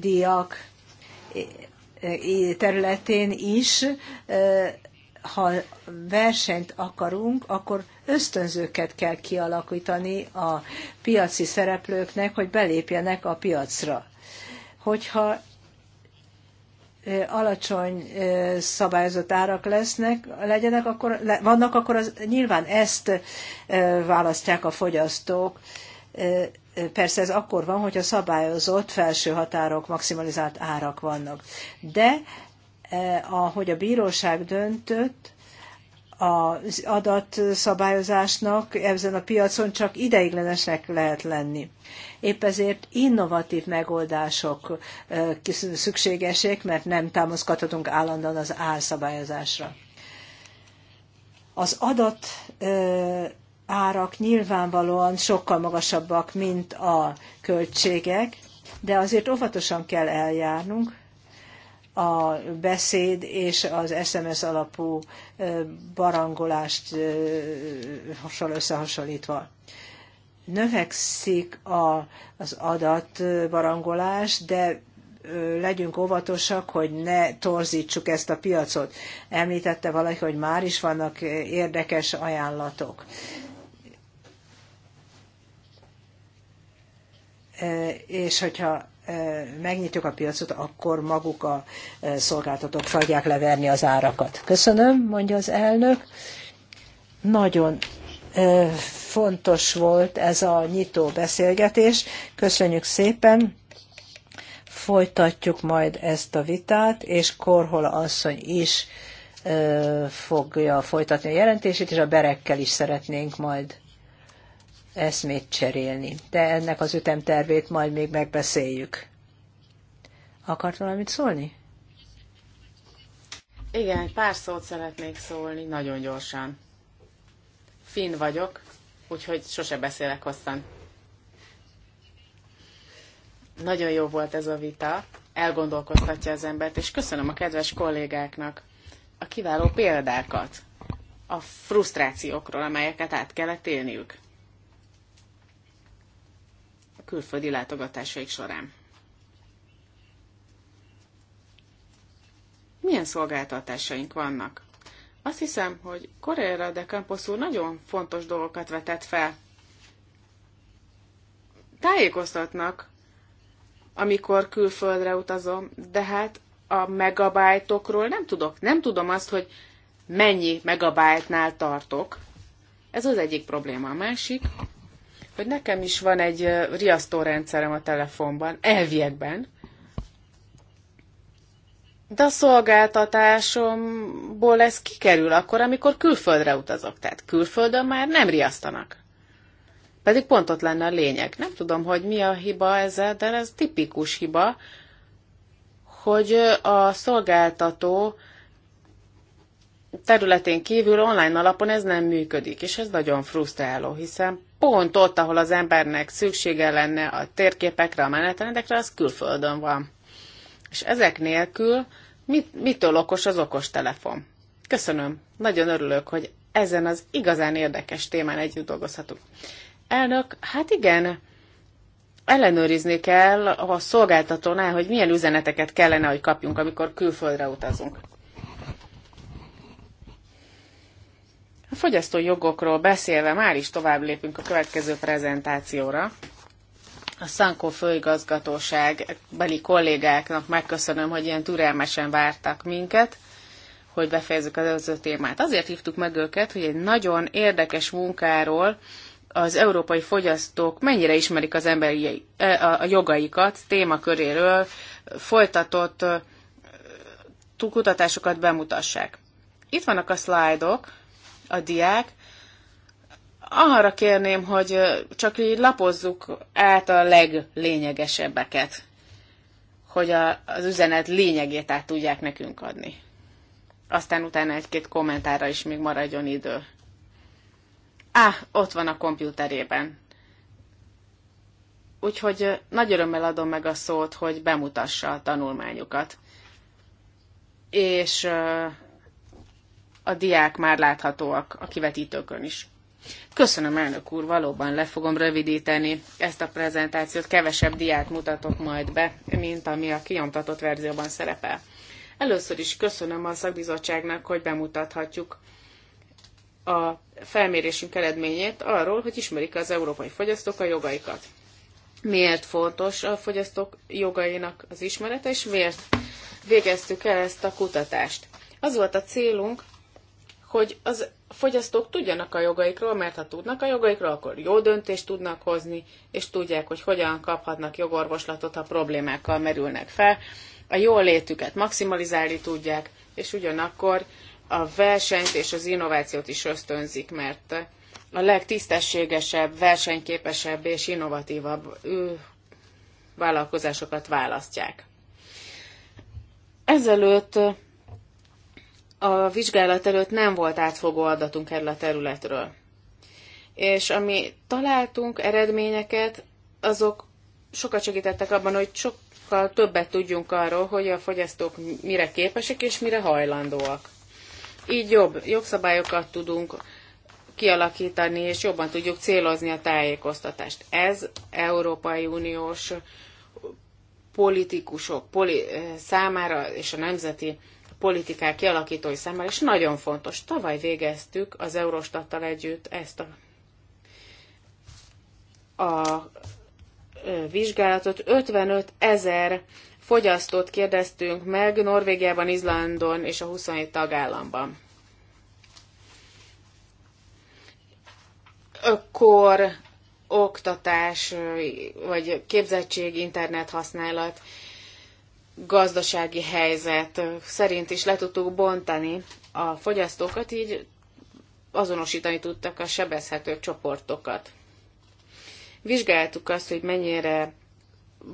diák területén is, e, ha versenyt akarunk, akkor ösztönzőket kell kialakítani a piaci szereplőknek, hogy belépjenek a piacra. Hogyha e, alacsony e, szabályozott árak lesznek, legyenek, akkor, vannak, akkor az, nyilván ezt választják a fogyasztók Persze ez akkor van, hogyha szabályozott felső határok, maximalizált árak vannak. De eh, ahogy a bíróság döntött, az adatszabályozásnak ezen a piacon csak ideiglenesnek lehet lenni. Épp ezért innovatív megoldások eh, szükségesek, mert nem támaszkodhatunk állandóan az árszabályozásra. Az adat eh, árak nyilvánvalóan sokkal magasabbak, mint a költségek, de azért óvatosan kell eljárnunk a beszéd és az SMS alapú barangolást összehasonlítva. Növekszik a, az adatbarangolás, de legyünk óvatosak, hogy ne torzítsuk ezt a piacot. Említette valaki, hogy már is vannak érdekes ajánlatok. és hogyha megnyitjuk a piacot, akkor maguk a szolgáltatók fogják leverni az árakat. Köszönöm, mondja az elnök. Nagyon fontos volt ez a nyitó beszélgetés. Köszönjük szépen. Folytatjuk majd ezt a vitát, és Korhola asszony is fogja folytatni a jelentését, és a berekkel is szeretnénk majd eszmét cserélni. De ennek az ütemtervét majd még megbeszéljük. Akart valamit szólni? Igen, pár szót szeretnék szólni, nagyon gyorsan. Finn vagyok, úgyhogy sose beszélek hosszan. Nagyon jó volt ez a vita, elgondolkodtatja az embert, és köszönöm a kedves kollégáknak a kiváló példákat a frusztrációkról, amelyeket át kellett élniük külföldi látogatásaik során. Milyen szolgáltatásaink vannak? Azt hiszem, hogy Correa de Campos úr nagyon fontos dolgokat vetett fel. Tájékoztatnak, amikor külföldre utazom, de hát a megabájtokról nem tudok. Nem tudom azt, hogy mennyi megabájtnál tartok. Ez az egyik probléma. A másik, hogy nekem is van egy riasztórendszerem a telefonban, elviekben, de a szolgáltatásomból ez kikerül akkor, amikor külföldre utazok. Tehát külföldön már nem riasztanak. Pedig pont ott lenne a lényeg. Nem tudom, hogy mi a hiba ezzel, de ez tipikus hiba, hogy a szolgáltató területén kívül online alapon ez nem működik, és ez nagyon frusztráló, hiszen pont ott, ahol az embernek szüksége lenne a térképekre, a menetrendekre, az külföldön van. És ezek nélkül mit, mitől okos az okos telefon? Köszönöm, nagyon örülök, hogy ezen az igazán érdekes témán együtt dolgozhatunk. Elnök, hát igen, ellenőrizni kell a szolgáltatónál, hogy milyen üzeneteket kellene, hogy kapjunk, amikor külföldre utazunk. A fogyasztói jogokról beszélve már is tovább lépünk a következő prezentációra. A Szankó főigazgatóság beli kollégáknak megköszönöm, hogy ilyen türelmesen vártak minket, hogy befejezzük az előző témát. Azért hívtuk meg őket, hogy egy nagyon érdekes munkáról, az európai fogyasztók mennyire ismerik az emberi e, a jogaikat témaköréről folytatott e, kutatásokat bemutassák. Itt vannak a szlájdok, a diák, arra kérném, hogy csak így lapozzuk át a leglényegesebbeket, hogy a, az üzenet lényegét át tudják nekünk adni. Aztán utána egy-két kommentára is még maradjon idő. Á, ah, ott van a kompjúterében. Úgyhogy nagy örömmel adom meg a szót, hogy bemutassa a tanulmányukat. És a diák már láthatóak a kivetítőkön is. Köszönöm, elnök úr, valóban le fogom rövidíteni ezt a prezentációt. Kevesebb diát mutatok majd be, mint ami a kinyomtatott verzióban szerepel. Először is köszönöm a szakbizottságnak, hogy bemutathatjuk a felmérésünk eredményét arról, hogy ismerik az európai fogyasztók a jogaikat. Miért fontos a fogyasztók jogainak az ismerete, és miért végeztük el ezt a kutatást. Az volt a célunk, hogy az fogyasztók tudjanak a jogaikról, mert ha tudnak a jogaikról, akkor jó döntést tudnak hozni, és tudják, hogy hogyan kaphatnak jogorvoslatot, ha problémákkal merülnek fel. A jól létüket maximalizálni tudják, és ugyanakkor a versenyt és az innovációt is ösztönzik, mert a legtisztességesebb, versenyképesebb és innovatívabb ő vállalkozásokat választják. Ezelőtt a vizsgálat előtt nem volt átfogó adatunk erről a területről. És ami találtunk eredményeket, azok sokat segítettek abban, hogy sokkal többet tudjunk arról, hogy a fogyasztók mire képesek és mire hajlandóak. Így jobb jogszabályokat tudunk kialakítani, és jobban tudjuk célozni a tájékoztatást. Ez Európai Uniós politikusok poli, eh, számára és a nemzeti politikák kialakítói számára, és nagyon fontos. Tavaly végeztük az Eurostattal együtt ezt a, a vizsgálatot. 55 ezer fogyasztót kérdeztünk meg Norvégiában, Izlandon és a 27 tagállamban. Ökkor, oktatás, vagy képzettség, internet használat, gazdasági helyzet szerint is le tudtuk bontani a fogyasztókat, így azonosítani tudtak a sebezhető csoportokat. Vizsgáltuk azt, hogy mennyire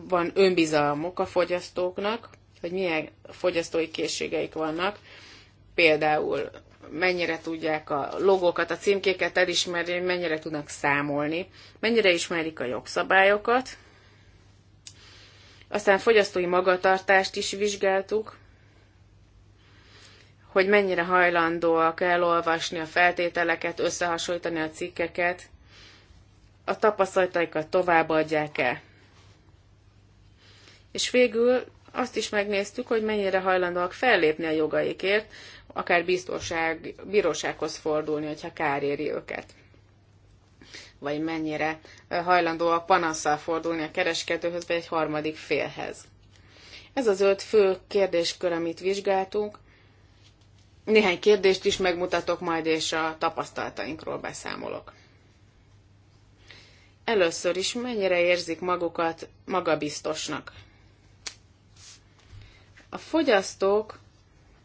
van önbizalmuk a fogyasztóknak, hogy milyen fogyasztói készségeik vannak, például mennyire tudják a logókat, a címkéket elismerni, mennyire tudnak számolni, mennyire ismerik a jogszabályokat, aztán fogyasztói magatartást is vizsgáltuk, hogy mennyire hajlandóak elolvasni a feltételeket, összehasonlítani a cikkeket, a tapasztalataikat továbbadják e És végül azt is megnéztük, hogy mennyire hajlandóak fellépni a jogaikért, akár biztonság, bírósághoz fordulni, hogyha kár éri őket vagy mennyire hajlandó a panasszal fordulni a kereskedőhöz, vagy egy harmadik félhez. Ez az öt fő kérdéskör, amit vizsgáltunk. Néhány kérdést is megmutatok majd, és a tapasztalatainkról beszámolok. Először is mennyire érzik magukat magabiztosnak. A fogyasztók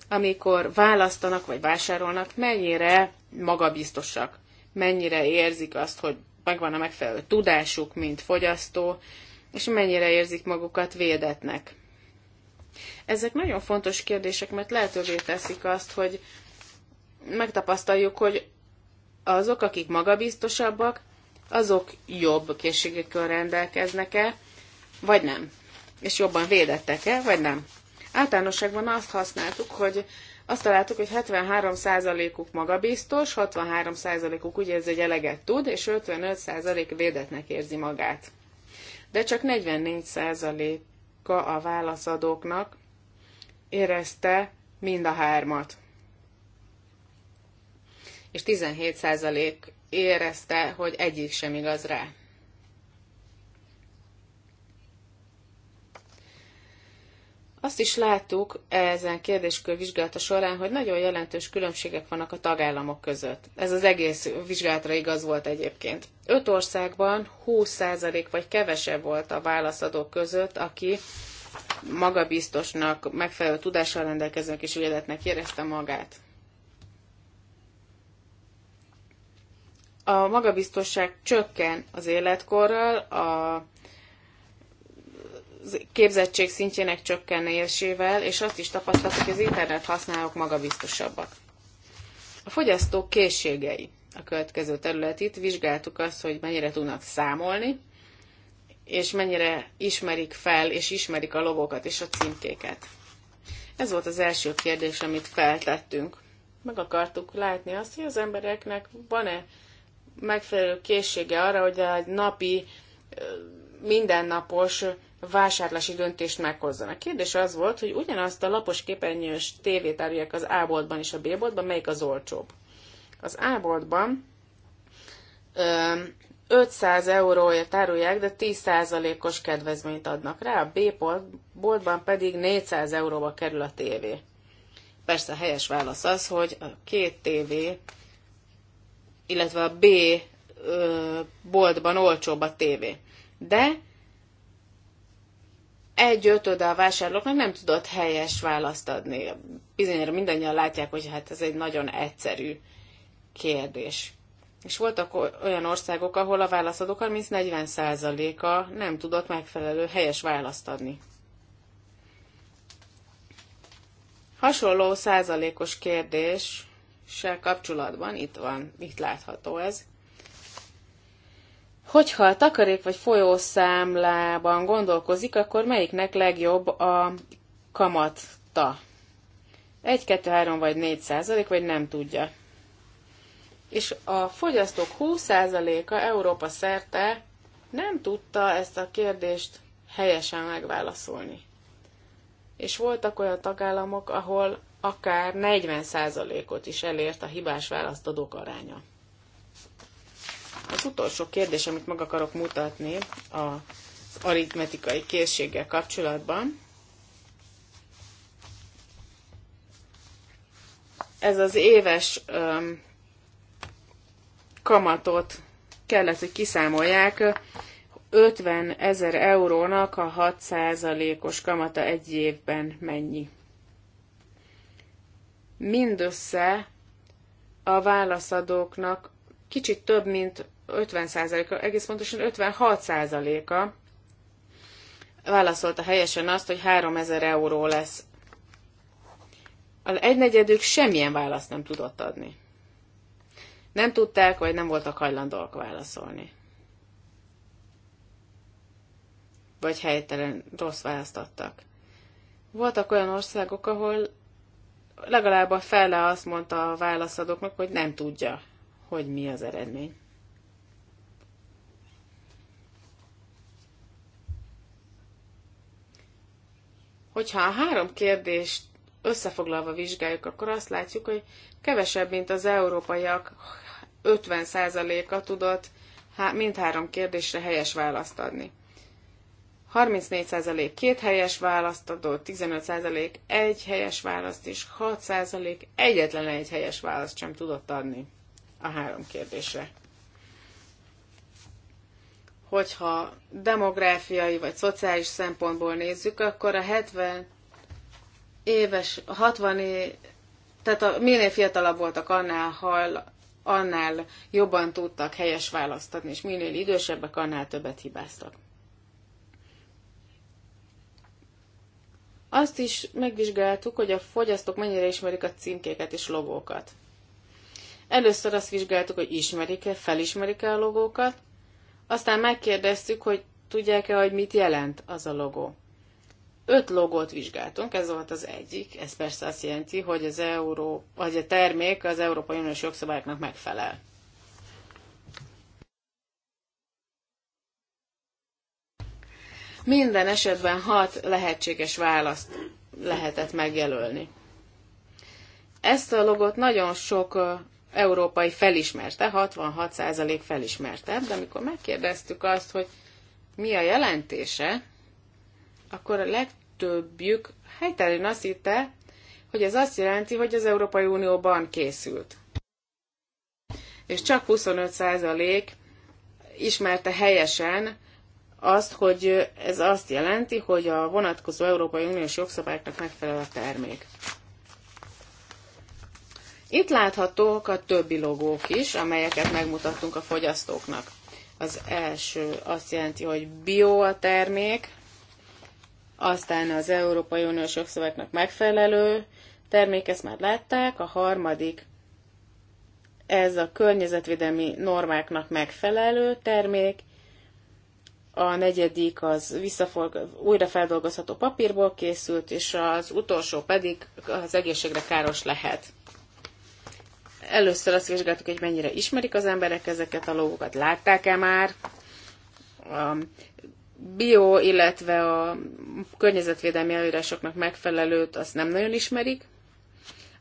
amikor választanak vagy vásárolnak, mennyire magabiztosak mennyire érzik azt, hogy megvan a megfelelő tudásuk, mint fogyasztó, és mennyire érzik magukat védetnek. Ezek nagyon fontos kérdések, mert lehetővé teszik azt, hogy megtapasztaljuk, hogy azok, akik magabiztosabbak, azok jobb készségekkel rendelkeznek-e, vagy nem. És jobban védettek-e, vagy nem. Általánosságban azt használtuk, hogy azt találtuk, hogy 73%-uk magabiztos, 63%-uk úgy érzi, hogy eleget tud, és 55% védetnek érzi magát. De csak 44%-a a válaszadóknak érezte mind a hármat. És 17% érezte, hogy egyik sem igaz rá. Azt is láttuk ezen kérdéskör vizsgálata során, hogy nagyon jelentős különbségek vannak a tagállamok között. Ez az egész vizsgálatra igaz volt egyébként. Öt országban 20% vagy kevesebb volt a válaszadók között, aki magabiztosnak, megfelelő tudással rendelkezőnek és ügyeletnek érezte magát. A magabiztosság csökken az életkorral, a képzettség szintjének csökkenésével, és azt is tapasztaltuk, hogy az internet használók magabiztosabbak. A fogyasztók készségei a következő terület. Itt vizsgáltuk azt, hogy mennyire tudnak számolni, és mennyire ismerik fel, és ismerik a logókat és a címkéket. Ez volt az első kérdés, amit feltettünk. Meg akartuk látni azt, hogy az embereknek van-e megfelelő készsége arra, hogy a napi mindennapos vásárlási döntést A Kérdés az volt, hogy ugyanazt a lapos képernyős tévét árulják az A-boltban és a B-boltban, melyik az olcsóbb. Az A-boltban 500 euróért árulják, de 10%-os kedvezményt adnak rá, a B-boltban pedig 400 euróba kerül a tévé. Persze a helyes válasz az, hogy a két tévé, illetve a B boltban olcsóbb a tévé de egy ötöde a vásárlóknak nem tudott helyes választ adni. Bizonyára mindannyian látják, hogy hát ez egy nagyon egyszerű kérdés. És voltak olyan országok, ahol a válaszadók 30-40 százaléka nem tudott megfelelő helyes választ adni. Hasonló százalékos kérdéssel kapcsolatban, itt van, itt látható ez, Hogyha a takarék vagy folyószámlában gondolkozik, akkor melyiknek legjobb a kamatta? 1, 2, 3 vagy 4 százalék, vagy nem tudja. És a fogyasztók 20%-a Európa szerte nem tudta ezt a kérdést helyesen megválaszolni. És voltak olyan tagállamok, ahol akár 40%-ot is elért a hibás választodók aránya. Az utolsó kérdés, amit meg akarok mutatni az aritmetikai készséggel kapcsolatban, ez az éves öm, kamatot kellett, hogy kiszámolják. 50 ezer eurónak a 6%-os kamata egy évben mennyi? Mindössze a válaszadóknak kicsit több, mint 50%-a, egész pontosan 56%-a válaszolta helyesen azt, hogy 3000 euró lesz. A egynegyedük semmilyen választ nem tudott adni. Nem tudták, vagy nem voltak hajlandóak válaszolni. Vagy helytelen rossz választ adtak. Voltak olyan országok, ahol legalább a fele azt mondta a válaszadóknak, hogy nem tudja, hogy mi az eredmény. Hogyha a három kérdést összefoglalva vizsgáljuk, akkor azt látjuk, hogy kevesebb, mint az európaiak 50%-a tudott mindhárom kérdésre helyes választ adni. 34% két helyes választ adott, 15% egy helyes választ, és 6% egyetlen egy helyes választ sem tudott adni a három kérdésre hogyha demográfiai vagy szociális szempontból nézzük, akkor a 70 éves, 60 év, tehát a, minél fiatalabb voltak, annál, hall, annál jobban tudtak helyes választ adni, és minél idősebbek, annál többet hibáztak. Azt is megvizsgáltuk, hogy a fogyasztók mennyire ismerik a címkéket és logókat. Először azt vizsgáltuk, hogy ismerik-e, felismerik-e a logókat, aztán megkérdeztük, hogy tudják-e, hogy mit jelent az a logó. Öt logót vizsgáltunk, ez volt az egyik, ez persze azt jelenti, hogy az euró, vagy a termék az Európai Uniós jogszabályoknak megfelel. Minden esetben hat lehetséges választ lehetett megjelölni. Ezt a logot nagyon sok európai felismerte, 66% felismerte, de amikor megkérdeztük azt, hogy mi a jelentése, akkor a legtöbbjük helytelen azt hitte, hogy ez azt jelenti, hogy az Európai Unióban készült. És csak 25% ismerte helyesen azt, hogy ez azt jelenti, hogy a vonatkozó Európai Uniós jogszabályoknak megfelel a termék. Itt láthatók a többi logók is, amelyeket megmutattunk a fogyasztóknak. Az első azt jelenti, hogy bio a termék, aztán az Európai Uniós jogszabályoknak megfelelő termék, ezt már látták, a harmadik ez a környezetvédelmi normáknak megfelelő termék, a negyedik az visszaforg, újrafeldolgozható papírból készült, és az utolsó pedig az egészségre káros lehet. Először azt vizsgáltuk, hogy mennyire ismerik az emberek ezeket a logókat. látták-e már. A bio, illetve a környezetvédelmi előírásoknak megfelelőt azt nem nagyon ismerik.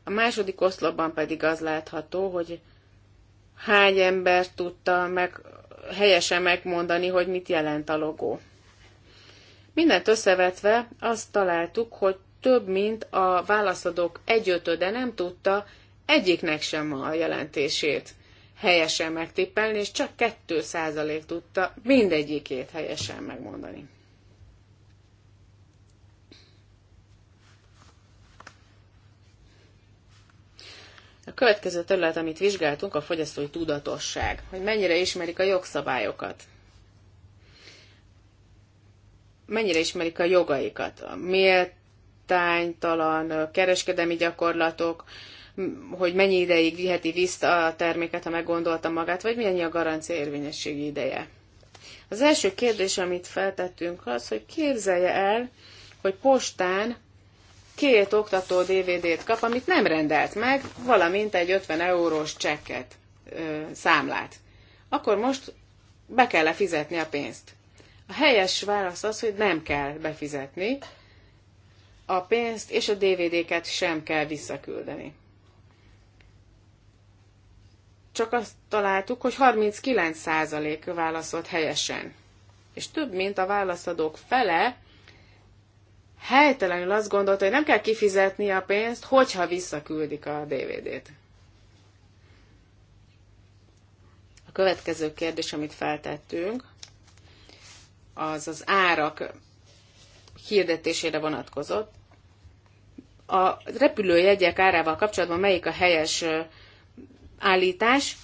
A második oszlopban pedig az látható, hogy hány ember tudta meg, helyesen megmondani, hogy mit jelent a logó. Mindent összevetve azt találtuk, hogy több mint a válaszadók egyötöde nem tudta, egyiknek sem a jelentését helyesen megtippelni, és csak 2% tudta mindegyikét helyesen megmondani. A következő terület, amit vizsgáltunk, a fogyasztói tudatosság, hogy mennyire ismerik a jogszabályokat, mennyire ismerik a jogaikat, a méltánytalan kereskedelmi gyakorlatok, hogy mennyi ideig viheti vissza a terméket, ha meggondolta magát, vagy mennyi a garancia érvényességi ideje. Az első kérdés, amit feltettünk, az, hogy képzelje el, hogy postán két oktató DVD-t kap, amit nem rendelt meg, valamint egy 50 eurós csekket, ö, számlát. Akkor most be kell -e fizetni a pénzt? A helyes válasz az, hogy nem kell befizetni a pénzt, és a DVD-ket sem kell visszaküldeni csak azt találtuk, hogy 39% válaszolt helyesen. És több, mint a válaszadók fele helytelenül azt gondolta, hogy nem kell kifizetni a pénzt, hogyha visszaküldik a DVD-t. A következő kérdés, amit feltettünk, az az árak hirdetésére vonatkozott. A repülőjegyek árával kapcsolatban melyik a helyes állítás.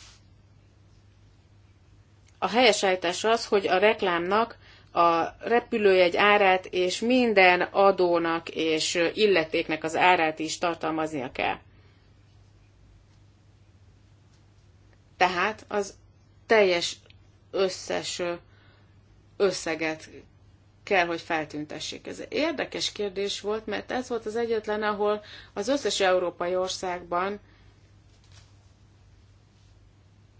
A helyes állítás az, hogy a reklámnak a repülőjegy árát és minden adónak és illetéknek az árát is tartalmaznia kell. Tehát az teljes összes összeget kell, hogy feltüntessék. Ez érdekes kérdés volt, mert ez volt az egyetlen, ahol az összes európai országban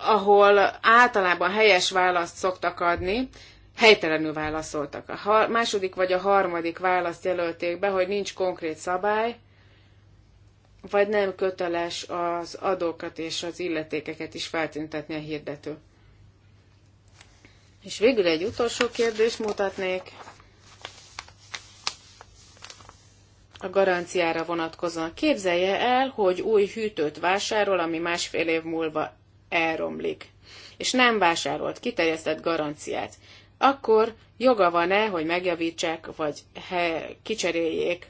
ahol általában helyes választ szoktak adni, helytelenül válaszoltak. A második vagy a harmadik választ jelölték be, hogy nincs konkrét szabály, vagy nem köteles az adókat és az illetékeket is feltüntetni a hirdető. És végül egy utolsó kérdést mutatnék. A garanciára vonatkozóan képzelje el, hogy új hűtőt vásárol, ami másfél év múlva elromlik, és nem vásárolt kiterjesztett garanciát, akkor joga van-e, hogy megjavítsák, vagy kicseréljék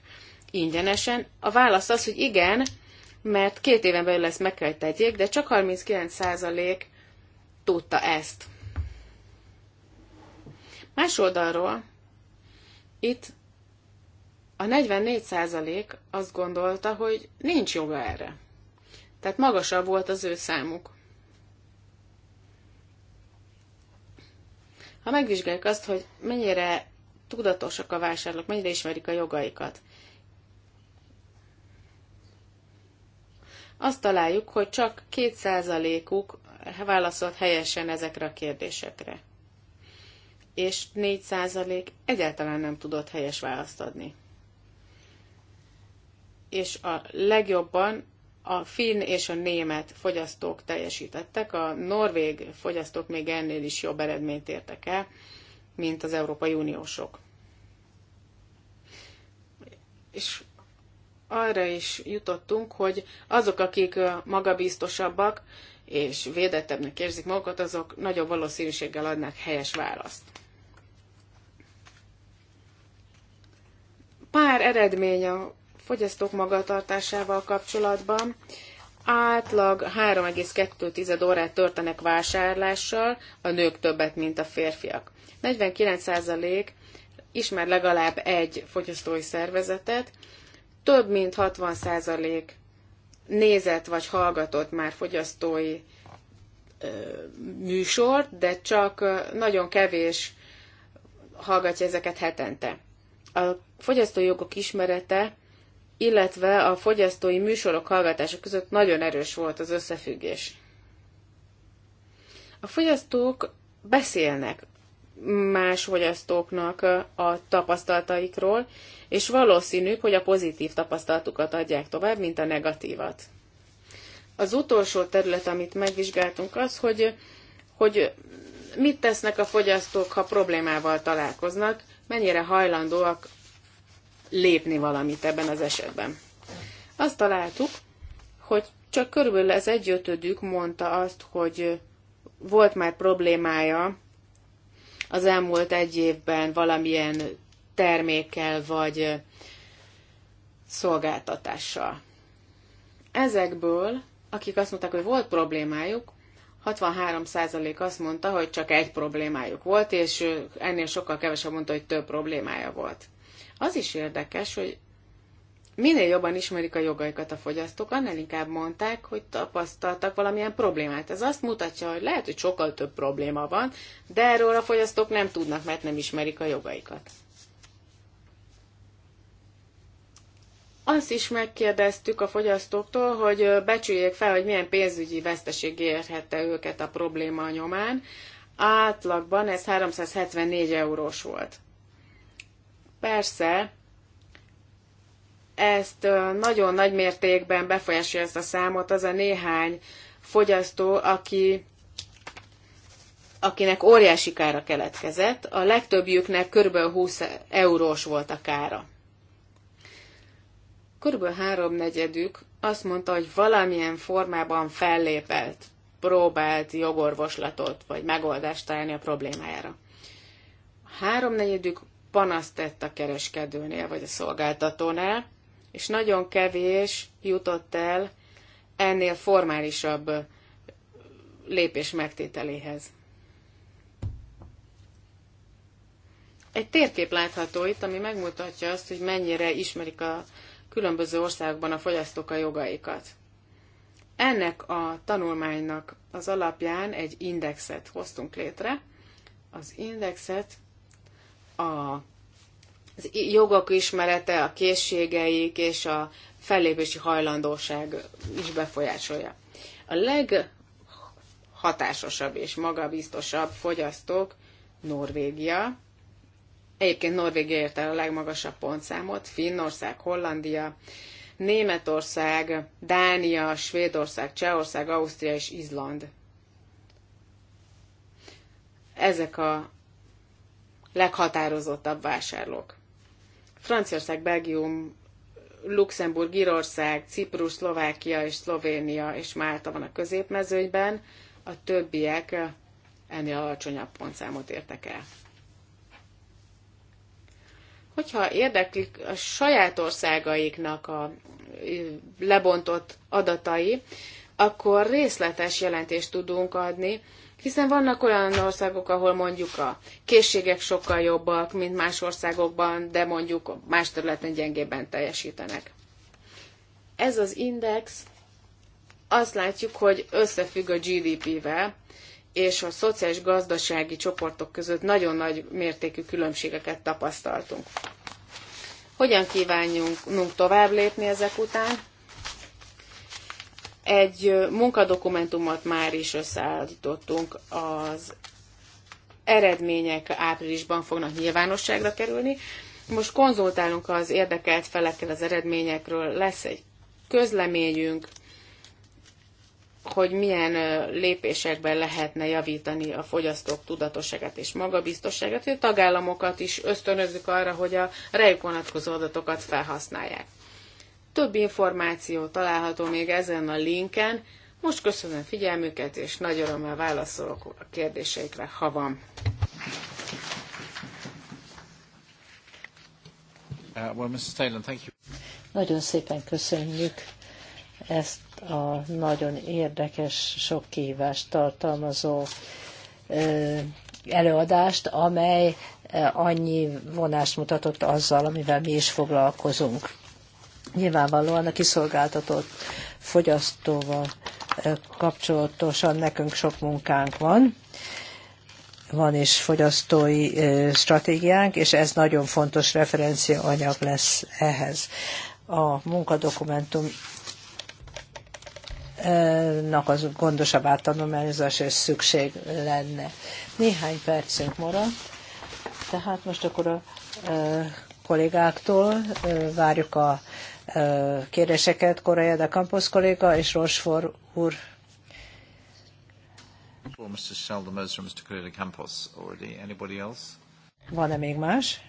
ingyenesen? A válasz az, hogy igen, mert két éven belül ezt meg kell tegyék, de csak 39% tudta ezt. Más oldalról itt a 44% azt gondolta, hogy nincs joga erre. Tehát magasabb volt az ő számuk. Ha megvizsgáljuk azt, hogy mennyire tudatosak a vásárlók, mennyire ismerik a jogaikat, azt találjuk, hogy csak 2%-uk válaszolt helyesen ezekre a kérdésekre. És 4% egyáltalán nem tudott helyes választ adni. És a legjobban a finn és a német fogyasztók teljesítettek, a norvég fogyasztók még ennél is jobb eredményt értek el, mint az Európai Uniósok. És arra is jutottunk, hogy azok, akik magabiztosabbak és védettebbnek érzik magukat, azok nagyobb valószínűséggel adnak helyes választ. Pár eredmény a fogyasztók magatartásával kapcsolatban átlag 3,2 órát törtenek vásárlással, a nők többet, mint a férfiak. 49% ismer legalább egy fogyasztói szervezetet, több mint 60% nézett vagy hallgatott már fogyasztói ö, műsort, de csak nagyon kevés hallgatja ezeket hetente. A fogyasztói jogok ismerete illetve a fogyasztói műsorok hallgatása között nagyon erős volt az összefüggés. A fogyasztók beszélnek más fogyasztóknak a tapasztalataikról, és valószínűbb, hogy a pozitív tapasztalatukat adják tovább, mint a negatívat. Az utolsó terület, amit megvizsgáltunk, az, hogy, hogy mit tesznek a fogyasztók, ha problémával találkoznak, mennyire hajlandóak lépni valamit ebben az esetben. Azt találtuk, hogy csak körülbelül az egyötödük mondta azt, hogy volt már problémája az elmúlt egy évben valamilyen termékkel vagy szolgáltatással. Ezekből, akik azt mondták, hogy volt problémájuk, 63% azt mondta, hogy csak egy problémájuk volt, és ennél sokkal kevesebb mondta, hogy több problémája volt. Az is érdekes, hogy minél jobban ismerik a jogaikat a fogyasztók, annál inkább mondták, hogy tapasztaltak valamilyen problémát. Ez azt mutatja, hogy lehet, hogy sokkal több probléma van, de erről a fogyasztók nem tudnak, mert nem ismerik a jogaikat. Azt is megkérdeztük a fogyasztóktól, hogy becsüljék fel, hogy milyen pénzügyi veszteség érhette őket a probléma nyomán. Átlagban ez 374 eurós volt. Persze, ezt nagyon nagy mértékben befolyásolja ezt a számot az a néhány fogyasztó, aki akinek óriási kára keletkezett, a legtöbbjüknek kb. 20 eurós volt a kára. Kb. háromnegyedük azt mondta, hogy valamilyen formában fellépelt, próbált jogorvoslatot vagy megoldást találni a problémájára. A háromnegyedük panaszt tett a kereskedőnél, vagy a szolgáltatónál, és nagyon kevés jutott el ennél formálisabb lépés megtételéhez. Egy térkép látható itt, ami megmutatja azt, hogy mennyire ismerik a különböző országokban a fogyasztók a jogaikat. Ennek a tanulmánynak az alapján egy indexet hoztunk létre. Az indexet a az jogok ismerete, a készségeik és a fellépési hajlandóság is befolyásolja. A leghatásosabb és magabiztosabb fogyasztók Norvégia. Egyébként Norvégia érte a legmagasabb pontszámot, Finnország, Hollandia, Németország, Dánia, Svédország, Csehország, Ausztria és Izland. Ezek a leghatározottabb vásárlók. Franciaország, Belgium, Luxemburg, Írország, Ciprus, Szlovákia és Szlovénia és Málta van a középmezőnyben, a többiek ennél alacsonyabb pontszámot értek el. Hogyha érdeklik a saját országaiknak a lebontott adatai, akkor részletes jelentést tudunk adni hiszen vannak olyan országok, ahol mondjuk a készségek sokkal jobbak, mint más országokban, de mondjuk más területen gyengébben teljesítenek. Ez az index azt látjuk, hogy összefügg a GDP-vel, és a szociális gazdasági csoportok között nagyon nagy mértékű különbségeket tapasztaltunk. Hogyan kívánjunk tovább lépni ezek után? Egy munkadokumentumot már is összeállítottunk, az eredmények áprilisban fognak nyilvánosságra kerülni. Most konzultálunk az érdekelt felekkel az eredményekről, lesz egy közleményünk, hogy milyen lépésekben lehetne javítani a fogyasztók tudatosságát és magabiztosságát, hogy a tagállamokat is ösztönözzük arra, hogy a rejük vonatkozó adatokat felhasználják. Több információ található még ezen a linken. Most köszönöm figyelmüket, és nagy örömmel válaszolok a kérdéseikre, ha van. Uh, well, Taylor, thank you. Nagyon szépen köszönjük ezt a nagyon érdekes, sok kívást tartalmazó uh, előadást, amely uh, annyi vonást mutatott azzal, amivel mi is foglalkozunk nyilvánvalóan a kiszolgáltatott fogyasztóval eh, kapcsolatosan nekünk sok munkánk van, van is fogyasztói eh, stratégiánk, és ez nagyon fontos referencia anyag lesz ehhez. A munkadokumentum eh, nak az gondosabb áttanulmányozás és szükség lenne. Néhány percünk maradt, tehát most akkor a kollégáktól várjuk a kérdéseket Korea de Campos kolléga és Rochefort úr. Mr. Mr. Campos already. Anybody else? Van-e még más?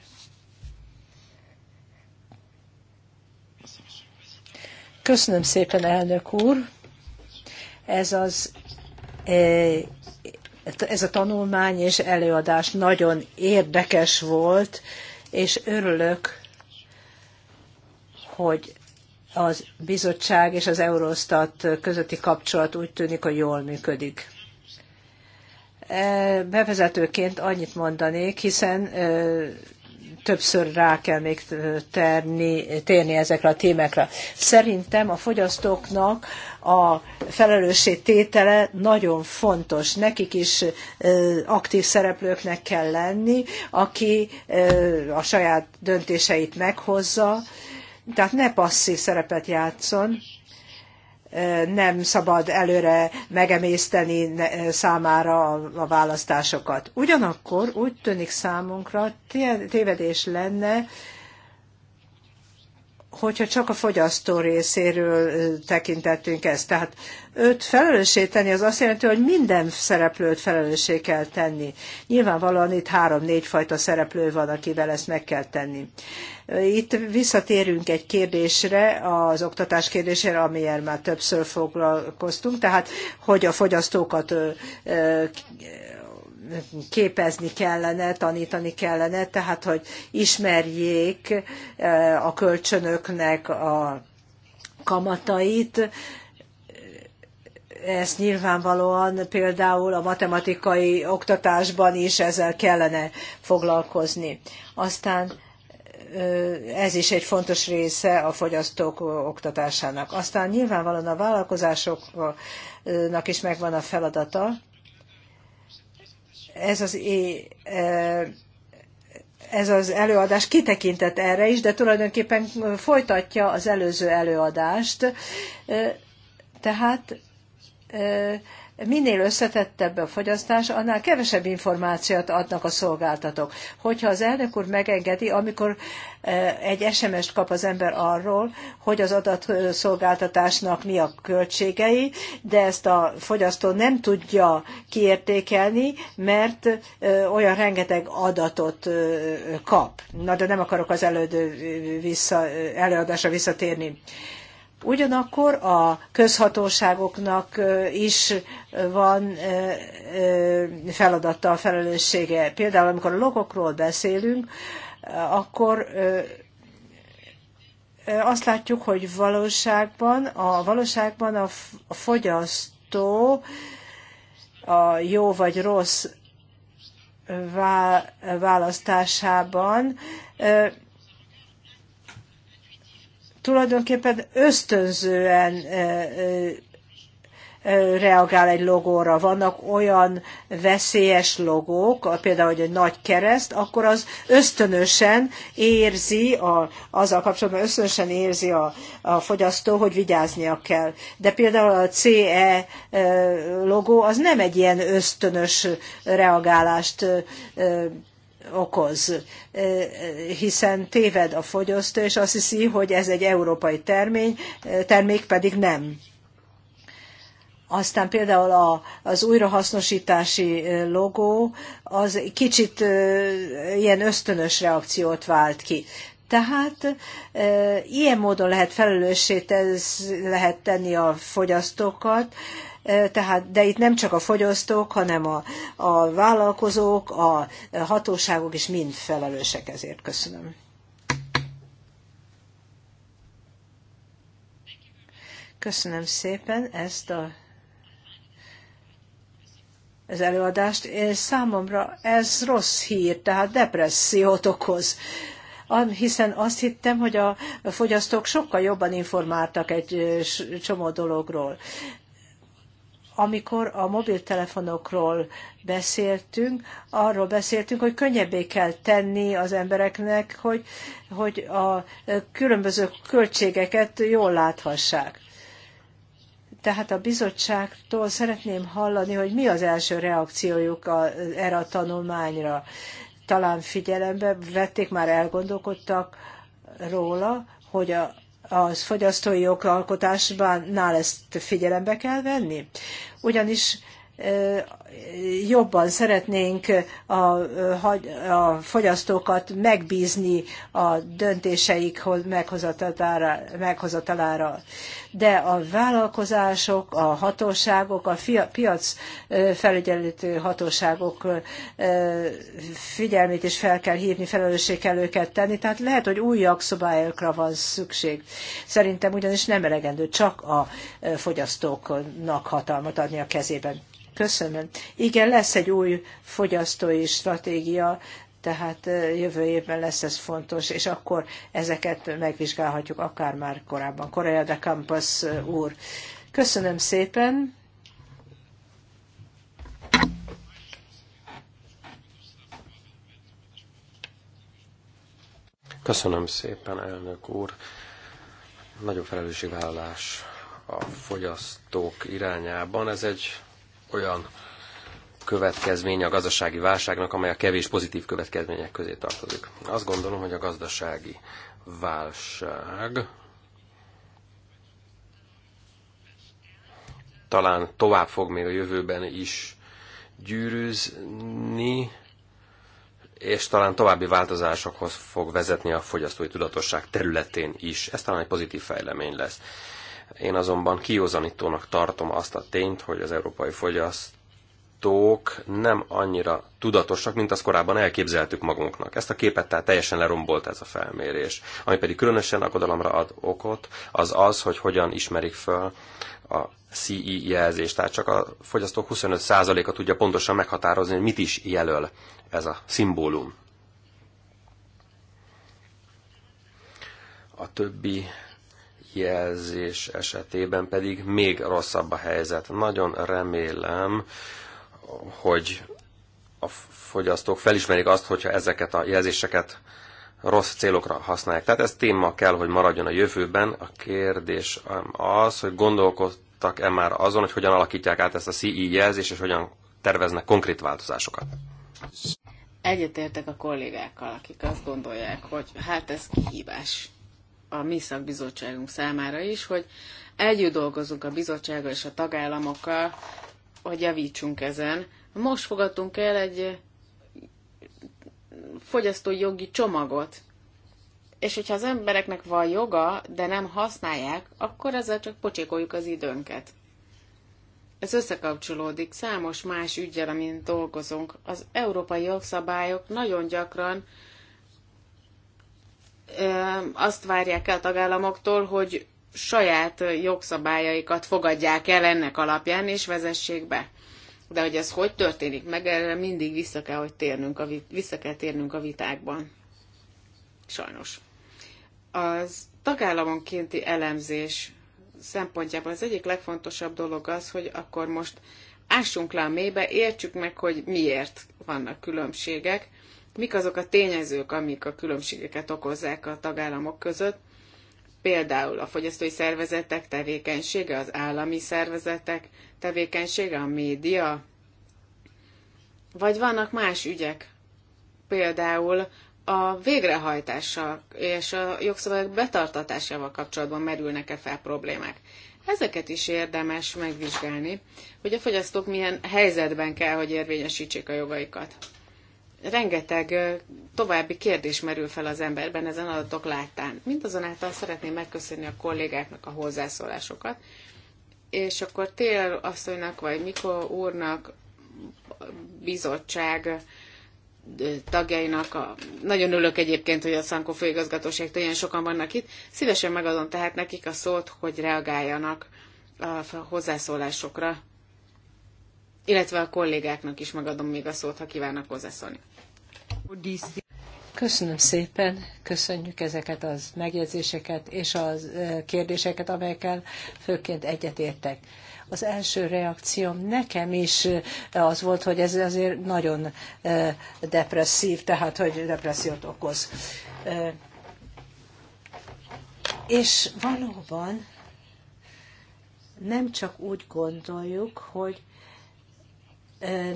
Köszönöm szépen, elnök úr. Ez az e, ez a tanulmány és előadás nagyon érdekes volt, és örülök, hogy az bizottság és az Eurostat közötti kapcsolat úgy tűnik, hogy jól működik. E, bevezetőként annyit mondanék, hiszen e, többször rá kell még terni, térni ezekre a témákra. Szerintem a fogyasztóknak a felelőssé tétele nagyon fontos. Nekik is e, aktív szereplőknek kell lenni, aki a saját döntéseit meghozza, tehát ne passzív szerepet játszon, nem szabad előre megemészteni számára a választásokat. Ugyanakkor úgy tűnik számunkra tévedés lenne, hogyha csak a fogyasztó részéről tekintettünk ezt. Tehát őt felelőssé tenni az azt jelenti, hogy minden szereplőt felelőssé kell tenni. Nyilvánvalóan itt három-négy fajta szereplő van, akivel ezt meg kell tenni. Itt visszatérünk egy kérdésre, az oktatás kérdésére, amilyen már többször foglalkoztunk, tehát hogy a fogyasztókat képezni kellene, tanítani kellene, tehát hogy ismerjék eh, a kölcsönöknek a kamatait, ezt nyilvánvalóan például a matematikai oktatásban is ezzel kellene foglalkozni. Aztán eh, ez is egy fontos része a fogyasztók oktatásának. Aztán nyilvánvalóan a vállalkozásoknak is megvan a feladata, ez az e, ez az előadás kitekintett erre is, de tulajdonképpen folytatja az előző előadást. E, tehát e, minél összetettebb a fogyasztás, annál kevesebb információt adnak a szolgáltatók. Hogyha az elnök úr megengedi, amikor e, egy SMS-t kap az ember arról, hogy az adatszolgáltatásnak mi a költségei, de ezt a fogyasztó nem tudja kiértékelni, mert e, olyan rengeteg adatot e, kap. Na, de nem akarok az elődő vissza, előadásra visszatérni. Ugyanakkor a közhatóságoknak is van feladata, a felelőssége. Például, amikor a logokról beszélünk, akkor azt látjuk, hogy valóságban a, valóságban a, a fogyasztó a jó vagy rossz választásában tulajdonképpen ösztönzően reagál egy logóra. Vannak olyan veszélyes logók, például hogy egy nagy kereszt, akkor az ösztönösen érzi, a, azzal kapcsolatban ösztönösen érzi a, a fogyasztó, hogy vigyáznia kell. De például a CE logó az nem egy ilyen ösztönös reagálást okoz, hiszen téved a fogyasztó, és azt hiszi, hogy ez egy európai termény, termék pedig nem. Aztán például a, az újrahasznosítási logó az kicsit ilyen ösztönös reakciót vált ki. Tehát e, ilyen módon lehet felelőssé lehet tenni a fogyasztókat, tehát, de itt nem csak a fogyasztók, hanem a, a vállalkozók, a hatóságok is mind felelősek ezért. Köszönöm. Köszönöm szépen ezt a az előadást. Számomra ez rossz hír, tehát depressziót okoz hiszen azt hittem, hogy a fogyasztók sokkal jobban informáltak egy csomó dologról amikor a mobiltelefonokról beszéltünk, arról beszéltünk, hogy könnyebbé kell tenni az embereknek, hogy, hogy a különböző költségeket jól láthassák. Tehát a bizottságtól szeretném hallani, hogy mi az első reakciójuk a, erre a tanulmányra. Talán figyelembe vették, már elgondolkodtak róla, hogy a, az fogyasztói jogalkotásnál ezt figyelembe kell venni, ugyanis jobban szeretnénk a, a fogyasztókat megbízni a döntéseik meghozatalára. De a vállalkozások, a hatóságok, a piac felügyelő hatóságok figyelmét is fel kell hívni, felelősség kell őket tenni, tehát lehet, hogy új jogszabályokra van szükség. Szerintem ugyanis nem elegendő csak a fogyasztóknak hatalmat adni a kezében. Köszönöm. Igen, lesz egy új fogyasztói stratégia, tehát jövő évben lesz ez fontos, és akkor ezeket megvizsgálhatjuk akár már korábban. Korea de Campus úr. Köszönöm szépen. Köszönöm szépen, elnök úr. Nagyobb felelősségvállalás a fogyasztók irányában. Ez egy olyan következménye a gazdasági válságnak, amely a kevés pozitív következmények közé tartozik. Azt gondolom, hogy a gazdasági válság talán tovább fog még a jövőben is gyűrűzni, és talán további változásokhoz fog vezetni a fogyasztói tudatosság területén is. Ez talán egy pozitív fejlemény lesz. Én azonban kiózanítónak tartom azt a tényt, hogy az európai fogyasztók nem annyira tudatosak, mint azt korábban elképzeltük magunknak. Ezt a képet tehát teljesen lerombolt ez a felmérés. Ami pedig különösen akadalomra ad okot, az az, hogy hogyan ismerik föl a CI e jelzést. Tehát csak a fogyasztók 25%-a tudja pontosan meghatározni, hogy mit is jelöl ez a szimbólum. A többi jelzés esetében pedig még rosszabb a helyzet. Nagyon remélem, hogy a fogyasztók felismerik azt, hogyha ezeket a jelzéseket rossz célokra használják. Tehát ez téma kell, hogy maradjon a jövőben. A kérdés az, hogy gondolkodtak-e már azon, hogy hogyan alakítják át ezt a CI e jelzést, és hogyan terveznek konkrét változásokat. Egyetértek a kollégákkal, akik azt gondolják, hogy hát ez kihívás a mi szakbizottságunk számára is, hogy együtt dolgozunk a bizottsággal és a tagállamokkal, hogy javítsunk ezen. Most fogadtunk el egy fogyasztói jogi csomagot, és hogyha az embereknek van joga, de nem használják, akkor ezzel csak pocsékoljuk az időnket. Ez összekapcsolódik számos más ügyel, amin dolgozunk. Az európai jogszabályok nagyon gyakran azt várják el a tagállamoktól, hogy saját jogszabályaikat fogadják el ennek alapján, és vezessék be. De hogy ez hogy történik meg, erre mindig vissza kell, hogy térnünk a, vissza kell térnünk a vitákban. Sajnos. Az tagállamonkénti elemzés szempontjából az egyik legfontosabb dolog az, hogy akkor most ássunk le a mélybe, értsük meg, hogy miért vannak különbségek, mik azok a tényezők, amik a különbségeket okozzák a tagállamok között, például a fogyasztói szervezetek tevékenysége, az állami szervezetek tevékenysége, a média, vagy vannak más ügyek, például a végrehajtással és a jogszabályok betartatásával kapcsolatban merülnek-e fel problémák. Ezeket is érdemes megvizsgálni, hogy a fogyasztók milyen helyzetben kell, hogy érvényesítsék a jogaikat rengeteg további kérdés merül fel az emberben ezen adatok láttán. Mindazonáltal szeretném megköszönni a kollégáknak a hozzászólásokat, és akkor Tél asszonynak, vagy Mikó úrnak, bizottság tagjainak, a, nagyon ülök egyébként, hogy a Szankó főigazgatóság ilyen sokan vannak itt, szívesen megadom tehát nekik a szót, hogy reagáljanak a hozzászólásokra, illetve a kollégáknak is megadom még a szót, ha kívánnak hozzászólni. Köszönöm szépen, köszönjük ezeket az megjegyzéseket és a kérdéseket, amelyekkel főként egyetértek. Az első reakcióm nekem is az volt, hogy ez azért nagyon depresszív, tehát hogy depressziót okoz. És valóban nem csak úgy gondoljuk, hogy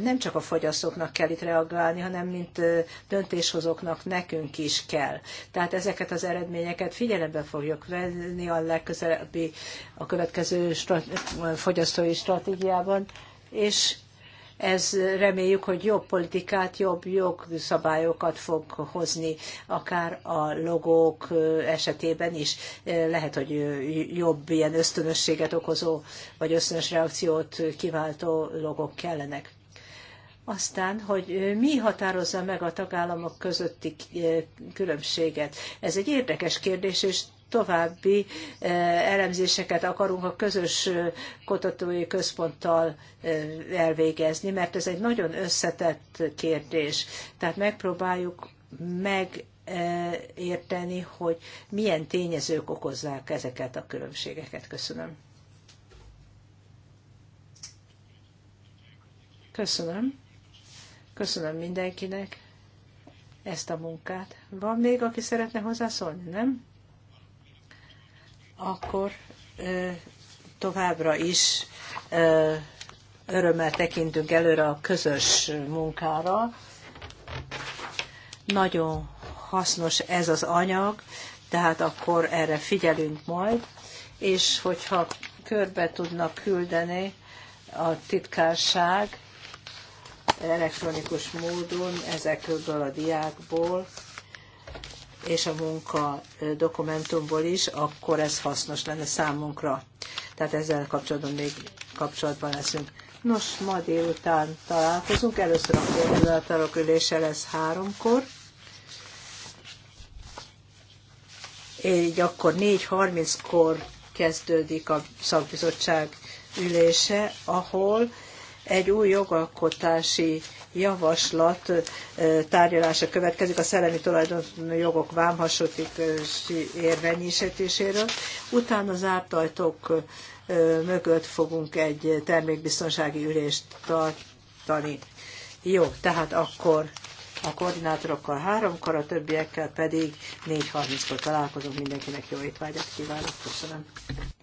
nem csak a fogyasztóknak kell itt reagálni, hanem mint döntéshozóknak nekünk is kell. Tehát ezeket az eredményeket figyelembe fogjuk venni a legközelebbi, a következő fogyasztói stratégiában, és ez reméljük, hogy jobb politikát, jobb jogszabályokat fog hozni, akár a logók esetében is. Lehet, hogy jobb ilyen ösztönösséget okozó, vagy ösztönös reakciót kiváltó logok kellenek. Aztán, hogy mi határozza meg a tagállamok közötti különbséget. Ez egy érdekes kérdés, és további eh, elemzéseket akarunk a közös eh, kutatói központtal eh, elvégezni, mert ez egy nagyon összetett kérdés. Tehát megpróbáljuk meg érteni, hogy milyen tényezők okozzák ezeket a különbségeket. Köszönöm. Köszönöm. Köszönöm mindenkinek ezt a munkát. Van még, aki szeretne hozzászólni, nem? akkor továbbra is örömmel tekintünk előre a közös munkára. Nagyon hasznos ez az anyag, tehát akkor erre figyelünk majd, és hogyha körbe tudnak küldeni a titkárság elektronikus módon ezekből a diákból, és a munka dokumentumból is, akkor ez hasznos lenne számunkra. Tehát ezzel kapcsolatban még kapcsolatban leszünk. Nos, ma délután találkozunk. Először a koordinátorok ülése lesz háromkor. Így akkor 4.30-kor kezdődik a szakbizottság ülése, ahol egy új jogalkotási javaslat tárgyalása következik a szellemi tulajdonjogok vámhasonlítási érvényesítéséről. Utána az ártajtók mögött fogunk egy termékbiztonsági ülést tartani. Jó, tehát akkor a koordinátorokkal háromkor, a többiekkel pedig 4.30-kor találkozunk. Mindenkinek jó étvágyat kívánok. Köszönöm.